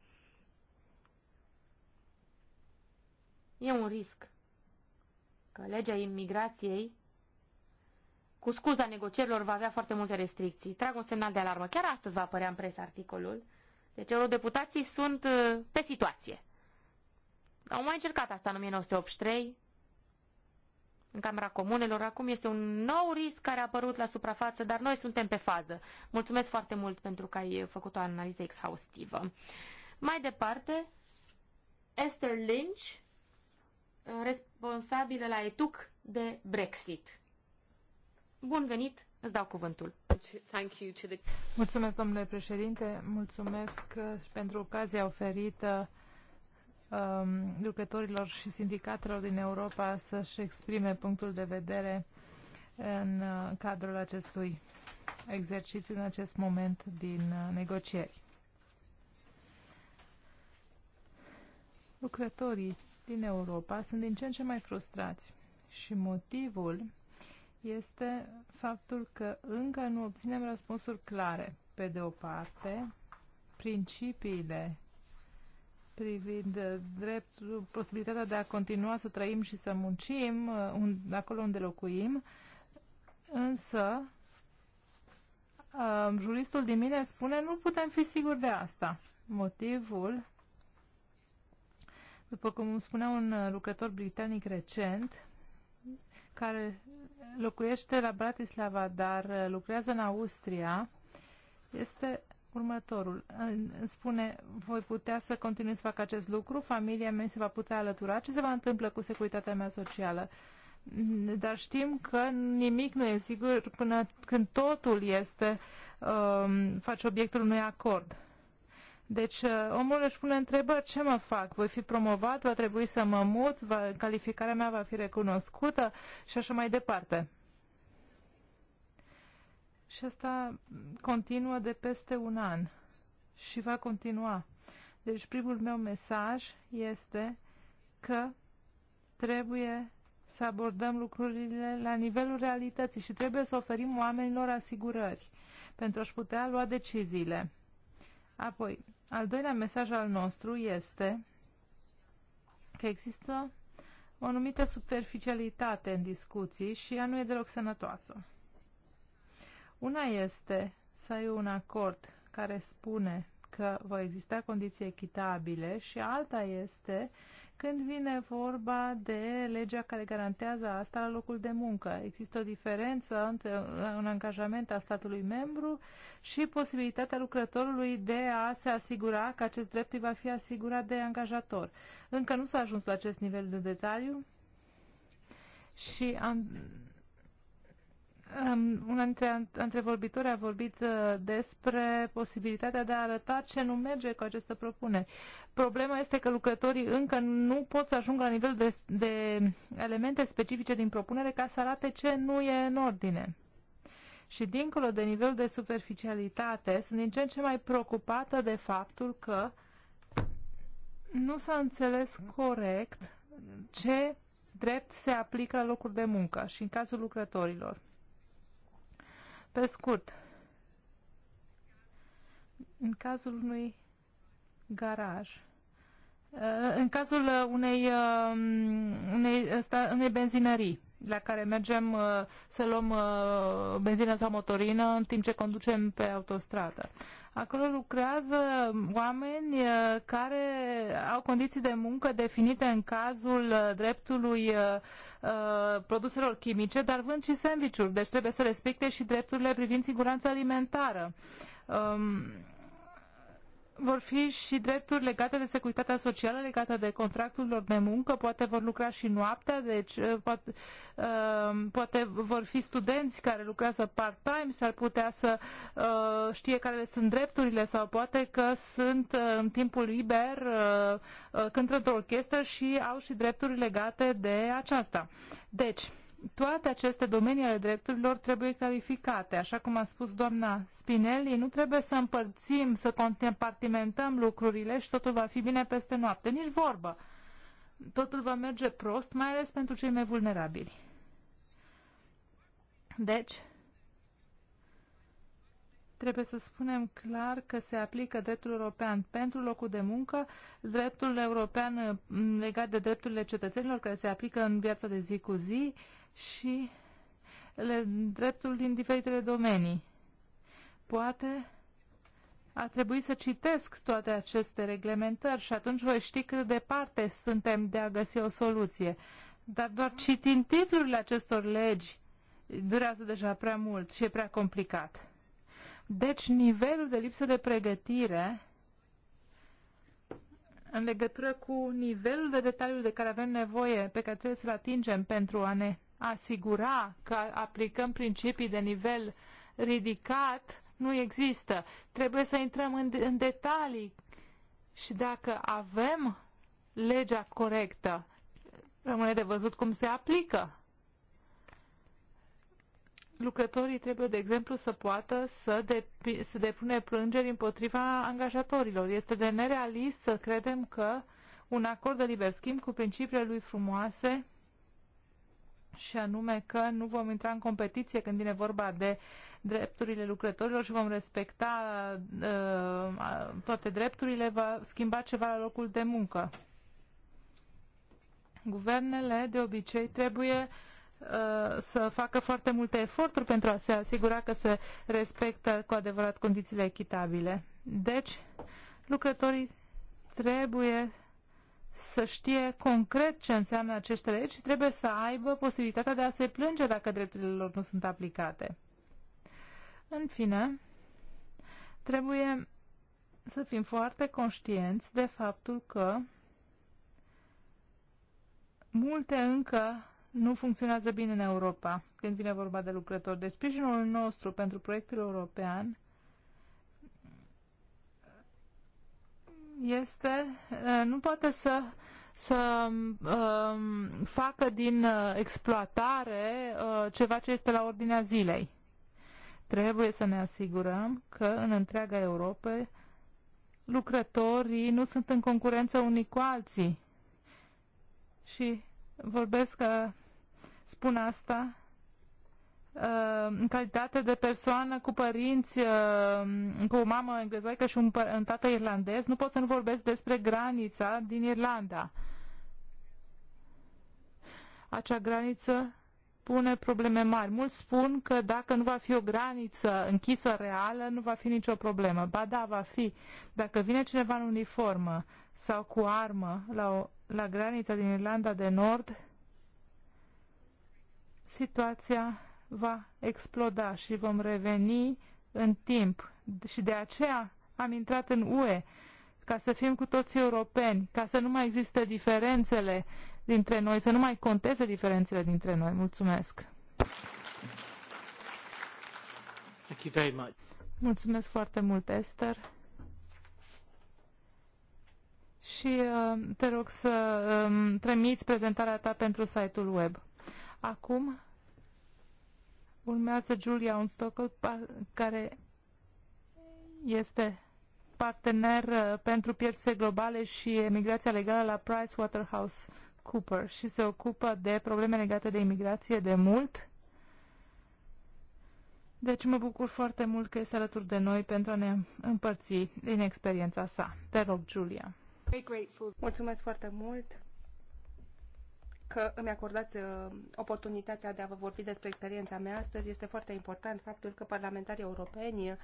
E un risc că legea imigrației cu scuza negocierilor va avea foarte multe restricții. Trag un semnal de alarmă. Chiar astăzi va apărea în presă articolul. Deci eurodeputații sunt uh, pe situație. Au mai încercat asta în 1983, în Camera Comunelor. Acum este un nou risc care a apărut la suprafață, dar noi suntem pe fază. Mulțumesc foarte mult pentru că ai făcut o analiză exhaustivă. Mai departe, Esther Lynch, responsabilă la ETUC de Brexit. Bun venit, îți dau cuvântul. Mulțumesc, domnule președinte, mulțumesc uh, pentru ocazia oferită um, lucrătorilor și sindicatelor din Europa să-și exprime punctul de vedere în uh, cadrul acestui exercițiu, în acest moment din uh, negocieri. Lucrătorii din Europa sunt din ce în ce mai frustrați și motivul este faptul că încă nu obținem răspunsuri clare. Pe de o parte, principiile privind uh, dreptul, posibilitatea de a continua să trăim și să muncim uh, un, acolo unde locuim, însă um, juristul din mine spune nu putem fi siguri de asta. Motivul, după cum spunea un uh, lucrător britanic recent, care locuiește la Bratislava, dar lucrează în Austria, este următorul. Spune, voi putea să continui să fac acest lucru, familia mea se va putea alătura, ce se va întâmplă cu securitatea mea socială? Dar știm că nimic nu e sigur până când totul este, um, face obiectul unui acord. Deci uh, omul își pune întrebări, ce mă fac? Voi fi promovat? Va trebui să mă mut? Va, calificarea mea va fi recunoscută? Și așa mai departe. Și asta continuă de peste un an și va continua. Deci primul meu mesaj este că trebuie să abordăm lucrurile la nivelul realității și trebuie să oferim oamenilor asigurări pentru a-și putea lua deciziile. Apoi, al doilea mesaj al nostru este că există o anumită superficialitate în discuții și ea nu e deloc sănătoasă. Una este să ai un acord care spune că vor exista condiții echitabile și alta este când vine vorba de legea care garantează asta la locul de muncă. Există o diferență între un angajament a statului membru și posibilitatea lucrătorului de a se asigura că acest drept îi va fi asigurat de angajator. Încă nu s-a ajuns la acest nivel de detaliu și am Um, una dintre antrevorbitori a vorbit uh, despre posibilitatea de a arăta ce nu merge cu această propunere. Problema este că lucrătorii încă nu pot să ajungă la nivel de, de elemente specifice din propunere ca să arate ce nu e în ordine. Și dincolo de nivelul de superficialitate, sunt din ce în ce mai preocupată de faptul că nu s-a înțeles corect ce drept se aplică la locuri de muncă și în cazul lucrătorilor. Pe scurt, în cazul unui garaj, uh, în cazul unei, uh, unei, unei benzinării la care mergem uh, să luăm benzină sau motorină în timp ce conducem pe autostradă. Acolo lucrează oameni care au condiții de muncă definite în cazul dreptului uh, Uh, produselor chimice, dar vând și sandvișuri, deci trebuie să respecte și drepturile privind siguranța alimentară. Um, vor fi și drepturi legate de securitatea socială, legate de contractul lor de muncă, poate vor lucra și noaptea, deci uh, poate, uh, poate vor fi studenți care lucrează part-time, s-ar putea să uh, știe care le sunt drepturile sau poate că sunt în timpul liber cântă într-o orchestră și au și drepturi legate de aceasta. Deci, toate aceste domenii ale drepturilor trebuie clarificate. Așa cum a spus doamna Spinelli, nu trebuie să împărțim, să compartimentăm lucrurile și totul va fi bine peste noapte. Nici vorbă. Totul va merge prost, mai ales pentru cei mai vulnerabili. Deci, trebuie să spunem clar că se aplică dreptul european pentru locul de muncă, dreptul european mm, legat de drepturile cetățenilor care se aplică în viața de zi cu zi, și le, dreptul din diferitele domenii. Poate a trebuit să citesc toate aceste reglementări și atunci voi ști cât de departe suntem de a găsi o soluție. Dar doar citind titlurile acestor legi durează deja prea mult și e prea complicat. Deci nivelul de lipsă de pregătire în legătură cu nivelul de detaliu de care avem nevoie, pe care trebuie să-l atingem pentru a ne asigura că aplicăm principii de nivel ridicat nu există. Trebuie să intrăm în, în detalii și dacă avem legea corectă, rămâne de văzut cum se aplică. Lucrătorii trebuie, de exemplu, să poată să, de, să depune plângeri împotriva angajatorilor. Este de nerealist să credem că un acord de liber schimb cu principiile lui frumoase și anume că nu vom intra în competiție când vine vorba de drepturile lucrătorilor și vom respecta uh, toate drepturile, va schimba ceva la locul de muncă. Guvernele, de obicei, trebuie uh, să facă foarte multe eforturi pentru a se asigura că se respectă cu adevărat condițiile echitabile. Deci, lucrătorii trebuie să știe concret ce înseamnă aceste legi și trebuie să aibă posibilitatea de a se plânge dacă drepturile lor nu sunt aplicate. În fine, trebuie să fim foarte conștienți de faptul că multe încă nu funcționează bine în Europa când vine vorba de lucrători. De sprijinul nostru pentru proiectul european este, uh, nu poate să să um, facă din uh, exploatare uh, ceva ce este la ordinea zilei. Trebuie să ne asigurăm că în întreaga Europa lucrătorii nu sunt în concurență unii cu alții. Și vorbesc că spun asta Uh, în calitate de persoană cu părinți, uh, cu o mamă englezoică și un, un tată irlandez, nu pot să nu vorbesc despre granița din Irlanda. Acea graniță pune probleme mari. Mulți spun că dacă nu va fi o graniță închisă reală, nu va fi nicio problemă. Ba da, va fi. Dacă vine cineva în uniformă sau cu armă la, o, la granița din Irlanda de Nord, situația va exploda și vom reveni în timp. Și de aceea am intrat în UE, ca să fim cu toți europeni, ca să nu mai există diferențele dintre noi, să nu mai conteze diferențele dintre noi. Mulțumesc! Thank you very much. Mulțumesc foarte mult, Esther. Și uh, te rog să uh, trimiți prezentarea ta pentru site-ul web. Acum Urmează Julia Unstockl, care este partener uh, pentru piețe globale și emigrația legală la Cooper și se ocupă de probleme legate de imigrație de mult. Deci mă bucur foarte mult că este alături de noi pentru a ne împărți din experiența sa. Te rog, Julia. Mulțumesc foarte mult că îmi acordați uh, oportunitatea de a vă vorbi despre experiența mea astăzi. Este foarte important faptul că parlamentarii europeni uh,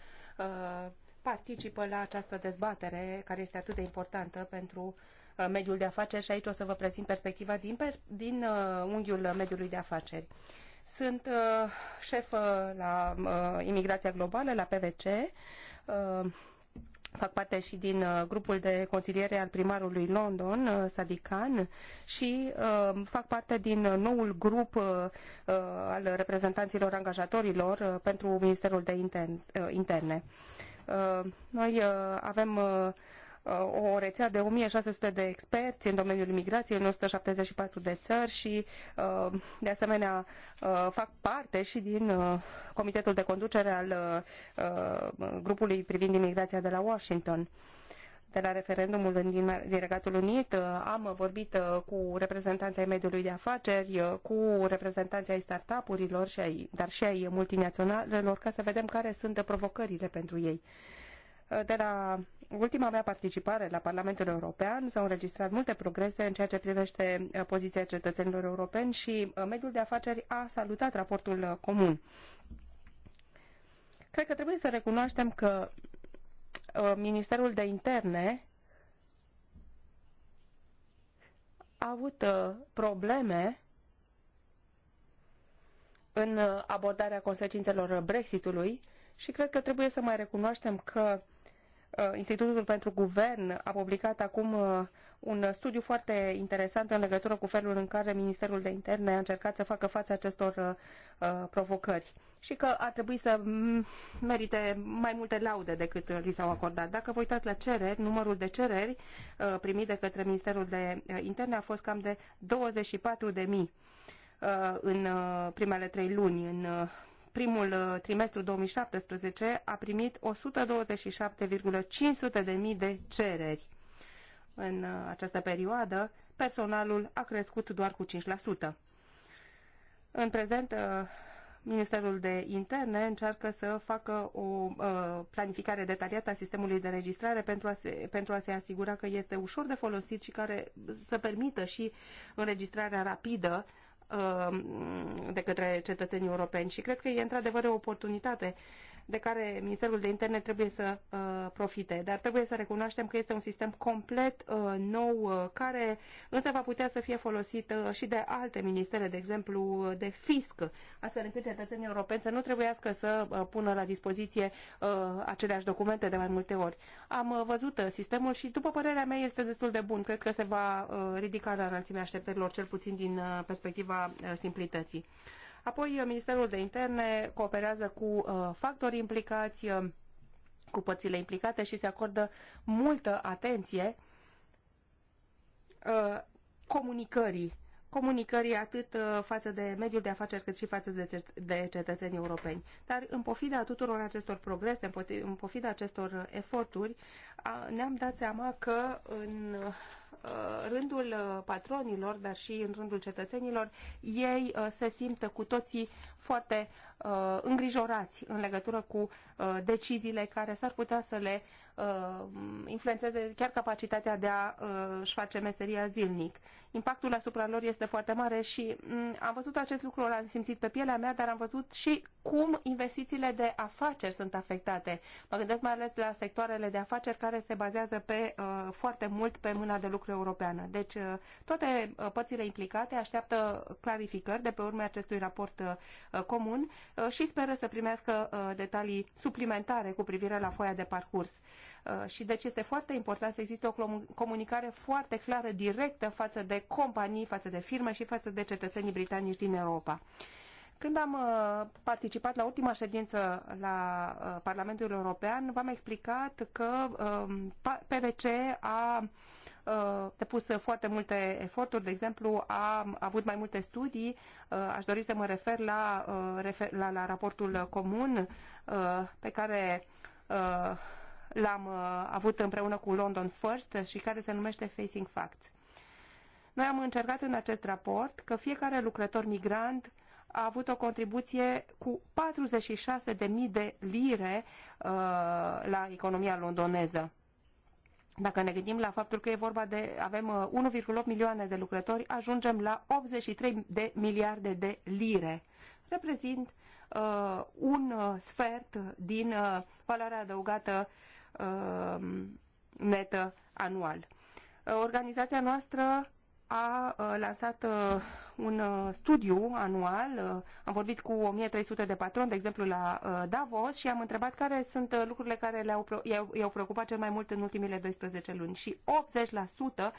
participă la această dezbatere care este atât de importantă pentru uh, mediul de afaceri și aici o să vă prezint perspectiva din, din unghiul mediului de afaceri. Sunt șef la imigrația globală, la PVC, fac parte și din uh, grupul de consiliere al primarului London, uh, Sadikan, și uh, fac parte din noul grup al reprezentanților angajatorilor pentru Ministerul de Interne. Noi avem o rețea de 1600 de experți în domeniul imigrației, în 174 de țări și uh, de asemenea uh, fac parte și din uh, comitetul de conducere al grupului privind imigrația de la Washington de la referendumul din, din Regatul Unit. Am vorbit cu reprezentanții ai mediului de afaceri, cu reprezentanții ai startup-urilor, și ai, dar și ai multinaționalelor, ca să vedem care sunt provocările pentru ei de la ultima mea participare la Parlamentul European s-au înregistrat multe progrese în ceea ce privește uh, poziția cetățenilor europeni și uh, mediul de afaceri a salutat raportul uh, comun. Cred că trebuie să recunoaștem că Ministerul de Interne a avut probleme în abordarea consecințelor Brexitului și cred că trebuie să mai recunoaștem că Uh, Institutul pentru Guvern a publicat acum uh, un studiu foarte interesant în legătură cu felul în care Ministerul de Interne a încercat să facă față acestor uh, provocări și că ar trebui să mm, merite mai multe laude decât li s-au acordat. Dacă vă uitați la cereri, numărul de cereri primite de către Ministerul de Interne a fost cam de 24.000 în primele trei luni în primul uh, trimestru 2017 a primit 127,500 de mii de cereri. În uh, această perioadă, personalul a crescut doar cu 5%. În prezent, uh, Ministerul de Interne încearcă să facă o planificare detaliată a sistemului de registrare pentru a, se, pentru a se asigura că este ușor de folosit și care să permită și înregistrarea rapidă Um, de către cetățenii europeni și cred că e într-adevăr o oportunitate de care Ministerul de Interne trebuie să uh, profite. Dar trebuie să recunoaștem că este un sistem complet uh, nou, uh, care însă va putea să fie folosit uh, și de alte ministere, de exemplu uh, de fisc, astfel încât cetățenii europeni să nu trebuiască să uh, pună la dispoziție uh, aceleași documente de mai multe ori. Am uh, văzut uh, sistemul și, după părerea mea, este destul de bun. Cred că se va uh, ridica la înălțimea așteptărilor, cel puțin din uh, perspectiva uh, simplității. Apoi, uh, Ministerul de Interne cooperează cu uh, factori implicați, uh, cu pățile implicate și se acordă multă atenție comunicării comunicării atât față de mediul de afaceri cât și față de, de cetățenii europeni. Dar în pofida tuturor acestor progrese, în pofida acestor eforturi, ne-am dat seama că în Uh, rândul uh, patronilor, dar și în rândul cetățenilor, ei uh, se simt cu toții foarte îngrijorați în legătură cu deciziile care s-ar putea să le influențeze chiar capacitatea de a și face meseria zilnic impactul asupra lor este foarte mare și mm, am văzut acest lucru, l-am simțit pe pielea mea, dar am văzut și cum investițiile de afaceri sunt afectate. Mă gândesc mai ales la sectoarele de afaceri care se bazează pe uh, foarte mult pe mâna de lucru europeană. Deci uh, toate uh, părțile implicate așteaptă clarificări de pe urme acestui raport uh, comun uh, și speră să primească uh, detalii suplimentare cu privire la foaia de parcurs. Uh, Uh, și deci este foarte important să existe o comunicare foarte clară, directă față de companii, față de firme și față de cetățenii britanici din Europa. Când am uh, participat la ultima ședință la uh, Parlamentul European, v-am explicat că um, PVC a depus foarte multe eforturi, de exemplu, a avut mai multe studii, aș dori să mă refer la, la, la raportul comun pe care l-am uh, avut împreună cu London First și care se numește Facing Facts. Noi am încercat în acest raport că fiecare lucrător migrant a avut o contribuție cu 46.000 de lire uh, la economia londoneză. Dacă ne gândim la faptul că e vorba de, avem 1,8 uh, milioane de lucrători, ajungem la 83 de miliarde de lire. Reprezint uh, un uh, sfert din uh, valoarea adăugată uh, Um, netă anual. Uh, organizația noastră a uh, lansat uh, un studiu anual. Am vorbit cu 1300 de patroni, de exemplu, la Davos și am întrebat care sunt lucrurile care le-au, i-au preocupat cel mai mult în ultimile 12 luni. Și 80%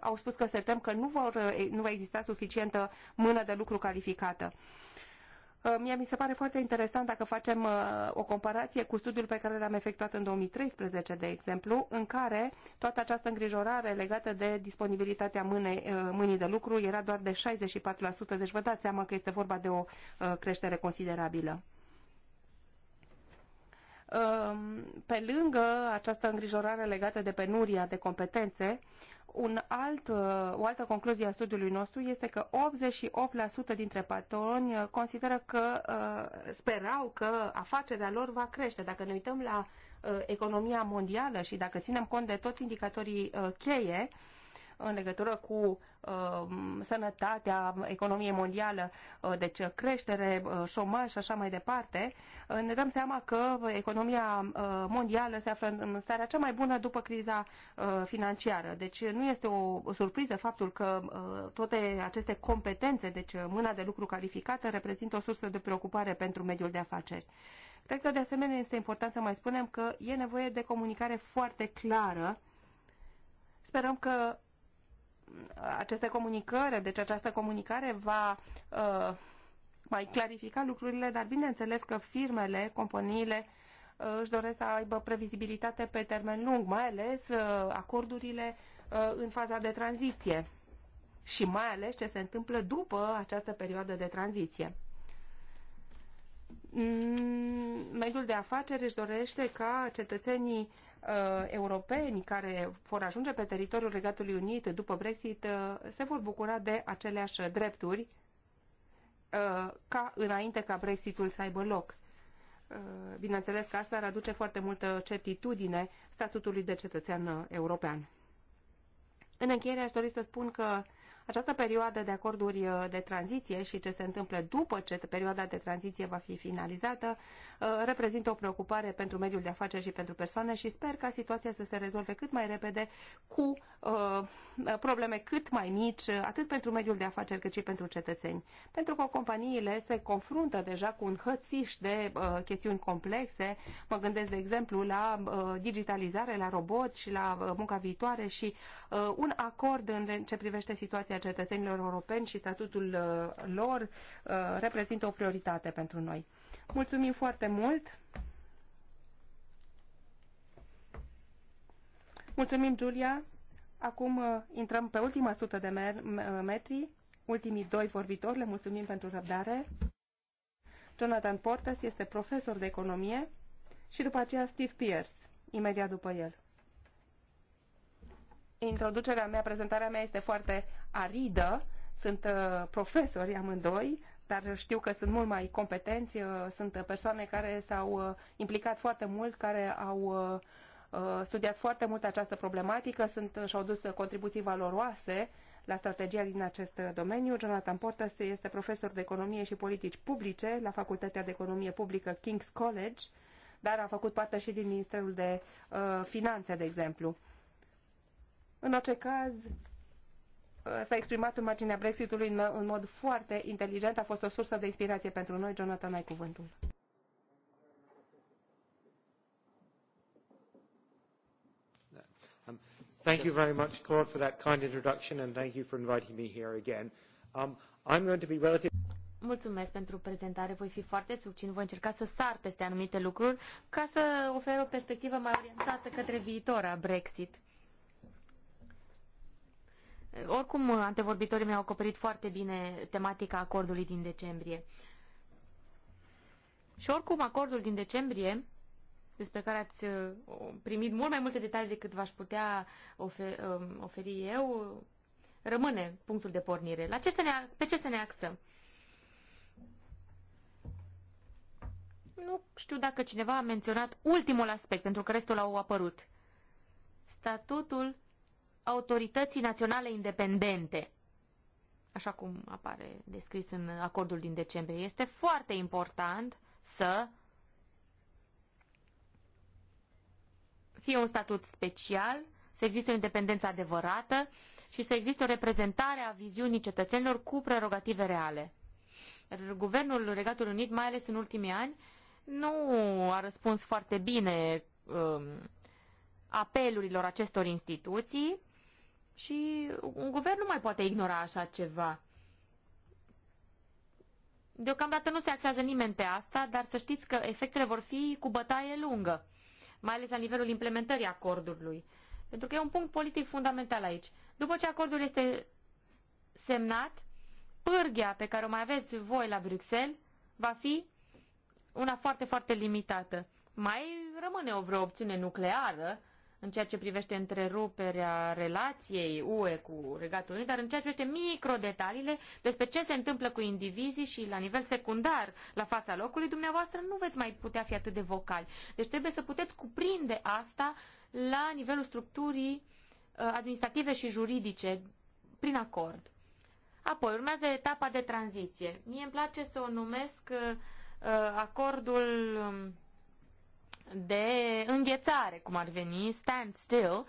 au spus că se tem că nu, vor, nu va exista suficientă mână de lucru calificată. Uh, mie mi se pare foarte interesant dacă facem uh, o comparație cu studiul pe care l-am efectuat în 2013, de exemplu, în care toată această îngrijorare legată de disponibilitatea mâne, uh, mâinii de lucru era doar de 64%, deci vă dați seama că este vorba de o creștere considerabilă um, pe lângă această îngrijorare legată de penuria de competențe, un alt, uh, o altă concluzie a studiului nostru este că 88% dintre patroni uh, consideră că uh, sperau că afacerea lor va crește. Dacă ne uităm la economia mondială și dacă ținem cont de toți indicatorii cheie, în legătură cu uh, sănătatea, economie mondială, uh, deci creștere, uh, șomaj și așa mai departe, uh, ne dăm seama că economia uh, mondială se află în starea cea mai bună după criza uh, financiară. Deci nu este o surpriză faptul că uh, toate aceste competențe, deci mâna de lucru calificată, reprezintă o sursă de preocupare pentru mediul de afaceri. Cred că de asemenea este important să mai spunem că e nevoie de comunicare foarte clară. Sperăm că aceste comunicări, deci această comunicare va uh, mai clarifica lucrurile, dar bineînțeles că firmele, companiile uh, își doresc să aibă previzibilitate pe termen lung, mai ales uh, acordurile în faza de tranziție și mai ales ce se întâmplă după această perioadă de tranziție mm, mediul de afaceri își dorește ca cetățenii uh, europeni care vor ajunge pe teritoriul Regatului Unit după Brexit uh, se vor bucura de aceleași drepturi uh, ca înainte ca Brexitul să aibă loc. Uh, bineînțeles că asta ar aduce foarte multă certitudine statutului de cetățean european. În încheiere aș dori să spun că această perioadă de acorduri uh, de tranziție și ce se întâmplă după ce perioada de tranziție va fi finalizată uh, reprezintă o preocupare pentru mediul de afaceri și pentru persoane și sper ca situația să se rezolve cât mai repede cu uh, probleme cât mai mici, atât pentru mediul de afaceri cât și pentru cetățeni. Pentru că companiile se confruntă deja cu un hățiș de chestiuni complexe. Mă gândesc, de exemplu, la digitalizare, la roboți și la munca viitoare și un acord în ce privește situația cetățenilor europeni și statutul uh, lor uh, reprezintă o prioritate pentru noi. Mulțumim foarte mult! Mulțumim, Julia! Acum uh, intrăm pe ultima sută de metri, ultimii doi vorbitori, le mulțumim pentru răbdare. Jonathan Portas este profesor de economie și după aceea Steve Pierce, imediat după el introducerea mea, prezentarea mea este foarte aridă. Sunt uh, profesori amândoi, dar știu că sunt mult mai competenți, uh, sunt persoane care s-au uh, implicat foarte mult, care au studiat foarte mult această problematică, sunt, și-au dus contribuții valoroase la strategia din acest domeniu. Jonathan Portas este profesor de economie și politici publice la Facultatea de Economie Publică King's College, dar a făcut parte și din Ministerul de uh, Finanțe, de exemplu. În orice caz, s-a exprimat în marginea Brexitului în, în mod foarte inteligent, a fost o sursă de inspirație pentru noi. Jonathan, ai cuvântul. Um, thank you very much, Claude, for that kind introduction and thank you for inviting me here again. Um, I'm going to be relative... Mulțumesc pentru prezentare, voi fi foarte subțin, voi încerca să sar peste anumite lucruri ca să ofer o perspectivă mai orientată către viitor a Brexit. Oricum, antevorbitorii mi-au acoperit foarte bine tematica acordului din decembrie. Și oricum, acordul din decembrie, despre care ați uh, primit mult mai multe detalii decât v-aș putea um, oferi eu, rămâne punctul de pornire. La ce să ne, pe ce să ne axăm? Nu știu dacă cineva a menționat ultimul aspect, pentru că restul au apărut. Statutul autorității naționale independente, așa cum apare descris în acordul din decembrie. Este foarte important să fie un statut special, să existe o independență adevărată și să existe o reprezentare a viziunii cetățenilor cu prerogative reale. Guvernul Regatului Unit, mai ales în ultimii ani, nu a răspuns foarte bine um, apelurilor acestor instituții și un guvern nu mai poate ignora așa ceva. Deocamdată nu se axează nimeni pe asta, dar să știți că efectele vor fi cu bătaie lungă, mai ales la nivelul implementării acordului. Pentru că e un punct politic fundamental aici. După ce acordul este semnat, pârghia pe care o mai aveți voi la Bruxelles va fi una foarte, foarte limitată. Mai rămâne o vreo opțiune nucleară, în ceea ce privește întreruperea relației UE cu Regatul Unit, dar în ceea ce privește microdetaliile despre ce se întâmplă cu indivizii și la nivel secundar la fața locului, dumneavoastră nu veți mai putea fi atât de vocali. Deci trebuie să puteți cuprinde asta la nivelul structurii uh, administrative și juridice prin acord. Apoi urmează etapa de tranziție. Mie îmi place să o numesc uh, uh, acordul um, de înghețare, cum ar veni, stand still.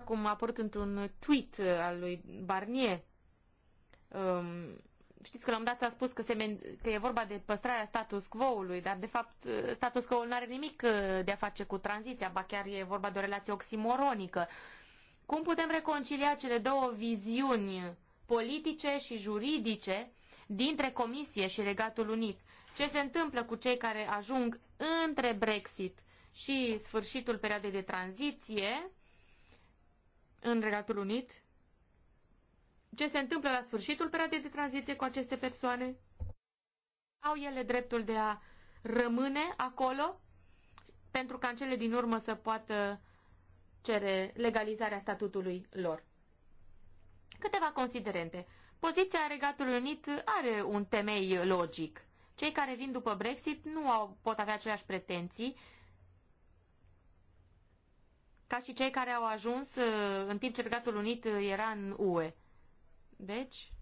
Acum a apărut într-un tweet uh, al lui Barnier. Um, știți că la un dat s-a spus că, se că e vorba de păstrarea status quo-ului, dar de fapt uh, status quo-ul nu are nimic uh, de a face cu tranziția, ba chiar e vorba de o relație oximoronică. Cum putem reconcilia cele două viziuni politice și juridice dintre Comisie și Regatul Unit? ce se întâmplă cu cei care ajung între Brexit și sfârșitul perioadei de tranziție în Regatul Unit, ce se întâmplă la sfârșitul perioadei de tranziție cu aceste persoane? Au ele dreptul de a rămâne acolo pentru ca în cele din urmă să poată cere legalizarea statutului lor. Câteva considerente. Poziția Regatului Unit are un temei logic. Cei care vin după Brexit nu au, pot avea aceleași pretenții ca și cei care au ajuns uh, în timp ce Regatul Unit uh, era în UE. Deci,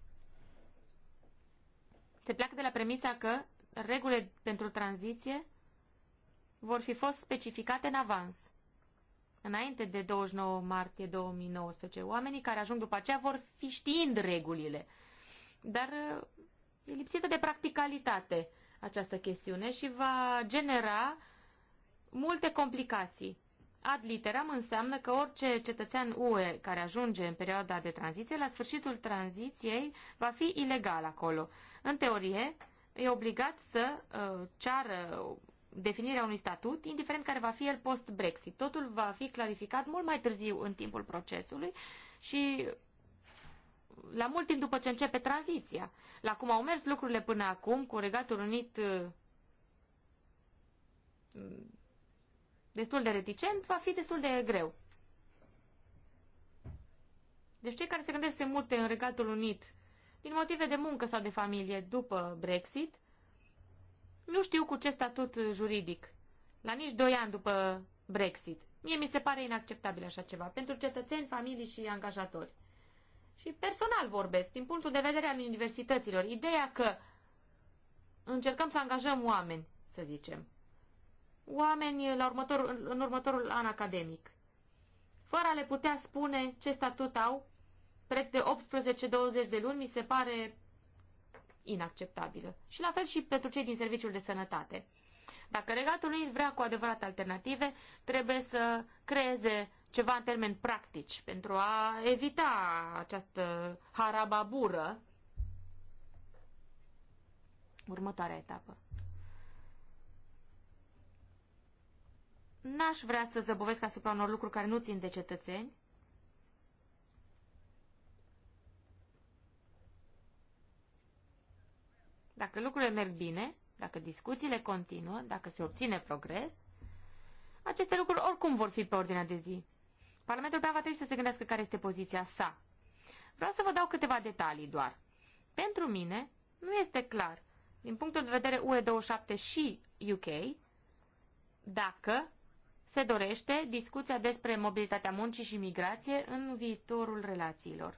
se pleacă de la premisa că regulile pentru tranziție vor fi fost specificate în avans, înainte de 29 martie 2019. Oamenii care ajung după aceea vor fi știind regulile. Dar uh, e lipsită de practicalitate această chestiune și va genera multe complicații. Ad literam înseamnă că orice cetățean UE care ajunge în perioada de tranziție, la sfârșitul tranziției, va fi ilegal acolo. În teorie, e obligat să uh, ceară definirea unui statut, indiferent care va fi el post-Brexit. Totul va fi clarificat mult mai târziu în timpul procesului și la mult timp după ce începe tranziția. La cum au mers lucrurile până acum, cu Regatul Unit eh, destul de reticent, va fi destul de greu. Deci cei care se gândesc să se mute în Regatul Unit din motive de muncă sau de familie după Brexit, nu știu cu ce statut juridic, la nici doi ani după Brexit. Mie mi se pare inacceptabil așa ceva, pentru cetățeni, familii și angajatori și personal vorbesc, din punctul de vedere al universităților, ideea că încercăm să angajăm oameni, să zicem, oameni la următor, în următorul an academic, fără a le putea spune ce statut au, preț de 18-20 de luni, mi se pare inacceptabilă. Și la fel și pentru cei din serviciul de sănătate. Dacă regatul lui vrea cu adevărat alternative, trebuie să creeze ceva în termeni practici pentru a evita această harababură. Următoarea etapă. N-aș vrea să zăbovesc asupra unor lucruri care nu țin de cetățeni. Dacă lucrurile merg bine, dacă discuțiile continuă, dacă se obține progres, aceste lucruri oricum vor fi pe ordinea de zi. Parlamentul va trebui să se gândească care este poziția sa. Vreau să vă dau câteva detalii doar. Pentru mine, nu este clar, din punctul de vedere UE27 și UK, dacă se dorește discuția despre mobilitatea muncii și migrație în viitorul relațiilor.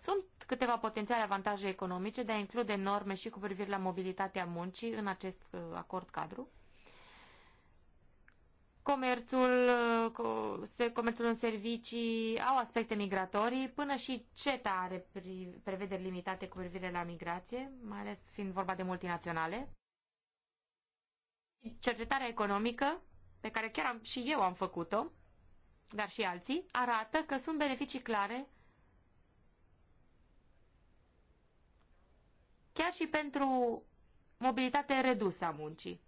Sunt câteva potențiale avantaje economice de a include norme și cu privire la mobilitatea muncii în acest uh, acord cadru? comerțul, uh, comerțul în servicii au aspecte migratorii, până și CETA are prevederi limitate cu privire la migrație, mai ales fiind vorba de multinaționale. Cercetarea economică, pe care chiar am, și eu am făcut-o, dar și alții, arată că sunt beneficii clare chiar și pentru mobilitate redusă a muncii.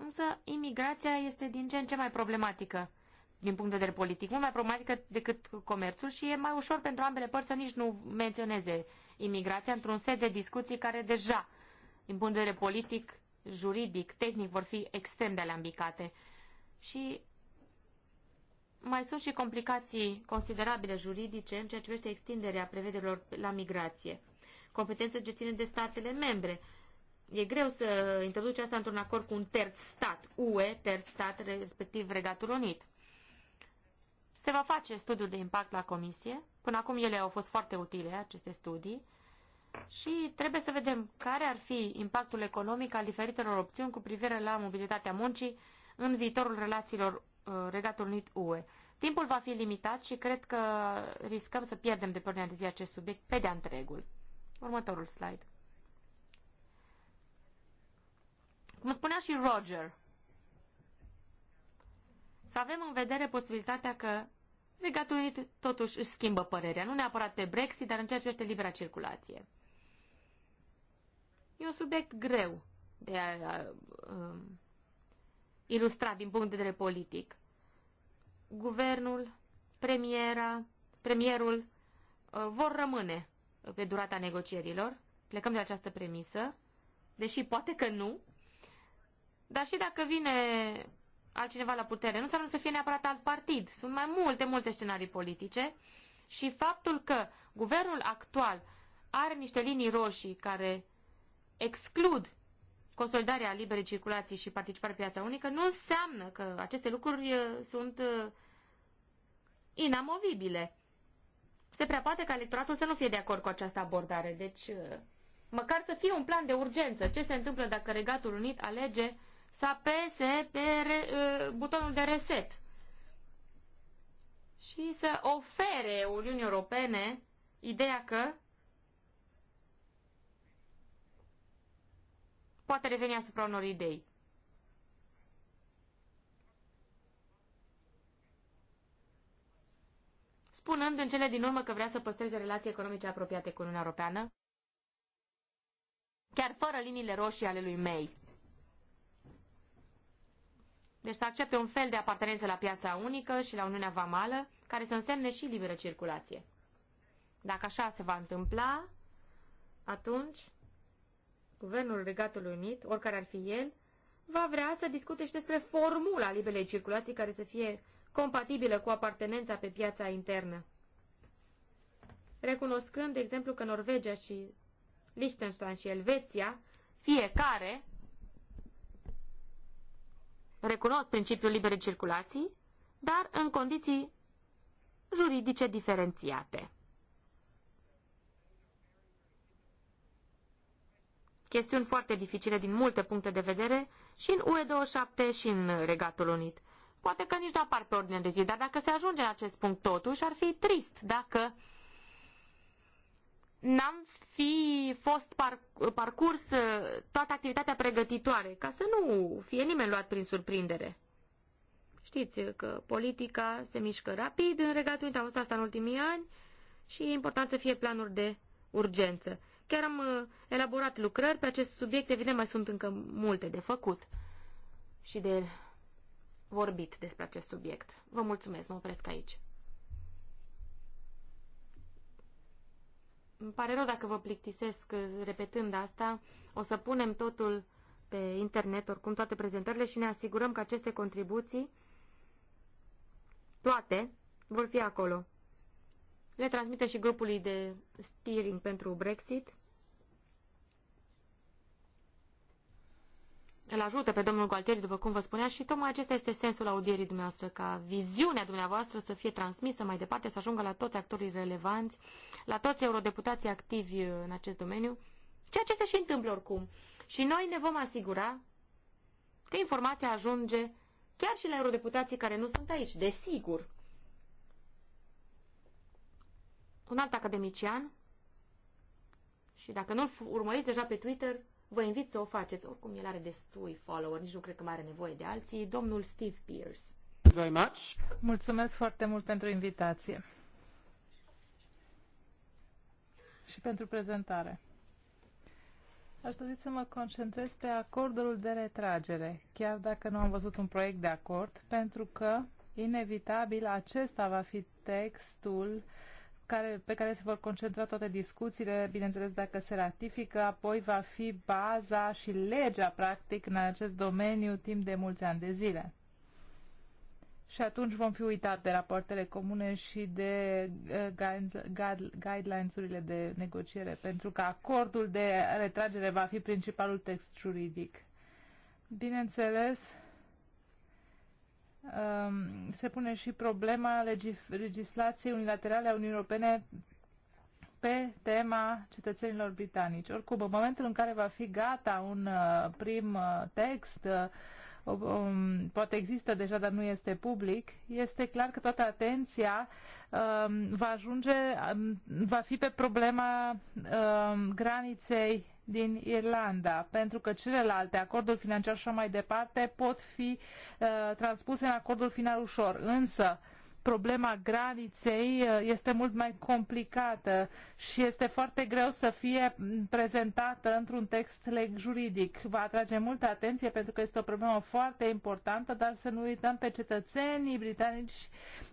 Însă imigrația este din ce în ce mai problematică din punct de vedere politic, mult mai problematică decât comerțul și e mai ușor pentru ambele părți să nici nu menționeze imigrația într-un set de discuții care deja, din punct de vedere politic, juridic, tehnic, vor fi extrem de alambicate. Și mai sunt și complicații considerabile juridice în ceea ce privește extinderea prevederilor la migrație. Competență ce ține de statele membre, e greu să introduci asta într-un acord cu un terț stat, UE, terț stat, respectiv Regatul Unit. Se va face studiul de impact la comisie. Până acum ele au fost foarte utile, aceste studii. Și trebuie să vedem care ar fi impactul economic al diferitelor opțiuni cu privire la mobilitatea muncii în viitorul relațiilor uh, Regatul Unit UE. Timpul va fi limitat și cred că riscăm să pierdem de pe de zi acest subiect pe de-a întregul. Următorul slide. Cum spunea și Roger, să avem în vedere posibilitatea că Regatul Unit totuși își schimbă părerea, nu neapărat pe Brexit, dar în ceea ce este libera circulație. E un subiect greu de a, a um, ilustra din punct de vedere politic. Guvernul, premiera, premierul uh, vor rămâne pe durata negocierilor. Plecăm de această premisă, deși poate că nu, dar și dacă vine altcineva la putere, nu înseamnă să fie neapărat alt partid. Sunt mai multe, multe scenarii politice și faptul că guvernul actual are niște linii roșii care exclud consolidarea liberei circulații și participarea pe piața unică, nu înseamnă că aceste lucruri uh, sunt uh, inamovibile. Se prea poate ca electoratul să nu fie de acord cu această abordare, deci uh, măcar să fie un plan de urgență. Ce se întâmplă dacă Regatul Unit alege să apese pe re, uh, butonul de reset și să ofere Uniunii Europene ideea că poate reveni asupra unor idei. spunând în cele din urmă că vrea să păstreze relații economice apropiate cu Uniunea Europeană, chiar fără liniile roșii ale lui May. Deci să accepte un fel de apartenență la piața unică și la Uniunea Vamală, care să însemne și liberă circulație. Dacă așa se va întâmpla, atunci Guvernul Regatului Unit, oricare ar fi el, va vrea să discute și despre formula liberei circulații care să fie compatibilă cu apartenența pe piața internă. Recunoscând, de exemplu, că Norvegia și Liechtenstein și Elveția, fiecare, recunosc principiul liberei circulații, dar în condiții juridice diferențiate. Chestiuni foarte dificile din multe puncte de vedere și în UE27 și în Regatul Unit. Poate că nici nu apar pe ordine de zi, dar dacă se ajunge în acest punct totuși, ar fi trist dacă n-am fi fost par, parcurs uh, toată activitatea pregătitoare, ca să nu fie nimeni luat prin surprindere. Știți că politica se mișcă rapid în Regatul Unit, am văzut asta în ultimii ani și e important să fie planuri de urgență. Chiar am uh, elaborat lucrări pe acest subiect, evident mai sunt încă multe de făcut și de vorbit despre acest subiect. Vă mulțumesc, mă opresc aici. Îmi pare rău dacă vă plictisesc uh, repetând asta. O să punem totul pe internet, oricum toate prezentările și ne asigurăm că aceste contribuții, toate, vor fi acolo. Le transmite și grupului de steering pentru Brexit. îl ajută pe domnul Gualtieri, după cum vă spunea, și tocmai acesta este sensul audierii dumneavoastră, ca viziunea dumneavoastră să fie transmisă mai departe, să ajungă la toți actorii relevanți, la toți eurodeputații activi în acest domeniu, ceea ce se și întâmplă oricum. Și noi ne vom asigura că informația ajunge chiar și la eurodeputații care nu sunt aici, desigur. Un alt academician, și dacă nu-l urmăriți deja pe Twitter, Vă invit să o faceți. Oricum, el are destui follower, nici nu cred că mai are nevoie de alții. Domnul Steve Pierce. Very much. Mulțumesc foarte mult pentru invitație și pentru prezentare. Aș dori să mă concentrez pe acordul de retragere, chiar dacă nu am văzut un proiect de acord, pentru că, inevitabil, acesta va fi textul uh, care, pe care se vor concentra toate discuțiile, bineînțeles dacă se ratifică, apoi va fi baza și legea practic în acest domeniu timp de mulți ani de zile. Și atunci vom fi uitat de rapoartele comune și de eh, guidelines-urile de negociere, pentru că acordul de retragere va fi principalul text juridic. Bineînțeles, Um, se pune și problema legislației unilaterale a Uniunii Europene pe tema cetățenilor britanici. Oricum, în momentul în care va fi gata un uh, prim uh, text, uh, um, poate există deja, dar nu este public, este clar că toată atenția um, va ajunge, va fi pe problema graniței din Irlanda, pentru că celelalte acorduri financiare și mai departe pot fi uh, transpuse în acordul final ușor. Însă, problema graniței uh, este mult mai complicată și este foarte greu să fie prezentată într-un text leg juridic. Va atrage multă atenție pentru că este o problemă foarte importantă, dar să nu uităm pe cetățenii britanici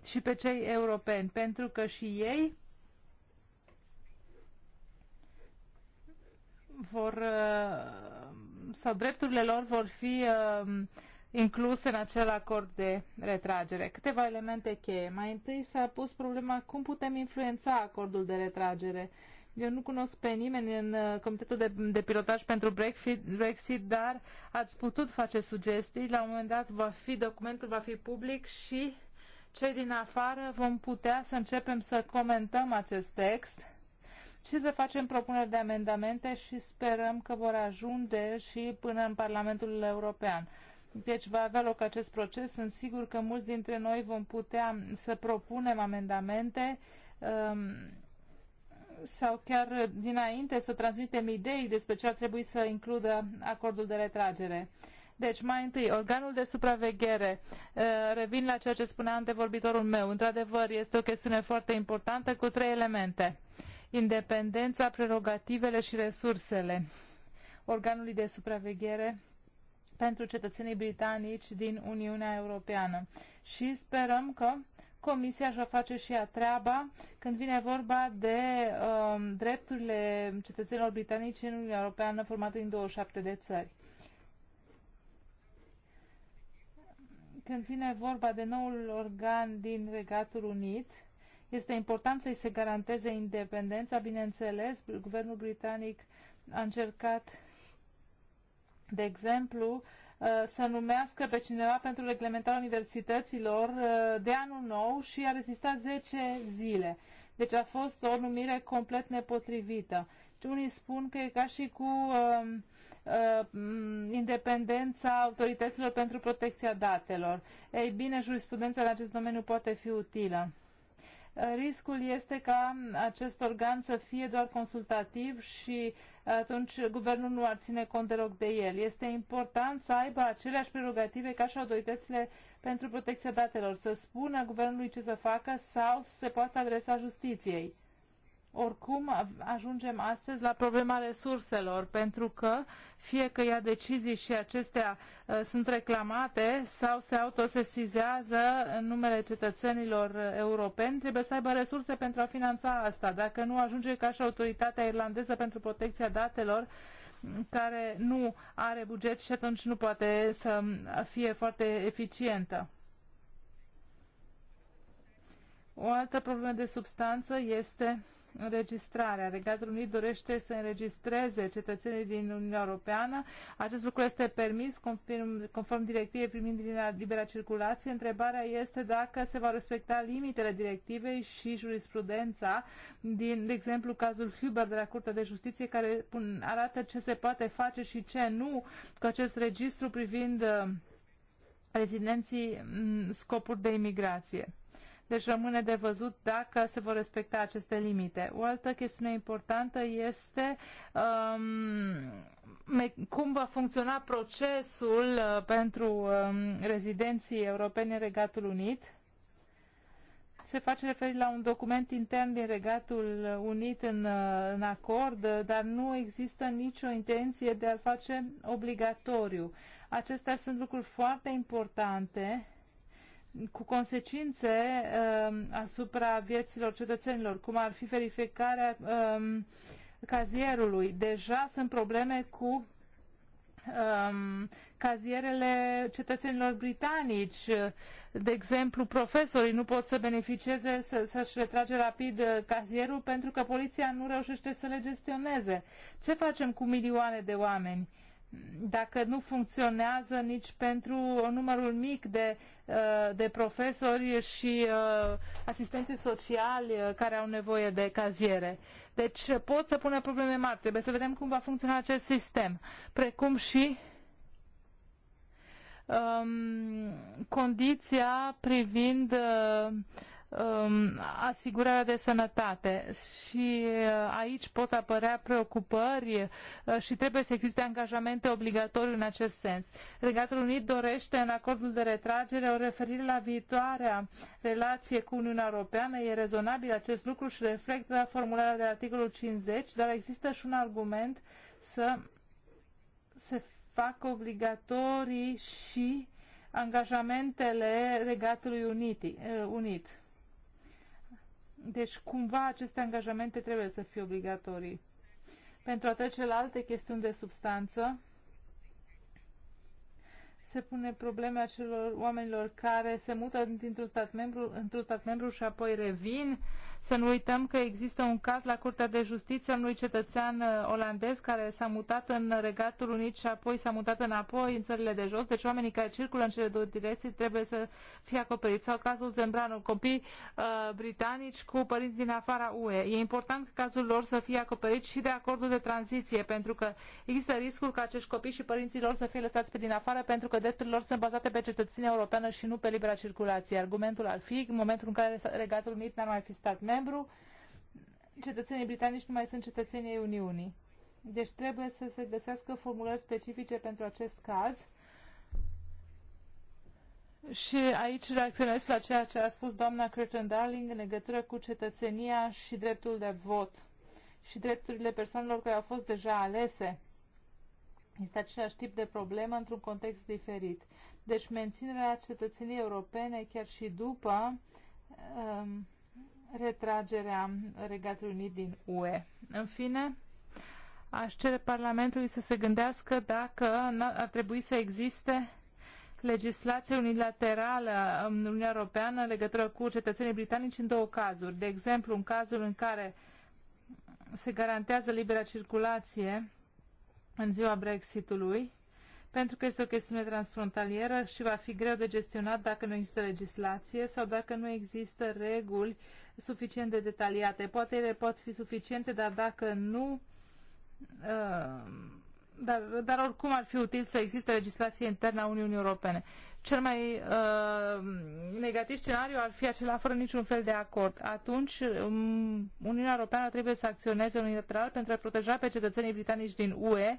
și pe cei europeni, pentru că și ei vor uh, sau drepturile lor vor fi uh, incluse în acel acord de retragere. Câteva elemente cheie. Mai întâi s-a pus problema cum putem influența acordul de retragere. Eu nu cunosc pe nimeni în uh, Comitetul de, de Pilotaj pentru Brexit, dar ați putut face sugestii. La un moment dat va fi, documentul va fi public și cei din afară vom putea să începem să comentăm acest text și să facem propuneri de amendamente și sperăm că vor ajunge și până în Parlamentul European. Deci va avea loc acest proces. Sunt sigur că mulți dintre noi vom putea să propunem amendamente um, sau chiar dinainte să transmitem idei despre ce ar trebui să includă acordul de retragere. Deci, mai întâi, organul de supraveghere. Uh, revin la ceea ce spunea antevorbitorul meu. Într-adevăr, este o chestiune foarte importantă cu trei elemente independența, prerogativele și resursele organului de supraveghere pentru cetățenii britanici din Uniunea Europeană. Și sperăm că Comisia își va face și a treaba când vine vorba de um, uh, drepturile cetățenilor britanici în Uniunea Europeană formată din 27 de țări. Când vine vorba de noul organ din Regatul Unit, este important să-i se garanteze independența, bineînțeles. Guvernul britanic a încercat, de exemplu, uh, să numească pe cineva pentru reglementarea universităților uh, de anul nou și a rezistat 10 zile. Deci a fost o numire complet nepotrivită. Unii spun că e ca și cu um, uh, uh, independența autorităților pentru protecția datelor. Ei bine, jurisprudența în acest domeniu poate fi utilă riscul este ca acest organ să fie doar consultativ și atunci guvernul nu ar ține cont deloc de el. Este important să aibă aceleași prerogative ca și autoritățile pentru protecția datelor, să spună guvernului ce să facă sau să se poată adresa justiției. Oricum, ajungem astăzi la problema resurselor, pentru că fie că ia decizii și acestea uh, sunt reclamate sau se autosesizează în numele cetățenilor uh, europeni, trebuie să aibă resurse pentru a finanța asta. Dacă nu ajunge ca și autoritatea irlandeză pentru protecția datelor, care nu are buget și atunci nu poate să fie foarte eficientă. O altă problemă de substanță este înregistrarea. Regatul Unit dorește să înregistreze cetățenii din Uniunea Europeană. Acest lucru este permis conform, conform directivei privind libera circulație. Întrebarea este dacă se va respecta limitele directivei și jurisprudența din, de exemplu, cazul Huber de la Curtea de Justiție, care arată ce se poate face și ce nu cu acest registru privind uh, rezidenții mm, scopuri de imigrație. Deci rămâne de văzut dacă se vor respecta aceste limite. O altă chestiune importantă este um, cum va funcționa procesul uh, pentru um, rezidenții europeni în Regatul Unit. Se face referire la un document intern din Regatul Unit în, uh, în acord, uh, dar nu există nicio intenție de a-l face obligatoriu. Acestea sunt lucruri foarte importante cu consecințe um, asupra vieților cetățenilor, cum ar fi verificarea um, cazierului. Deja sunt probleme cu um, cazierele cetățenilor britanici. De exemplu, profesorii nu pot să beneficieze, să, să-și retrage rapid uh, cazierul pentru că poliția nu reușește să le gestioneze. Ce facem cu milioane de oameni? Uh, dacă nu funcționează nici pentru numărul mic de, uh, de profesori și uh, asistenții sociali uh, care au nevoie de caziere. Deci pot să pună probleme mari. Trebuie să vedem cum va funcționa acest sistem, precum și um, condiția privind uh, Um, asigurarea de sănătate și uh, aici pot apărea preocupări uh, și trebuie să existe angajamente obligatorii în acest sens. Regatul Unit dorește în acordul de retragere o referire la viitoarea relație cu Uniunea Europeană. E rezonabil acest lucru și reflectă formularea de articolul 50, dar există și un argument să se facă obligatorii și angajamentele Regatului uh, Unit. Unit. Deci, cumva, aceste angajamente trebuie să fie obligatorii. Pentru a trece la alte chestiuni de substanță, se pune problema acelor oamenilor care se mută dintr-un stat membru într-un stat membru și apoi revin. Să nu uităm că există un caz la Curtea de Justiție a unui cetățean uh, olandez care s-a mutat în Regatul Unit și apoi s-a mutat înapoi în țările de jos. Deci oamenii care circulă în cele două direcții trebuie să fie acoperiți. Sau cazul Zembranu, copii uh, britanici cu părinți din afara UE. E important ca cazul lor să fie acoperit și de acordul de tranziție, pentru că există riscul ca acești copii și părinții lor să fie lăsați pe din afară pentru că drepturilor sunt bazate pe cetățenia europeană și nu pe libera circulație. Argumentul ar fi, în momentul în care Regatul Unit n-ar mai fi stat membru, cetățenii britanici nu mai sunt cetățenii Uniunii. Deci trebuie să se găsească formulări specifice pentru acest caz. Și aici reacționez la ceea ce a spus doamna Curtin Darling în legătură cu cetățenia și dreptul de vot și drepturile persoanelor care au fost deja alese. Este același tip de problemă într-un context diferit. Deci menținerea cetățeniei europene chiar și după um, retragerea Regatului Unit din UE. În fine, aș cere Parlamentului să se gândească dacă ar trebui să existe legislație unilaterală în Uniunea Europeană în legătură cu cetățenii britanici în două cazuri. De exemplu, în cazul în care se garantează libera circulație în ziua Brexitului, pentru că este o chestiune transfrontalieră și va fi greu de gestionat dacă nu există legislație sau dacă nu există reguli suficient de detaliate. Poate ele pot fi suficiente, dar dacă nu, uh, dar, dar oricum ar fi util să existe legislație internă a Uniunii Europene. Cel mai uh, negativ scenariu ar fi acela fără niciun fel de acord. Atunci, um, Uniunea Europeană trebuie să acționeze unilateral pentru a proteja pe cetățenii britanici din UE.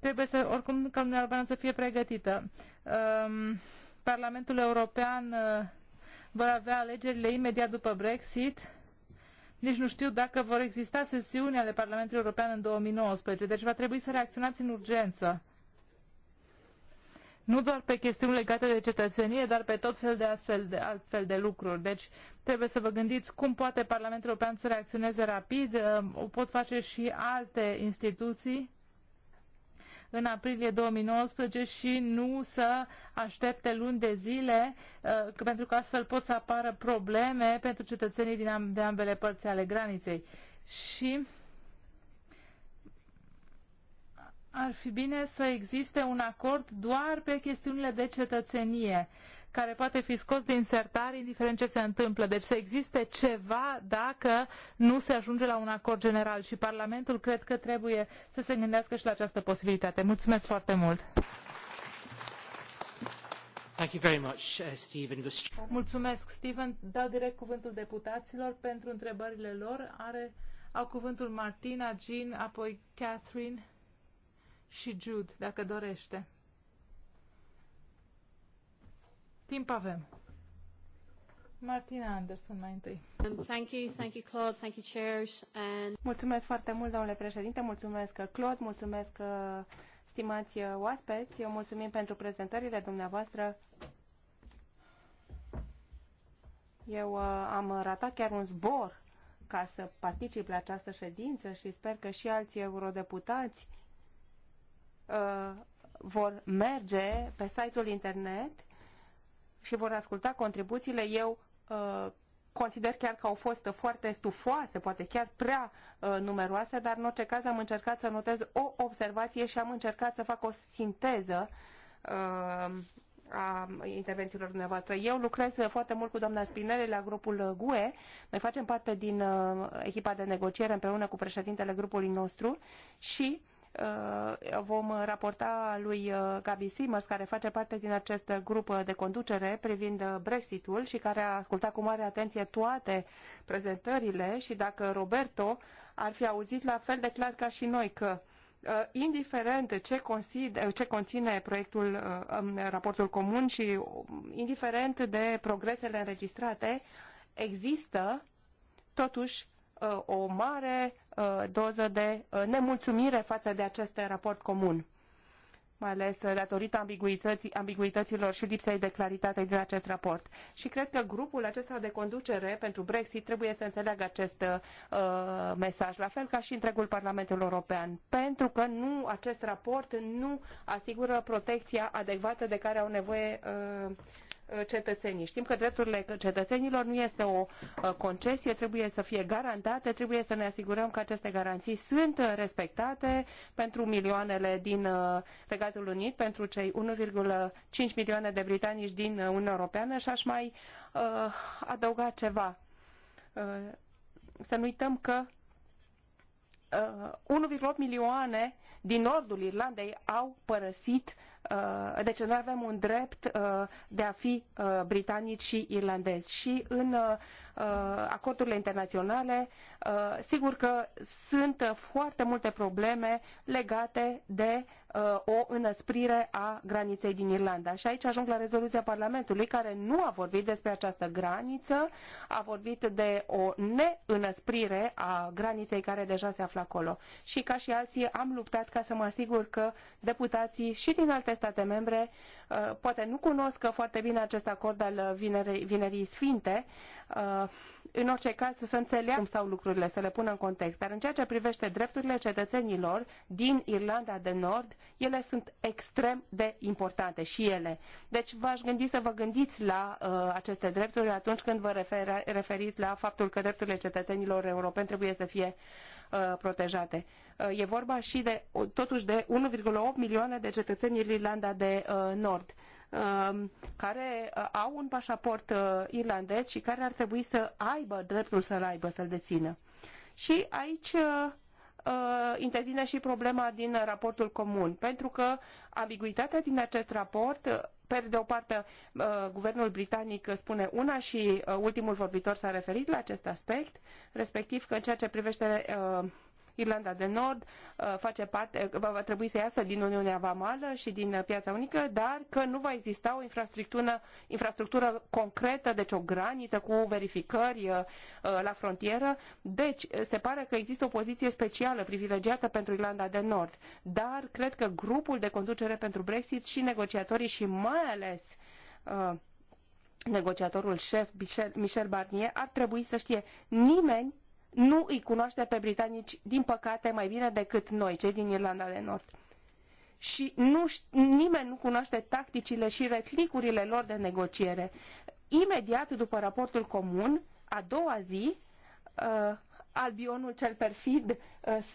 Trebuie să, oricum, ca Uniunea Europeană să fie pregătită. Um, Parlamentul European uh, vor avea alegerile imediat după Brexit. Uh, nici nu știu dacă vor exista sesiuni ale Parlamentului European în 2019, deci va trebui să reacționați în urgență. Nu doar pe chestiuni legate de cetățenie, dar pe tot fel de astfel de, altfel de lucruri. Deci trebuie să vă gândiți cum poate Parlamentul European să reacționeze rapid, uh, o pot face și alte instituții în aprilie 2019 și nu să aștepte luni de zile, uh, pentru că astfel pot să apară probleme pentru cetățenii din de ambele părți ale graniței. Și ar fi bine să existe un acord doar pe chestiunile de cetățenie care poate fi scos din sertar, indiferent ce se întâmplă. Deci să existe ceva dacă nu se ajunge la un acord general și Parlamentul cred că trebuie să se gândească și la această posibilitate. Mulțumesc foarte mult! Thank you very much, uh, Stephen. Mulțumesc, Stephen. Dau direct cuvântul deputaților pentru întrebările lor. Are, au cuvântul Martina, Jean, apoi Catherine și Jude, dacă dorește. Timp avem. Martina Anderson mai întâi. Um, thank you, thank you Claude, thank you chairs and... Mulțumesc foarte mult, domnule președinte, mulțumesc Claude, mulțumesc uh, stimați uh, oaspeți, eu mulțumim pentru prezentările dumneavoastră. Eu uh, am ratat chiar un zbor ca să particip la această ședință și sper că și alții eurodeputați uh, vor merge pe site-ul internet și vor asculta contribuțiile. Eu uh, consider chiar că au fost foarte stufoase, poate chiar prea uh, numeroase, dar în orice caz am încercat să notez o observație și am încercat să fac o sinteză uh, a intervențiilor dumneavoastră. Eu lucrez foarte mult cu doamna Spinele la grupul GUE. Noi facem parte din uh, echipa de negociere împreună cu președintele grupului nostru și uh, Uh, vom raporta lui uh, Gabi Simers, care face parte din acest grup de conducere privind uh, Brexitul și care a ascultat cu mare atenție toate prezentările și dacă Roberto ar fi auzit la fel de clar ca și noi că indiferent ce, consider, ce conține proiectul, um, raportul comun și um, indiferent de progresele înregistrate, există totuși o mare Uh, doză de uh, nemulțumire față de acest raport comun mai ales uh, datorită ambiguității, ambiguităților și lipsei de claritate din acest raport. Și cred că grupul acesta de conducere pentru Brexit trebuie să înțeleagă acest uh, mesaj, la fel ca și întregul Parlamentul European, pentru că nu acest raport nu asigură protecția adecvată de care au nevoie uh, Uh, cetățenii. Știm că drepturile cetățenilor nu este o uh, concesie, trebuie să fie garantate, trebuie să ne asigurăm că aceste garanții sunt uh, respectate pentru milioanele din Regatul Unit, pentru cei 1,5 milioane de britanici din Uniunea Europeană și aș mai adăuga ceva. Să nu uităm că 1,8 milioane din nordul Irlandei au părăsit Uh, deci noi avem un drept uh, de a fi uh, britanici și irlandezi și în acordurile internaționale sigur că sunt foarte multe probleme legate de Uh, o înăsprire a graniței din Irlanda. Și aici ajung la rezoluția Parlamentului care nu a vorbit despre această graniță, a vorbit de o neînăsprire a graniței care deja se află acolo. Și ca și alții am luptat ca să mă asigur că deputații și din alte state membre Uh, poate nu cunosc foarte bine acest acord al vinerii, vinerii Sfinte, uh, în orice caz să înțeleagă cum stau lucrurile, să le pună în context. Dar în ceea ce privește drepturile cetățenilor din Irlanda de Nord, ele sunt extrem de importante și ele. Deci v-aș gândi să vă gândiți la uh, aceste drepturi atunci când vă referiți la faptul că drepturile cetățenilor europeni trebuie să fie Uh, protejate. Uh, e vorba și de, totuși de 1,8 milioane de cetățeni Irlanda de uh, Nord um, care au un pașaport irlandez și care ar trebui să aibă dreptul să-l aibă, să-l dețină. Și aici Uh, intervine și problema din raportul comun, pentru că ambiguitatea din acest raport pe de o parte, uh, guvernul britanic spune una și uh, ultimul vorbitor s-a referit la acest aspect, respectiv că în ceea ce privește Irlanda de Nord uh, face parte, uh, va trebui să iasă din Uniunea Vamală și din uh, piața unică, dar că nu va exista o infrastructură, infrastructură concretă, deci o graniță cu verificări la frontieră. Deci, se pare că există o poziție specială privilegiată pentru Irlanda de Nord, dar cred că grupul de conducere pentru Brexit și negociatorii și mai ales negociatorul șef Michel Barnier ar trebui să știe nimeni nu îi cunoaște pe britanici, din păcate, mai bine decât noi, cei din Irlanda de Nord. Și nu, nimeni nu cunoaște tacticile și reclicurile lor de negociere. Imediat după raportul comun, a doua zi, uh, Albionul cel perfid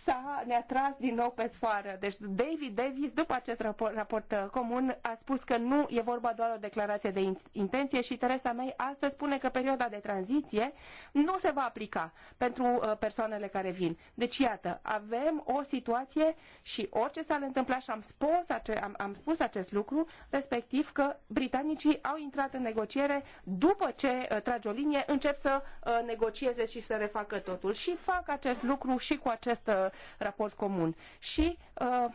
s-a, ne-a tras din nou pe sfoară. Deci David Davis, după acest raport, raport uh, comun, a spus că nu e vorba doar o declarație de intenție și Teresa May astăzi spune că perioada de tranziție nu se va aplica pentru uh, persoanele care vin. Deci, iată, avem o situație și orice s a întâmplat, și am spus, ace, am, am spus acest lucru, respectiv că britanicii au intrat în negociere după ce uh, trage o linie, încep să uh, negocieze și să refacă totul. Și fac acest lucru și cu acest acest uh, raport comun. Și uh,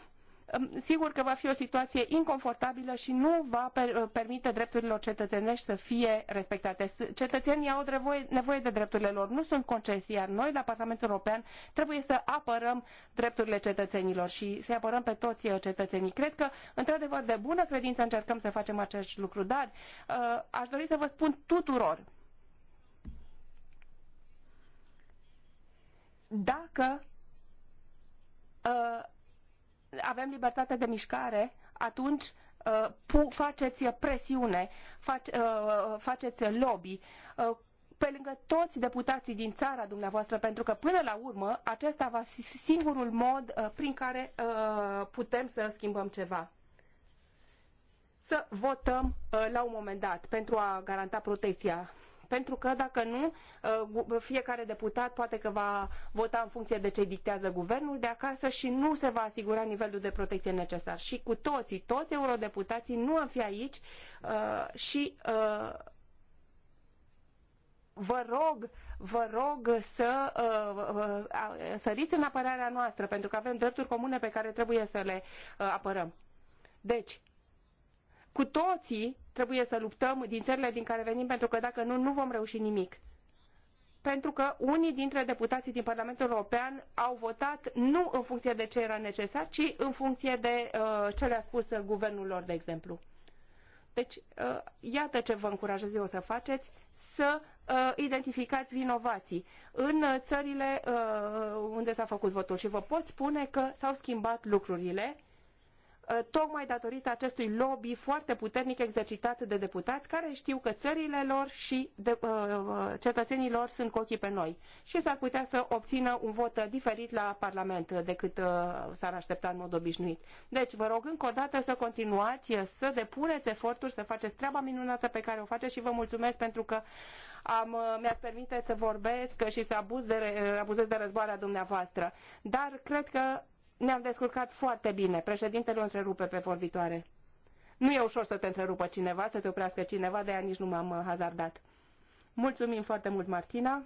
um, sigur că va fi o situație inconfortabilă și nu va per uh, permite drepturilor cetățenești să fie respectate. Cetățenii au nevoie de drepturile lor, nu sunt concesii, iar noi la Parlamentul European trebuie să apărăm drepturile cetățenilor și să apărăm pe toți uh, cetățenii. Cred că, într-adevăr, de bună credință încercăm să facem acest lucru, dar uh, aș dori să vă spun tuturor dacă Uh, avem libertate de mișcare, atunci uh, faceți presiune, face, uh, faceți lobby pe lângă toți deputații din țara dumneavoastră, pentru că până la urmă acesta va fi singurul mod prin care putem să schimbăm ceva. Să votăm la un moment dat pentru a garanta protecția pentru că dacă nu, uh, fiecare deputat poate că va vota în funcție de ce dictează guvernul de acasă și nu se va asigura nivelul de protecție necesar. Și cu toții, toți eurodeputații nu am fi aici uh, și uh, vă rog, vă rog să săriți în apărarea noastră, pentru că avem drepturi comune pe care trebuie să le apărăm. Deci, cu toții Trebuie să luptăm din țările din care venim, pentru că dacă nu, nu vom reuși nimic. Pentru că unii dintre deputații din Parlamentul European au votat nu în funcție de ce era necesar, ci în funcție de uh, ce le-a spus guvernul lor, de exemplu. Deci, uh, iată ce vă încurajez eu să faceți, să uh, identificați vinovații în uh, țările uh, unde s-a făcut votul. Și vă pot spune că s-au schimbat lucrurile Uh, tocmai datorită acestui lobby foarte puternic exercitat de deputați care știu că țările lor și de, uh, uh, cetățenii lor sunt cu ochii pe noi și s-ar putea să obțină un vot diferit la Parlament decât uh, s-ar aștepta în mod obișnuit. Deci vă rog încă o dată să continuați, uh, să depuneți eforturi, să faceți treaba minunată pe care o faceți și vă mulțumesc pentru că am, mi-ați permite să vorbesc și să abuz de, abuzez de războarea dumneavoastră. Dar cred că ne-am descurcat foarte bine. Președintele o întrerupe pe vorbitoare. Nu e ușor să te întrerupă cineva, să te oprească cineva, de aia nici nu m-am uh, hazardat. Mulțumim foarte mult, Martina.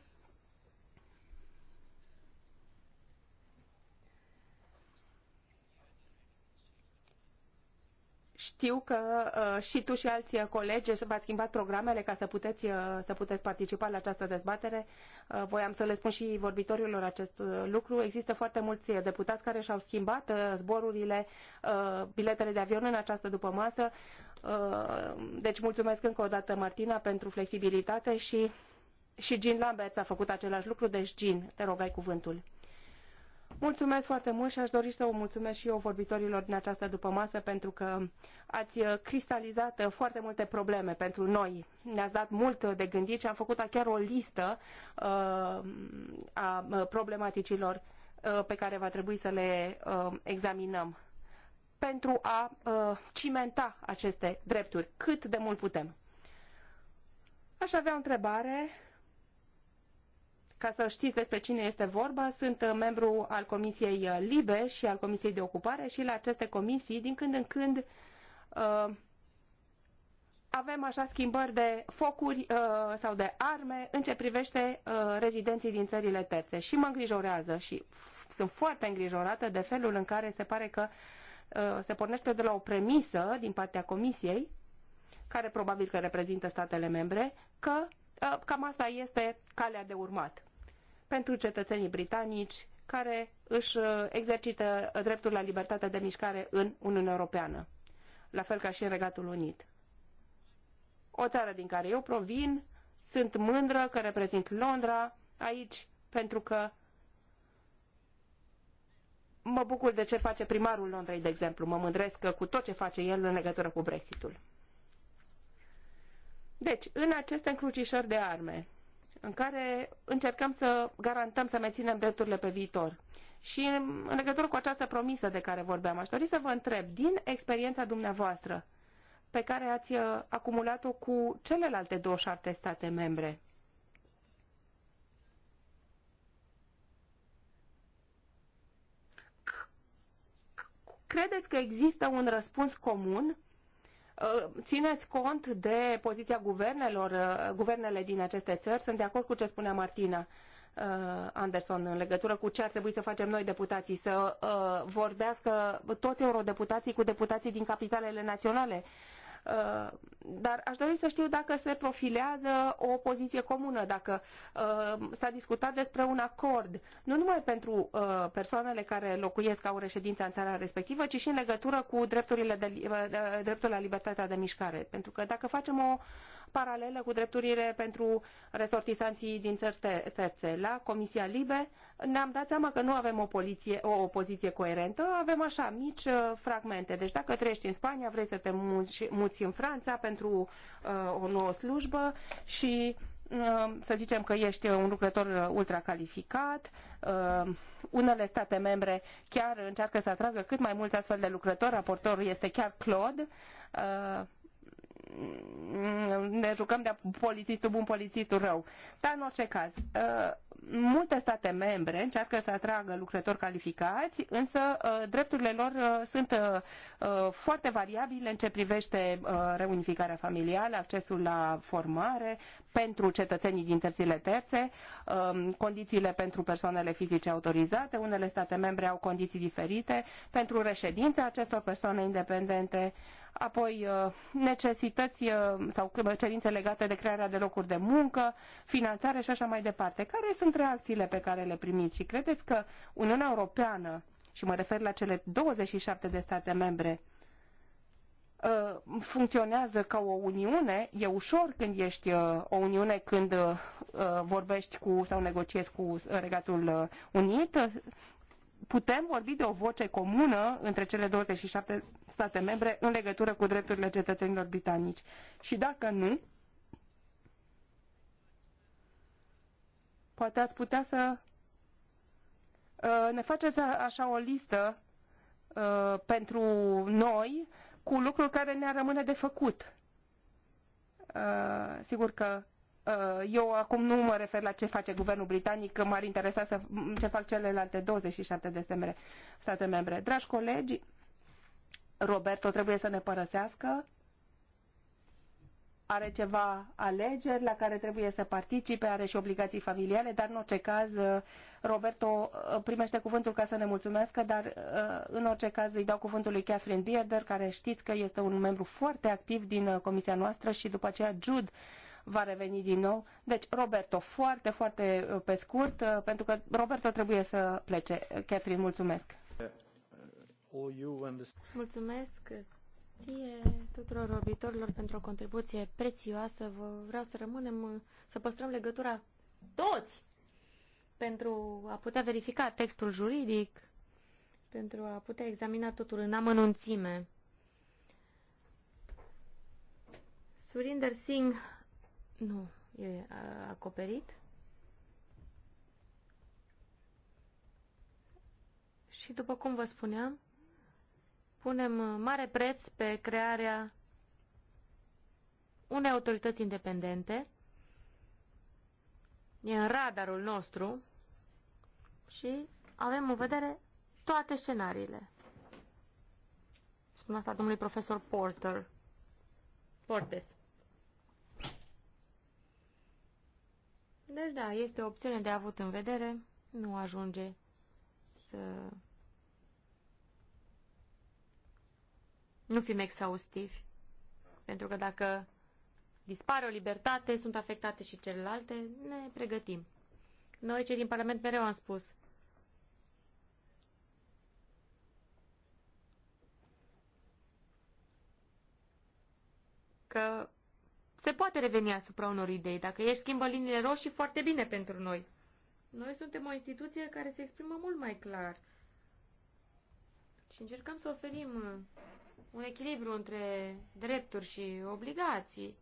Știu că uh, și tu și alții colegi v-ați schimbat programele ca să puteți, uh, să puteți participa la această dezbatere. Uh, voiam să le spun și vorbitorilor acest uh, lucru. Există foarte mulți deputați care și-au schimbat uh, zborurile, uh, biletele de avion în această dupămasă. masă. Uh, deci mulțumesc încă o dată, Martina, pentru flexibilitate și, și Jean Lambert a făcut același lucru. Deci, Jean, te rog, ai cuvântul. Mulțumesc foarte mult și aș dori să o mulțumesc și eu vorbitorilor din această dupămasă pentru că ați cristalizat foarte multe probleme pentru noi. Ne-ați dat mult de gândit și am făcut chiar o listă uh, a problematicilor uh, pe care va trebui să le uh, examinăm pentru a cimenta aceste drepturi cât de mult putem. Aș avea o întrebare ca să știți despre cine este vorba, sunt membru al Comisiei Libe și al Comisiei de Ocupare și la aceste comisii, din când în când, uh, avem așa schimbări de focuri uh, sau de arme în ce privește uh, rezidenții din țările terțe. Și mă îngrijorează și sunt foarte îngrijorată de felul în care se pare că se pornește de la o premisă din partea Comisiei, care probabil că reprezintă statele membre, că cam asta este calea de urmat pentru cetățenii britanici care își uh, exercită dreptul la libertate de mișcare în Uniunea Europeană, la fel ca și în Regatul Unit. O țară din care eu provin, sunt mândră că reprezint Londra aici pentru că mă bucur de ce face primarul Londrei, de exemplu. Mă mândresc cu tot ce face el în legătură cu Brexitul. Deci, în aceste încrucișări de arme, în care încercăm să garantăm, să menținem drepturile pe viitor. Și în legătură cu această promisă de care vorbeam, aș dori să vă întreb, din experiența dumneavoastră, pe care ați uh, acumulat-o cu celelalte 27 state membre, credeți că există un răspuns comun Uh, țineți cont de poziția guvernelor, uh, guvernele din aceste țări. Sunt de acord cu ce spunea Martina. Uh, Anderson în legătură cu ce ar trebui să facem noi deputații, să vorbească toți eurodeputații cu deputații din capitalele naționale, Uh, dar aș dori să știu dacă se profilează o poziție comună, dacă uh, s-a discutat despre un acord, nu numai pentru uh, persoanele care locuiesc, au reședința în țara respectivă, ci și în legătură cu drepturile de, dreptul la libertatea de mișcare. Pentru că dacă facem o paralelă cu drepturile pentru resortisanții din țări terțe, la Comisia Libe, ne-am dat seama că nu avem o, poliție, o opoziție coerentă, avem așa mici uh, fragmente. Deci dacă trăiești în Spania, vrei să te muci, muți în Franța pentru uh, o nouă slujbă și uh, să zicem că ești un lucrător uh, ultracalificat, uh, unele state membre chiar încearcă să atragă cât mai mulți astfel de lucrători, raportorul este chiar Claude, uh, ne jucăm de polițistul bun, polițistul rău. Dar în orice caz, ă, multe state membre încearcă să atragă lucrători calificați, însă ă, drepturile lor ă, sunt foarte variabile în ce privește reunificarea familială, accesul la formare pentru cetățenii din terțile terțe, condițiile pentru persoanele fizice autorizate, unele state membre au condiții diferite pentru reședința acestor persoane independente, apoi uh, necesități uh, sau cerințe legate de crearea de locuri de muncă, finanțare și așa mai departe. Care sunt reacțiile pe care le primiți și credeți că Uniunea Europeană, și mă refer la cele 27 de state membre, uh, funcționează ca o uniune, e ușor când ești o uniune, când vorbești cu sau negociezi cu Regatul Unit, putem vorbi de o voce comună între cele 27 state membre în legătură cu drepturile cetățenilor britanici. Și dacă nu, poate ați putea să uh, ne faceți așa o listă uh, pentru noi cu lucruri care ne-ar rămâne de făcut. Uh, sigur că Uh, eu acum nu mă refer la ce face guvernul britanic, că m-ar interesa să, ce fac celelalte 27 de semre, state membre. Dragi colegi, Roberto trebuie să ne părăsească. Are ceva alegeri la care trebuie să participe, are și obligații familiale, dar în orice caz uh, Roberto uh, primește cuvântul ca să ne mulțumească, dar în orice caz îi dau cuvântul lui Catherine Bierder, care știți că este un membru foarte activ din comisia noastră și după aceea Jude va reveni din nou. Deci, Roberto, foarte, foarte uh, pe scurt, uh, pentru că Roberto trebuie să plece. Catherine, mulțumesc. Mulțumesc ție tuturor orbitorilor pentru o contribuție prețioasă. Vă vreau să rămânem, să păstrăm legătura toți pentru a putea verifica textul juridic, pentru a putea examina totul în amănunțime. Surinder Singh nu, e acoperit. Și după cum vă spuneam, punem uh, mare preț pe crearea unei autorități independente. E în radarul nostru și avem în vedere toate scenariile. Spun asta domnului profesor Porter. Portes. Deci da, este o opțiune de avut în vedere. Nu ajunge să nu fim exhaustivi. Pentru că dacă dispare o libertate, sunt afectate și celelalte, ne pregătim. Noi, cei din Parlament, mereu am spus că se poate reveni asupra unor idei. Dacă ești schimbă liniile roșii, foarte bine pentru noi. Noi suntem o instituție care se exprimă mult mai clar. Și încercăm să oferim uh, un echilibru între drepturi și obligații.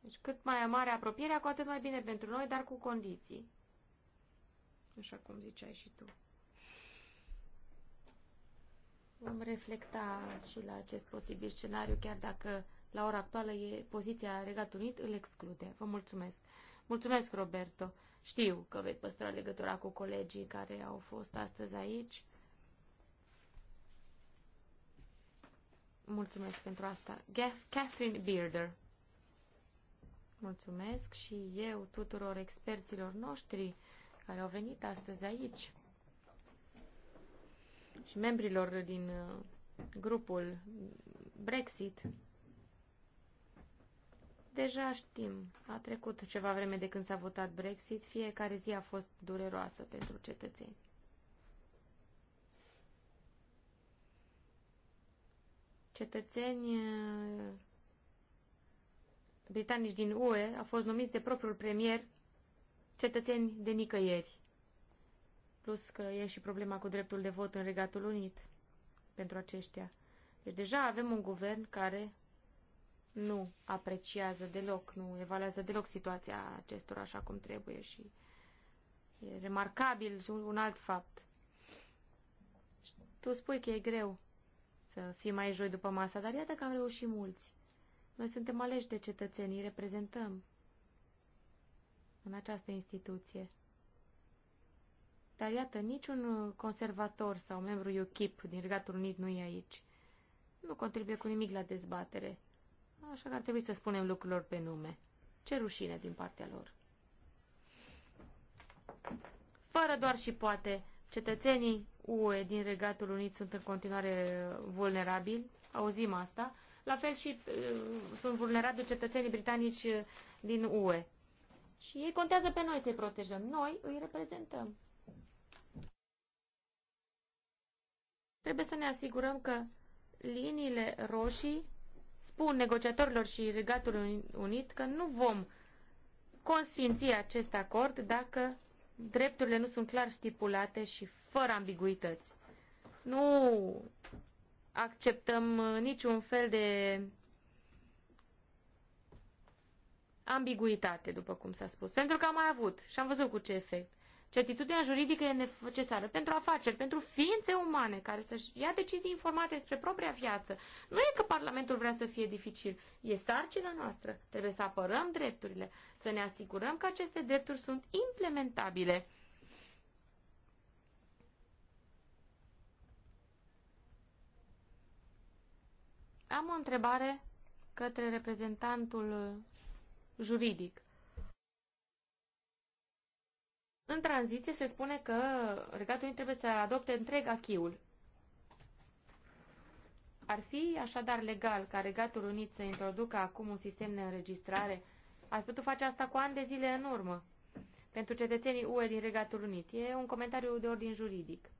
Deci cât mai mare apropierea, cu atât mai bine pentru noi, dar cu condiții. Așa cum ziceai și tu. Vom reflecta și la acest posibil scenariu, chiar dacă la ora actuală e poziția Regatului Unit, îl exclude. Vă mulțumesc. Mulțumesc, Roberto. Știu că vei păstra legătura cu colegii care au fost astăzi aici. Mulțumesc pentru asta. Catherine Bearder. Mulțumesc și eu tuturor experților noștri care au venit astăzi aici și membrilor din uh, grupul Brexit Deja știm, a trecut ceva vreme de când s-a votat Brexit, fiecare zi a fost dureroasă pentru cetățeni. Cetățeni eh, britanici din UE au fost numiți de propriul premier cetățeni de nicăieri. Plus că e și problema cu dreptul de vot în Regatul Unit pentru aceștia. Deci deja avem un guvern care nu apreciază deloc, nu evaluează deloc situația acestora așa cum trebuie și e remarcabil și un alt fapt. Tu spui că e greu să fii mai joi după masa, dar iată că am reușit mulți. Noi suntem aleși de cetățenii, reprezentăm în această instituție. Dar iată, niciun conservator sau membru UKIP din Regatul Unit nu e aici. Nu contribuie cu nimic la dezbatere. Așa că ar trebui să spunem lucrurilor pe nume. Ce rușine din partea lor. Fără doar și poate, cetățenii UE din Regatul Unit sunt în continuare vulnerabili, auzim asta, la fel și uh, sunt vulnerabili cetățenii britanici uh, din UE. Și ei contează pe noi să-i protejăm. Noi îi reprezentăm. Trebuie să ne asigurăm că liniile roșii spun negociatorilor și Regatul Unit că nu vom consfinți acest acord dacă drepturile nu sunt clar stipulate și fără ambiguități. Nu acceptăm uh, niciun fel de ambiguitate, după cum s-a spus. Pentru că am mai avut și am văzut cu ce efect. Certitudinea juridică e necesară pentru afaceri, pentru ființe umane care să-și ia decizii informate despre propria viață. Nu e că Parlamentul vrea să fie dificil, e sarcina noastră. Trebuie să apărăm drepturile, să ne asigurăm că aceste drepturi sunt implementabile. Am o întrebare către reprezentantul juridic. În tranziție se spune că Regatul Unit trebuie să adopte întreg achiul. Ar fi așadar legal ca Regatul Unit să introducă acum un sistem de înregistrare? Ați putut face asta cu ani de zile în urmă. Pentru cetățenii UE din Regatul Unit e un comentariu de ordin juridic.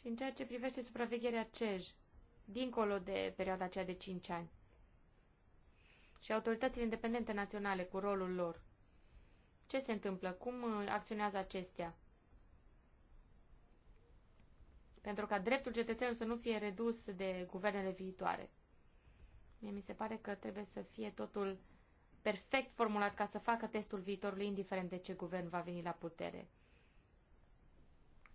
Și în ceea ce privește supravegherea CEJ, dincolo de perioada aceea de 5 ani și autoritățile independente naționale cu rolul lor. Ce se întâmplă? Cum uh, acționează acestea? Pentru ca dreptul cetățenilor să nu fie redus de guvernele viitoare. Mie mi se pare că trebuie să fie totul perfect formulat ca să facă testul viitorului, indiferent de ce guvern va veni la putere.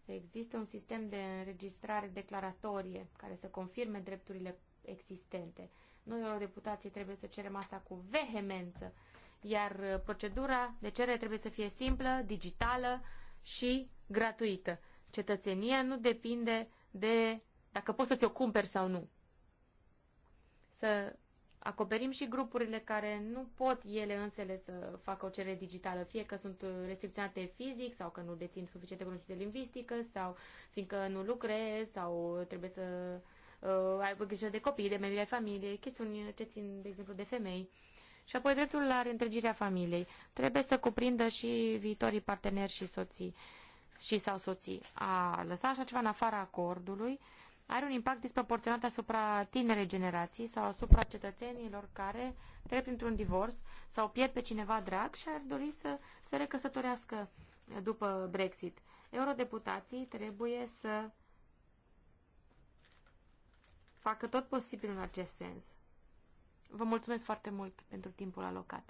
Să existe un sistem de înregistrare declaratorie care să confirme drepturile existente. Noi, eurodeputații, trebuie să cerem asta cu vehemență, iar uh, procedura de cerere trebuie să fie simplă, digitală și gratuită. Cetățenia nu depinde de dacă poți să ți-o cumperi sau nu. Să acoperim și grupurile care nu pot ele însele să facă o cerere digitală, fie că sunt uh, restricționate fizic sau că nu dețin suficiente cunoștințe lingvistică sau fiindcă nu lucrez sau trebuie să Uh, aibă grijă de copii, de membrii ai familiei, chestiuni ce țin, de exemplu, de femei. Și apoi dreptul la reîntregirea familiei. Trebuie să cuprindă și viitorii parteneri și soții și sau soții. A lăsa așa ceva în afara acordului are un impact disproporționat asupra tinerei generații sau asupra cetățenilor care trec printr-un divorț sau pierd pe cineva drag și ar dori să se recăsătorească după Brexit. Eurodeputații trebuie să facă tot posibil în acest sens. Vă mulțumesc foarte mult pentru timpul alocat.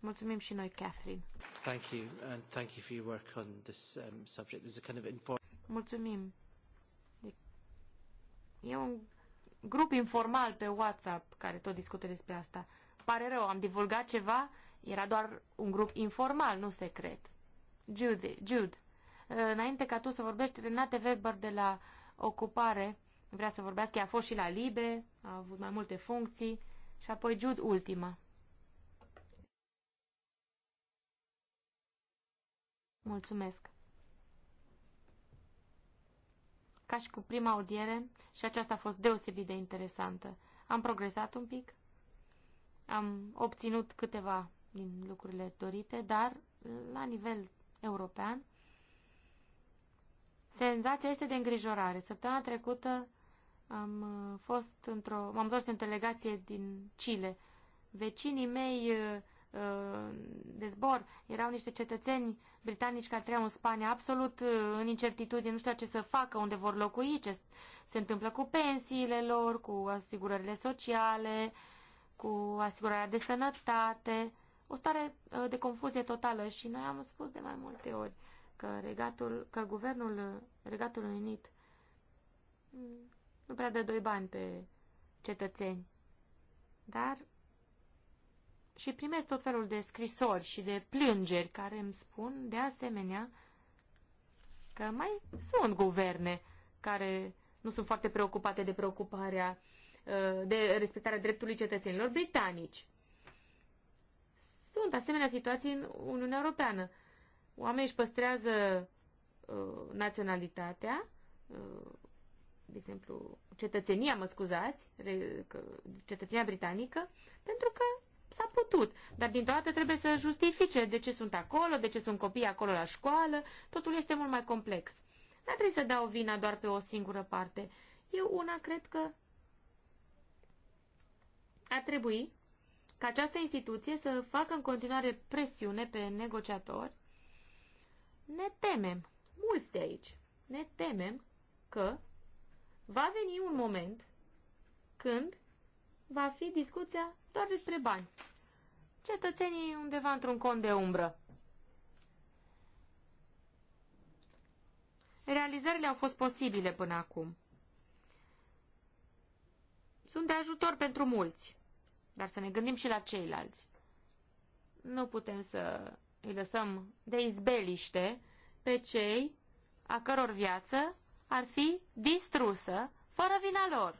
Mulțumim și noi, Catherine. Thank you and thank you for your work on this um, subject. There's a kind of inform Mulțumim. E un grup informal pe WhatsApp care tot discută despre asta. Pare rău, am divulgat ceva, era doar un grup informal, nu secret. Jude, Jude, înainte ca tu să vorbești, Renate Weber de la Ocupare vrea să vorbească. a fost și la Libe, a avut mai multe funcții. Și apoi Jude, ultima. Mulțumesc. Ca și cu prima audiere, și aceasta a fost deosebit de interesantă. Am progresat un pic, am obținut câteva din lucrurile dorite, dar la nivel european, senzația este de îngrijorare. Săptămâna trecută am uh, fost într-o, m-am întors într-o delegație din Chile. Vecinii mei uh, uh, de zbor erau niște cetățeni britanici care trăiau în Spania absolut în incertitudine, nu știu ce să facă, unde vor locui, ce se întâmplă cu pensiile lor, cu asigurările sociale, cu asigurarea de sănătate. O stare de confuzie totală și noi am spus de mai multe ori că, regatul, că guvernul Regatului Unit nu prea dă doi bani pe cetățeni, dar și primesc tot felul de scrisori și de plângeri care îmi spun de asemenea că mai sunt guverne care nu sunt foarte preocupate de preocuparea uh, de respectarea dreptului cetățenilor britanici. Sunt asemenea situații în Uniunea Europeană. Oamenii își păstrează uh, naționalitatea, uh, de exemplu, cetățenia, mă scuzați, cetățenia britanică, pentru că s-a putut. Dar dintr-o dată trebuie să justifice de ce sunt acolo, de ce sunt copii acolo la școală. Totul este mult mai complex. Nu trebuie să dau vina doar pe o singură parte. Eu una cred că ar trebui ca această instituție să facă în continuare presiune pe negociatori. Ne temem, mulți de aici, ne temem că va veni un moment când va fi discuția doar despre bani. Cetățenii undeva într-un cont de umbră. Realizările au fost posibile până acum. Sunt de ajutor pentru mulți, dar să ne gândim și la ceilalți. Nu putem să îi lăsăm de izbeliște pe cei a căror viață ar fi distrusă fără vina lor,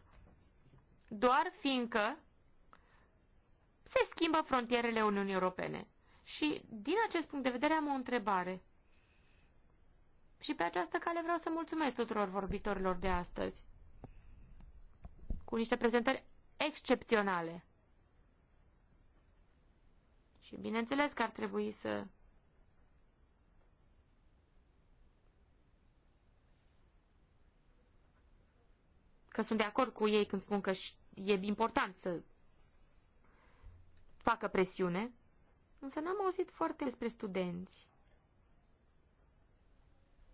doar fiindcă se schimbă frontierele Uniunii Europene. Și din acest punct de vedere am o întrebare. Și pe această cale vreau să mulțumesc tuturor vorbitorilor de astăzi, cu niște prezentări excepționale. Și bineînțeles că ar trebui să că sunt de acord cu ei când spun că e important să facă presiune, însă n-am auzit foarte despre studenți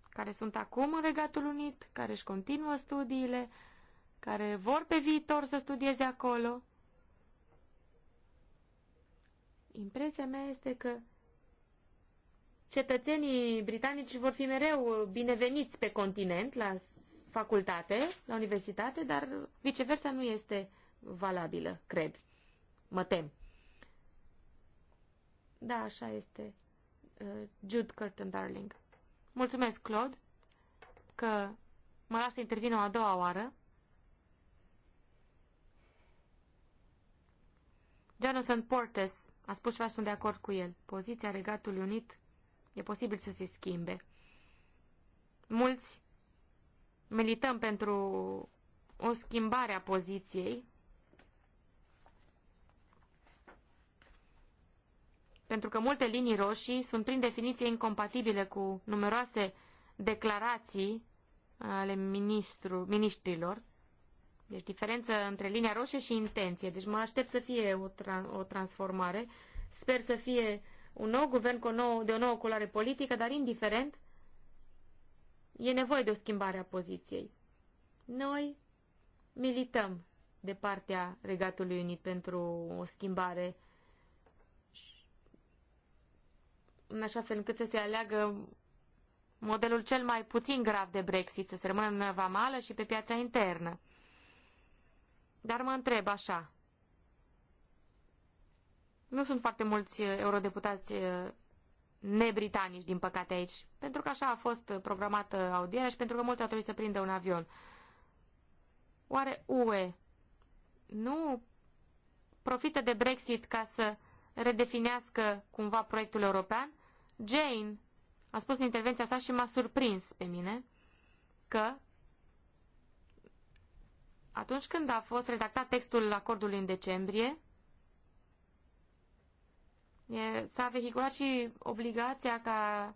care sunt acum în Regatul Unit, care își continuă studiile, care vor pe viitor să studieze acolo. Impresia mea este că cetățenii britanici vor fi mereu bineveniți pe continent, la facultate, la universitate, dar viceversa nu este valabilă, cred. Mă tem. Da, așa este. Uh, Jude Curtin Darling. Mulțumesc, Claude, că mă las să intervin o a doua oară. Jonathan Portes a spus și sunt de acord cu el. Poziția Regatului Unit e posibil să se schimbe. Mulți milităm pentru o schimbare a poziției, pentru că multe linii roșii sunt prin definiție incompatibile cu numeroase declarații ale ministru, ministrilor. Deci diferență între linia roșie și intenție. Deci mă aștept să fie o, tra- o transformare. Sper să fie un nou guvern cu o nouă, de o nouă culoare politică, dar indiferent, E nevoie de o schimbare a poziției. Noi milităm de partea Regatului Unit pentru o schimbare în așa fel încât să se aleagă modelul cel mai puțin grav de Brexit, să se rămână în vamală și pe piața internă. Dar mă întreb așa. Nu sunt foarte mulți eurodeputați nebritanici, din păcate, aici. Pentru că așa a fost programată audierea și pentru că mulți au trebuit să prindă un avion. Oare UE nu profită de Brexit ca să redefinească cumva proiectul european? Jane a spus în intervenția sa și m-a surprins pe mine că atunci când a fost redactat textul acordului în decembrie, S-a vehiculat și obligația ca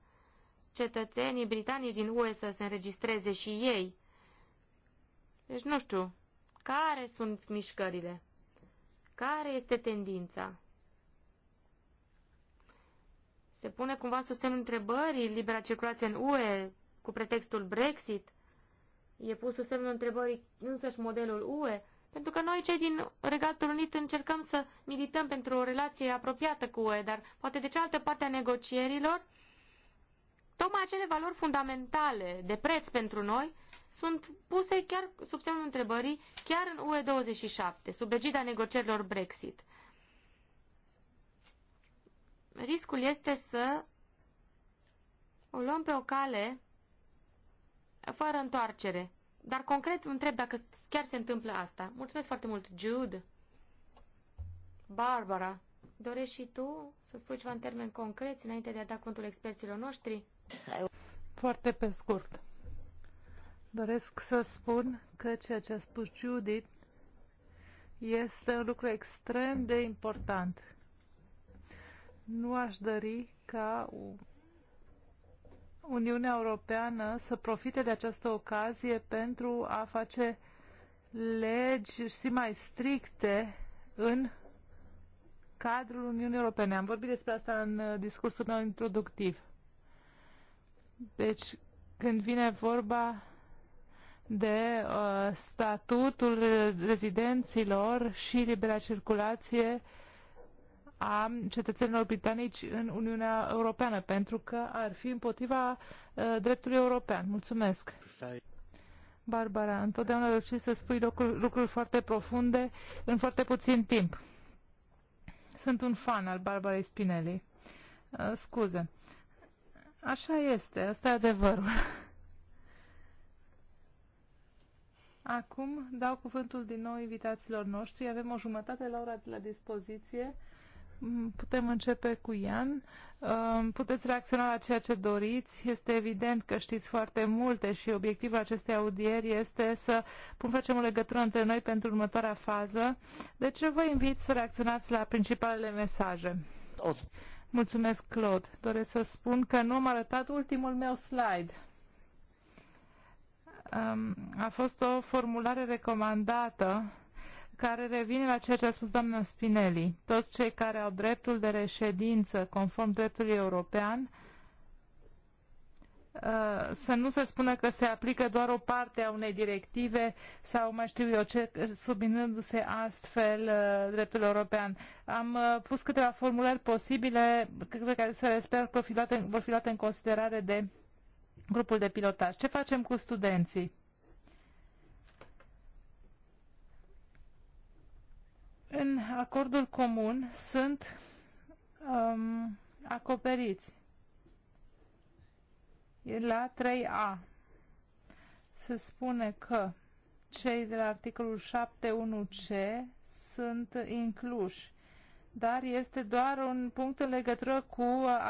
cetățenii britanici din UE să se înregistreze și ei. Deci nu știu, care sunt mișcările? Care este tendința? Se pune cumva sub semn întrebării libera circulație în UE cu pretextul Brexit? E pus sub semnul întrebării însăși modelul UE? Pentru că noi, cei din Regatul Unit, încercăm să milităm pentru o relație apropiată cu UE, dar poate de cealaltă parte a negocierilor, tocmai acele valori fundamentale de preț pentru noi sunt puse chiar sub semnul întrebării, chiar în UE27, sub egida negocierilor Brexit. Riscul este să o luăm pe o cale fără întoarcere. Dar concret întreb dacă chiar se întâmplă asta. Mulțumesc foarte mult, Jude. Barbara, dorești și tu să spui ceva în termeni concreți înainte de a da contul experților noștri? Foarte pe scurt. Doresc să spun că ceea ce a spus Judith este un lucru extrem de important. Nu aș dori ca Uniunea Europeană să profite de această ocazie pentru a face legi și mai stricte în cadrul Uniunii Europene. Am vorbit despre asta în uh, discursul meu introductiv. Deci, când vine vorba de uh, statutul rezidenților și libera circulație, uh, a cetățenilor britanici în Uniunea Europeană, pentru că ar fi împotriva uh, dreptului european. Mulțumesc! Barbara, întotdeauna reușit să spui lucruri, lucruri foarte profunde în foarte puțin timp. Sunt un fan al Barbarei Spinelli. Uh, scuze. Așa este, asta e adevărul. Acum dau cuvântul din nou invitaților noștri. Avem o jumătate la ora la dispoziție Mm, putem începe cu Ian. Uh, puteți reacționa la ceea ce doriți. Este evident că știți foarte multe și obiectivul acestei audieri este să facem o legătură între noi pentru următoarea fază. Deci vă invit să reacționați la principalele mesaje. Mulțumesc, Claude. Doresc să spun că nu am arătat ultimul meu slide. Um, a fost o formulare recomandată care revine la ceea ce a spus doamna Spinelli. Toți cei care au dreptul de reședință conform dreptului european uh, să nu se spună că se aplică doar o parte a unei directive sau mai știu eu ce, subminându-se astfel uh, dreptul european. Am uh, pus câteva formulări posibile care să sper că vor fi luate în considerare de grupul de pilotaj. Ce facem cu studenții? în acordul comun sunt um, acoperiți la 3A. Se spune că cei de la articolul 7.1c sunt incluși, dar este doar un punct în legătură cu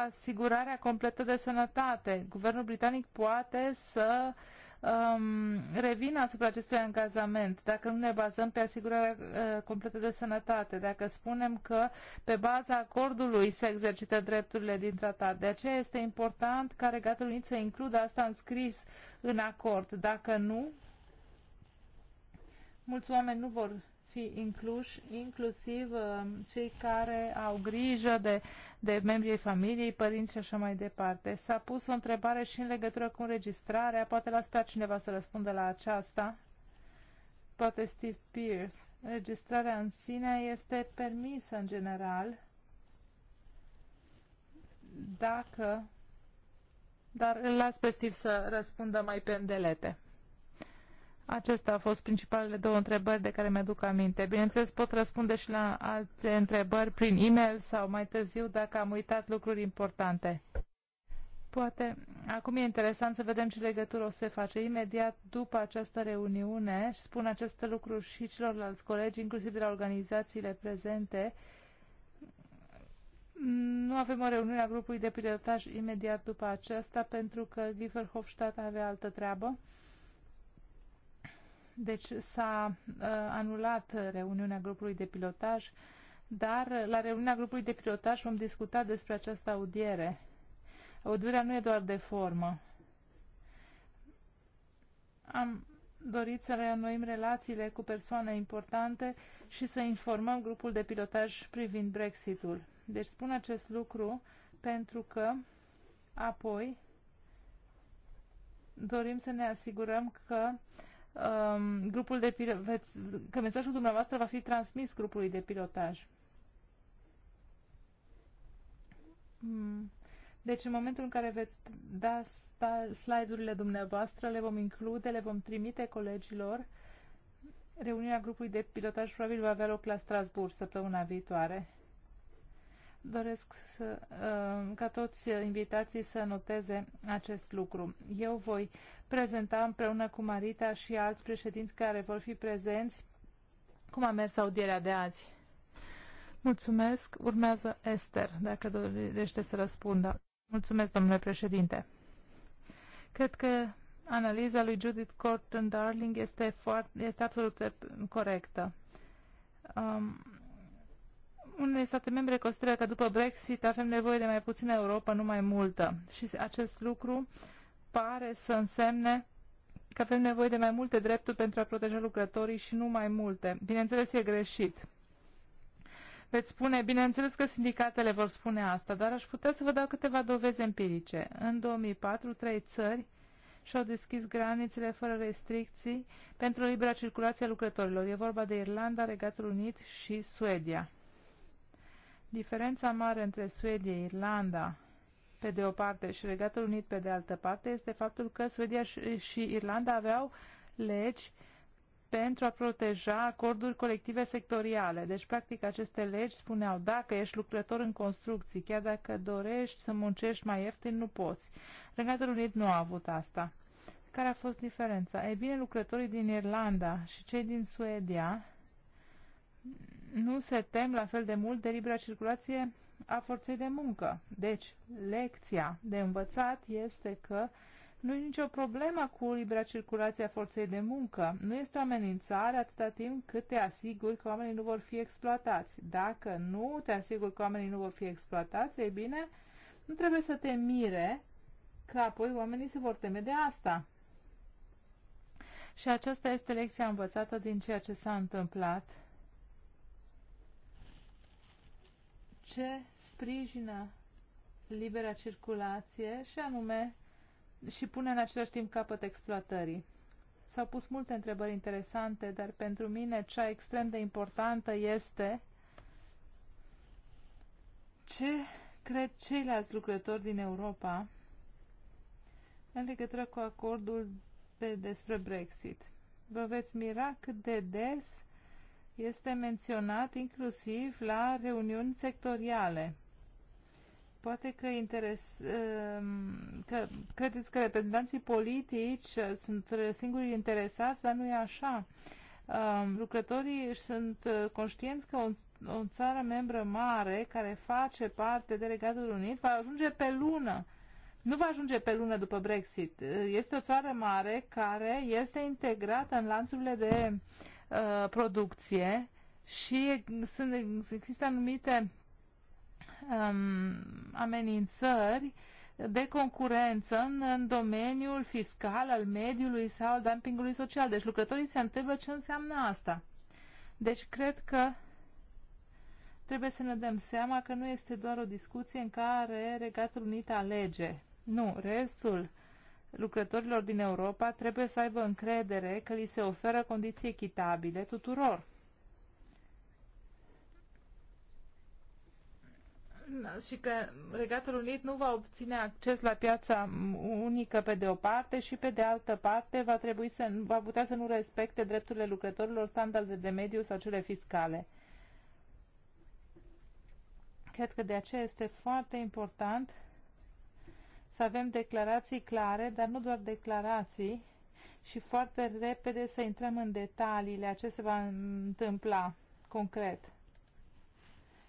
asigurarea completă de sănătate. Guvernul britanic poate să uh, um, revin asupra acestui angajament, dacă nu ne bazăm pe asigurarea uh, completă de sănătate, dacă spunem că pe baza acordului se exercită drepturile din tratat. De aceea este important ca Regatul Unit să includă asta înscris în acord. Dacă nu, mulți oameni nu vor fi incluși inclusiv uh, cei care au grijă de, de membrii familiei, părinți și așa mai departe. S-a pus o întrebare și în legătură cu înregistrarea. Poate las pe cineva să răspundă la aceasta. Poate Steve Pierce. Înregistrarea în sine este permisă în general dacă dar îl las pe Steve să răspundă mai pe îndelete. Acestea au fost principalele două întrebări de care mi-aduc aminte. Bineînțeles, pot răspunde și la alte întrebări prin e-mail sau mai târziu dacă am uitat lucruri importante. Poate acum e interesant să vedem ce legătură o se face imediat după această reuniune și spun aceste lucruri și celorlalți colegi, inclusiv de la organizațiile prezente. Nu avem o reuniune a grupului de pilotaj imediat după aceasta pentru că Giefer Hofstadt avea altă treabă deci s-a uh, anulat reuniunea grupului de pilotaj, dar la reuniunea grupului de pilotaj vom discuta despre această audiere. Audierea nu e doar de formă. Am dorit să reanoim relațiile cu persoane importante și să informăm grupul de pilotaj privind Brexitul. Deci spun acest lucru pentru că apoi dorim să ne asigurăm că uh, um, grupul de pil- veți, că mesajul dumneavoastră va fi transmis grupului de pilotaj. Hmm. Deci în momentul în care veți da slide-urile dumneavoastră, le vom include, le vom trimite colegilor. Reuniunea grupului de pilotaj probabil va avea loc la Strasburg săptămâna viitoare doresc să, uh, ca toți invitații să noteze acest lucru. Eu voi prezenta împreună cu Marita și alți președinți care vor fi prezenți cum a mers audierea de azi. Mulțumesc. Urmează Esther, dacă dorește să răspundă. Mulțumesc, domnule președinte. Cred că analiza lui Judith Corton Darling este, foarte, este absolut corectă. Um, unele state membre consideră că după Brexit avem nevoie de mai puțină Europa, nu mai multă. Și acest lucru pare să însemne că avem nevoie de mai multe drepturi pentru a proteja lucrătorii și nu mai multe. Bineînțeles, e greșit. Veți spune, bineînțeles că sindicatele vor spune asta, dar aș putea să vă dau câteva dovezi empirice. În 2004, trei țări și-au deschis granițele fără restricții pentru libera circulație a lucrătorilor. E vorba de Irlanda, Regatul Unit și Suedia. Diferența mare între Suedia, Irlanda, pe de o parte, și Regatul Unit pe de altă parte, este faptul că Suedia și Irlanda aveau legi pentru a proteja acorduri colective sectoriale. Deci, practic, aceste legi spuneau, dacă ești lucrător în construcții, chiar dacă dorești să muncești mai ieftin, nu poți. Regatul Unit nu a avut asta. Care a fost diferența? Ei bine, lucrătorii din Irlanda și cei din Suedia nu se tem la fel de mult de libera circulație a forței de muncă. Deci, lecția de învățat este că nu e nicio problemă cu libera circulație a forței de muncă. Nu este o amenințare atâta timp cât te asiguri că oamenii nu vor fi exploatați. Dacă nu te asiguri că oamenii nu vor fi exploatați, e bine, nu trebuie să te mire că apoi oamenii se vor teme de asta. Și aceasta este lecția învățată din ceea ce s-a întâmplat ce sprijină libera circulație și anume și pune în același timp capăt exploatării. S-au pus multe întrebări interesante, dar pentru mine cea extrem de importantă este ce cred ceilalți lucrători din Europa în legătură cu acordul de, despre Brexit. Vă veți mira cât de des este menționat inclusiv la reuniuni sectoriale. Poate că, interes, um, că credeți că reprezentanții politici uh, sunt singurii interesați, dar nu e așa. Um, lucrătorii sunt uh, conștienți că o țară membră mare care face parte de Regatul Unit va ajunge pe lună nu va ajunge pe lună după Brexit. Uh, este o țară mare care este integrată în lanțurile de Uh, producție și sunt, există anumite um, amenințări de concurență în, în domeniul fiscal, al mediului sau al dumpingului social. Deci lucrătorii se întrebă ce înseamnă asta. Deci cred că trebuie să ne dăm seama că nu este doar o discuție în care Regatul Unit alege. Nu, restul uh, lucrătorilor din Europa trebuie să aibă încredere că li se oferă condiții echitabile tuturor. Da, și că Regatul Unit nu va obține acces la piața unică pe de o parte și pe de altă parte va, trebui să, va putea să nu respecte drepturile lucrătorilor, standarde de mediu sau cele fiscale. Cred că de aceea este foarte important să avem declarații clare, dar nu doar declarații, și foarte repede să intrăm în detaliile a ce se va întâmpla concret.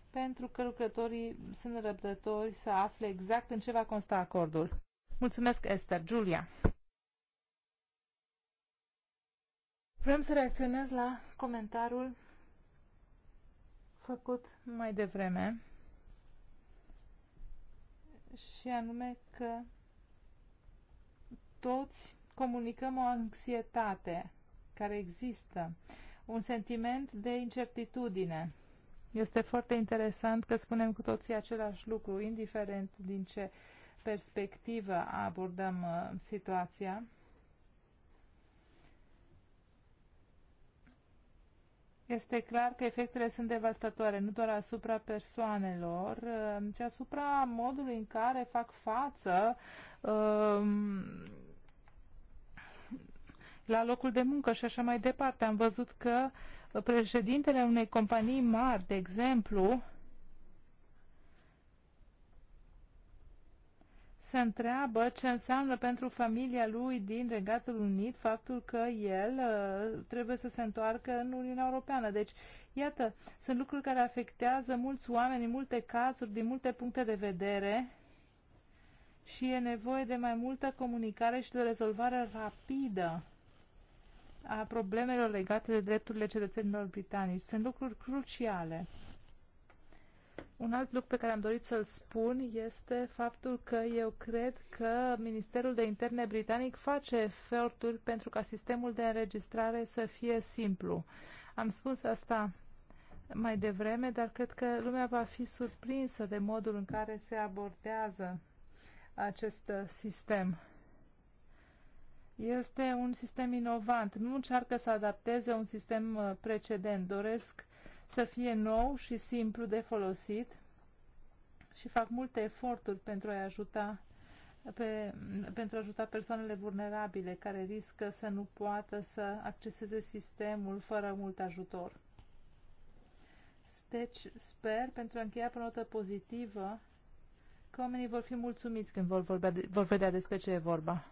Pentru că lucrătorii sunt răbdători să afle exact în ce va consta acordul. Mulțumesc, Esther. Julia. Vrem să reacționez la comentariul făcut mai devreme și anume că toți comunicăm o anxietate care există, un sentiment de incertitudine. Este foarte interesant că spunem cu toții același lucru, indiferent din ce perspectivă abordăm uh, situația. este clar că efectele sunt devastatoare, nu doar asupra persoanelor, uh, ci asupra modului în care fac față um, la locul de muncă și așa mai departe. Am văzut că președintele unei companii mari, de exemplu, se întreabă ce înseamnă pentru familia lui din Regatul Unit faptul că el uh, trebuie să se întoarcă în Uniunea Europeană. Deci, iată, sunt lucruri care afectează mulți oameni în multe cazuri, din multe puncte de vedere și e nevoie de mai multă comunicare și de rezolvare rapidă a problemelor legate de drepturile cetățenilor britanici. Sunt lucruri cruciale. Un alt lucru pe care am dorit să-l spun este faptul că eu cred că Ministerul de Interne britanic face eforturi pentru ca sistemul de înregistrare să fie simplu. Am spus asta mai devreme, dar cred că lumea va fi surprinsă de modul în care se abordează acest uh, sistem. Este un sistem inovant. Nu încearcă să adapteze un sistem uh, precedent. Doresc să fie nou și simplu de folosit și fac multe eforturi pentru a ajuta pe, pentru a ajuta persoanele vulnerabile care riscă să nu poată să acceseze sistemul fără mult ajutor. Deci sper, pentru a încheia pe notă pozitivă, că oamenii vor fi mulțumiți când vor, vorbea de, vor vedea despre ce e vorba.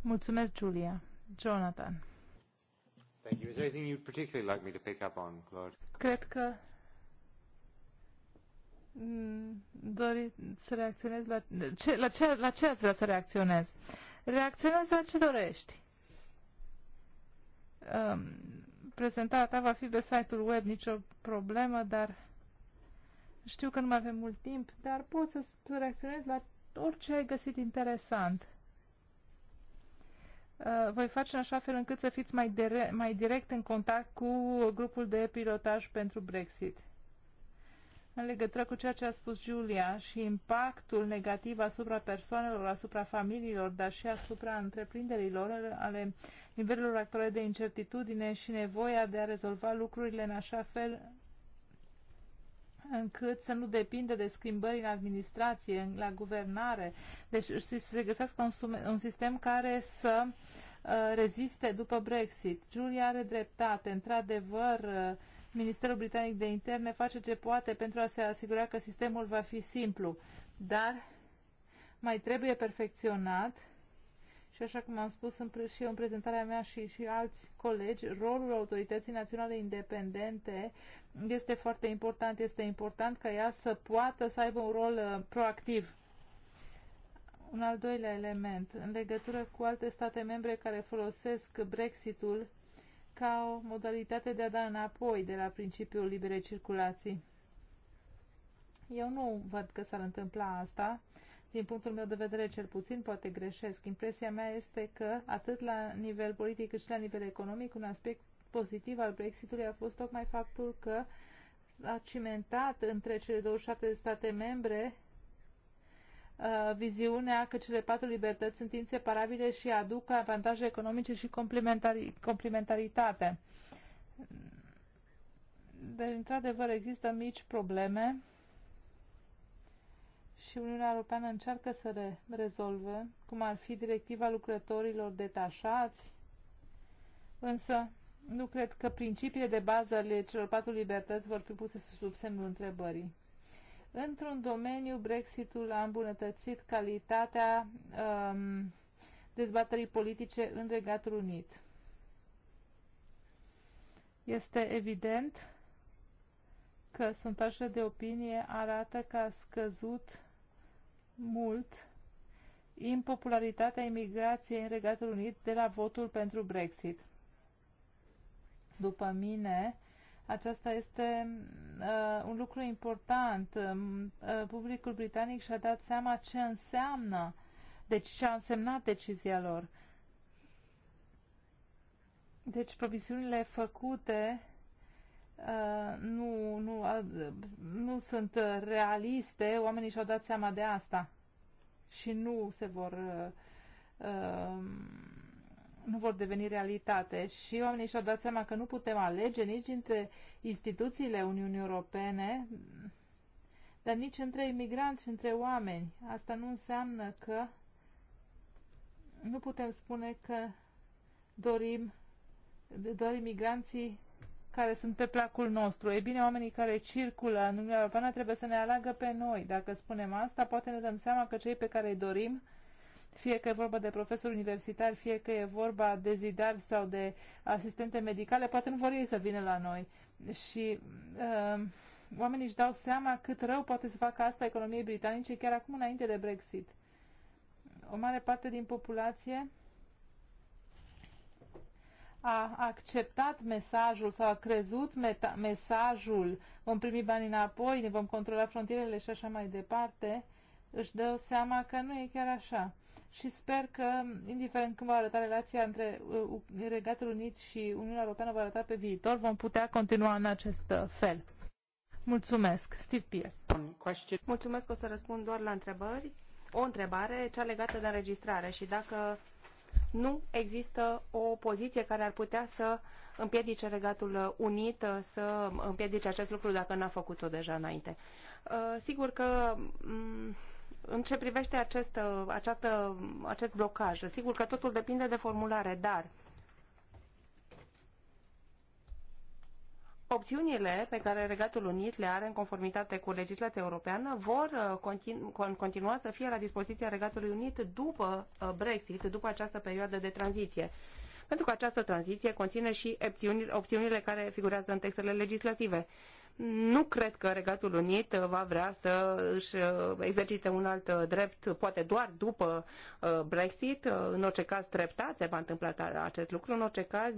Mulțumesc, Julia. Jonathan. Thank you. Is there anything you'd particularly like me to pick up on, Claude? Cred că doriți să reacționezi la ce, la, ce, la ce ați vrea să reacționezi? Reacționezi la ce dorești. Um, prezentarea ta va fi pe site-ul web, nicio problemă, dar știu că nu mai avem mult timp, dar poți să reacționezi la orice ai găsit interesant. Uh, voi face în așa fel încât să fiți mai, dire- mai direct în contact cu grupul de pilotaj pentru Brexit. În legătură cu ceea ce a spus Julia și impactul negativ asupra persoanelor, asupra familiilor, dar și asupra întreprinderilor, ale nivelurilor actuale de incertitudine și nevoia de a rezolva lucrurile în așa fel încât să nu depindă de schimbări în administrație, în, la guvernare. Deci să se găsească un, un sistem care să uh, reziste după Brexit. Julia are dreptate. Într-adevăr, uh, Ministerul Britanic de Interne face ce poate pentru a se asigura că sistemul va fi simplu, dar mai trebuie perfecționat și așa cum am spus în, și eu în prezentarea mea și, și alți colegi, rolul Autorității Naționale Independente este foarte important. Este important ca ea să poată să aibă un rol uh, proactiv. Un al doilea element, în legătură cu alte state membre care folosesc Brexitul ca o modalitate de a da înapoi de la principiul liberei circulații. Eu nu văd că s-ar întâmpla asta. Uh, din punctul meu de vedere cel puțin, poate greșesc. Impresia mea este că, atât la nivel politic cât și la nivel economic, un aspect pozitiv al Brexitului a fost tocmai faptul că a cimentat între cele 27 de state membre uh, viziunea că cele patru libertăți sunt inseparabile și aduc avantaje economice și complementari complementaritate. Deci, într-adevăr, există mici probleme și Uniunea Europeană încearcă să le rezolve, cum ar fi directiva lucrătorilor detașați, însă nu cred că principiile de bază ale celor patru libertăți vor fi puse sub semnul întrebării. Într-un domeniu, Brexitul a îmbunătățit calitatea um, dezbaterii politice în Regatul Unit. Este evident că sondaje de opinie arată că a scăzut mult impopularitatea imigrației în Regatul Unit de la votul pentru Brexit. După mine, aceasta este uh, un lucru important. Uh, uh publicul britanic și-a dat seama ce înseamnă, deci ce a însemnat decizia lor. Deci, provisiunile făcute Uh, nu, nu, uh, nu sunt realiste, oamenii și-au dat seama de asta și nu se vor uh, nu vor deveni realitate și oamenii și-au dat seama că nu putem alege nici între instituțiile Uniunii Europene, dar nici între imigranți și între oameni. Asta nu înseamnă că nu putem spune că dorim doar imigranții care sunt pe placul nostru. E bine, oamenii care circulă în Uniunea Europeană trebuie să ne aleagă pe noi. Dacă spunem asta, poate ne dăm seama că cei pe care îi dorim, fie că e vorba de profesori universitari, fie că e vorba de zidari sau de asistente medicale, poate nu vor ei să vină la noi. Și uh, oamenii își dau seama cât rău poate să facă asta economiei britanice chiar acum înainte de Brexit. O mare parte din populație a acceptat mesajul sau a crezut mesajul vom primi bani înapoi, ne vom controla frontierele și așa mai departe, își dă seama că nu e chiar așa. Și sper că, indiferent cum va arăta relația între uh, Regatul Unit și Uniunea Europeană va arăta pe viitor, vom putea continua în acest uh, fel. Mulțumesc. Steve Pierce. Mulțumesc, o să răspund doar la întrebări. O întrebare, cea legată de înregistrare și dacă nu există o poziție care ar putea să împiedice Regatul Unit uh, să împiedice acest lucru dacă n-a făcut-o deja înainte. Uh, sigur că mm, în ce privește acest, uh, această, acest blocaj, sigur că totul depinde de formulare, dar uh, opțiunile pe care Regatul Unit le are în conformitate cu legislația europeană vor uh, continu- continua să fie la dispoziția Regatului Unit după uh, Brexit, după această perioadă de tranziție. Pentru că această tranziție conține și opțiunile care figurează în textele legislative. Nu cred că Regatul Unit va vrea să își uh, exercite un alt uh, drept, poate doar după uh, Brexit, în orice caz treptat se va întâmpla acest lucru, în orice caz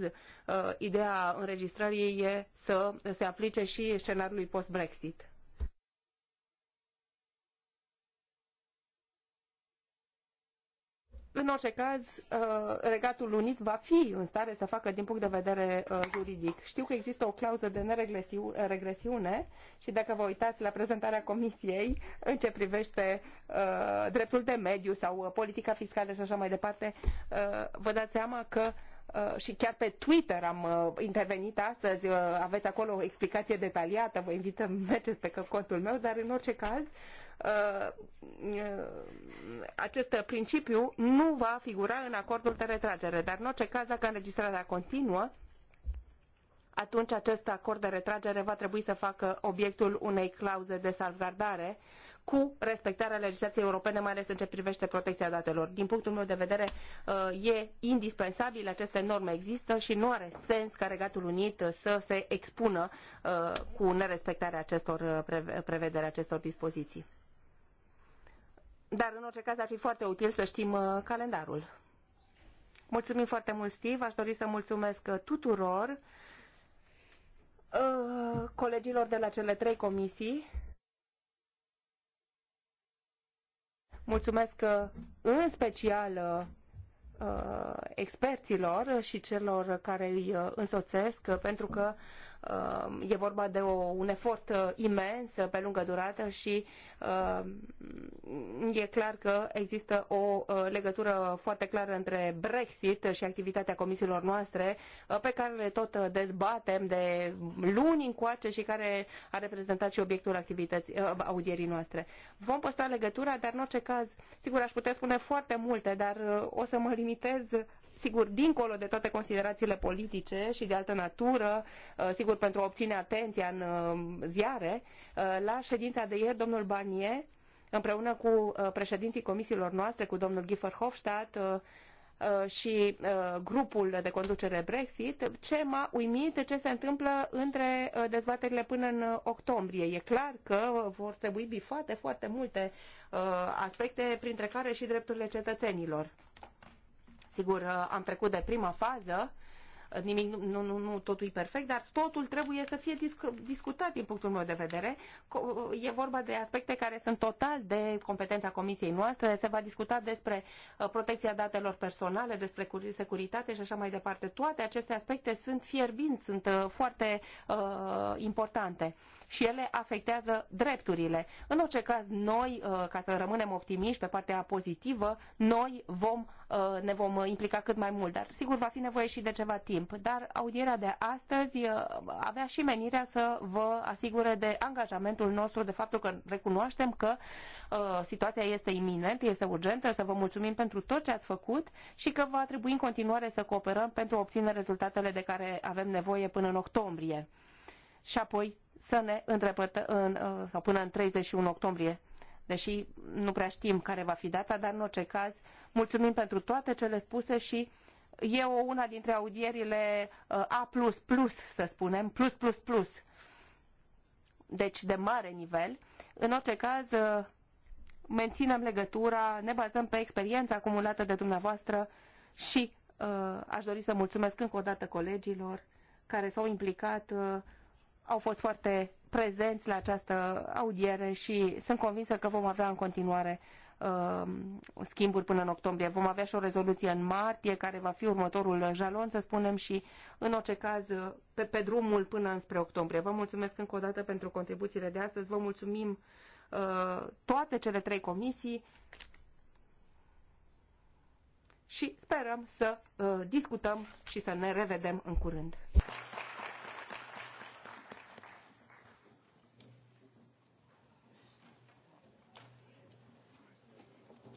ideea înregistrării e să se aplice și scenariului post-Brexit. În orice caz, uh, Regatul Unit va fi în stare să facă din punct de vedere uh, juridic. Știu că există o clauză de neregresiune și dacă vă uitați la prezentarea Comisiei în ce privește uh, dreptul de mediu sau politica fiscală și așa mai departe, vă dați seama că și chiar pe Twitter am intervenit astăzi, aveți acolo o explicație detaliată, vă invit să mergeți pe contul meu, dar în orice caz Uh, acest principiu nu va figura în acordul de retragere, dar în orice caz, dacă înregistrarea continuă, atunci acest acord de retragere va trebui să facă obiectul unei clauze de salvgardare cu respectarea legislației europene, mai ales în ce privește protecția datelor. Din punctul meu de vedere, uh, e indispensabil, aceste norme există și nu are sens ca Regatul Unit să se expună uh, cu nerespectarea acestor prevederi, acestor dispoziții. Dar în orice caz ar fi foarte util să știm uh, calendarul. Mulțumim foarte mult, Steve. Aș dori să mulțumesc uh, tuturor uh, colegilor de la cele trei comisii. Mulțumesc în special experților și celor care îi însoțesc pentru că Uh, e vorba de o, un efort uh, imens uh, pe lungă durată și e clar că există o legătură foarte clară între Brexit și activitatea comisiilor noastre pe care le tot dezbatem de luni încoace și care a reprezentat și obiectul activității audierii noastre. Vom păstra legătura, dar în orice caz, sigur aș putea spune foarte multe, dar o să mă limitez sigur, dincolo de toate considerațiile politice și de altă natură, uh, sigur, pentru a obține atenția în uh, ziare, uh, la ședința de ieri, domnul Barnier, împreună cu președinții comisiilor noastre, cu domnul Giffer Hofstadt, și grupul de conducere Brexit, ce m-a uimit ce se întâmplă între dezbaterile până în octombrie. E clar că vor trebui bifate foarte multe aspecte, printre care și drepturile cetățenilor. Sigur, uh, am trecut de prima fază, uh, nimic, nu, nu, nu totul e perfect, dar totul trebuie să fie disc, discutat din punctul meu de vedere. Uh, e vorba de aspecte care sunt total de competența comisiei noastre. Se va discuta despre protecția datelor personale, despre securitate și așa mai departe. Toate aceste aspecte sunt fierbinți, sunt foarte uh, importante și ele afectează drepturile. În orice caz, noi, uh, ca să rămânem optimiști pe partea pozitivă, noi vom, uh, ne vom implica cât mai mult, dar sigur va fi nevoie și de ceva timp. Dar audierea de astăzi uh, avea și menirea să vă asigure de angajamentul nostru, de faptul că recunoaștem că situația este iminentă, este urgentă, să vă mulțumim pentru tot ce ați făcut și că va trebui în continuare să cooperăm pentru a obține rezultatele de care avem nevoie până în octombrie. Și apoi să ne îndreptăm în, uh, sau până în 31 octombrie deși nu prea știm care va fi data, dar în orice caz mulțumim pentru toate cele spuse și e o una dintre audierile uh, A++, să spunem, plus plus plus, deci de mare nivel. În orice caz, uh, menținem legătura, ne bazăm pe experiența acumulată de dumneavoastră și aș dori să mulțumesc încă o dată colegilor care s-au implicat au fost foarte prezenți la această audiere și sunt convinsă că vom avea în continuare um, schimburi până în octombrie. Vom avea și o rezoluție în martie, care va fi următorul jalon, să spunem, și în orice caz pe, pe drumul până înspre octombrie. Vă mulțumesc încă o dată pentru contribuțiile de astăzi. Vă mulțumim uh, toate cele trei comisii și sperăm să uh, discutăm și să ne revedem în curând.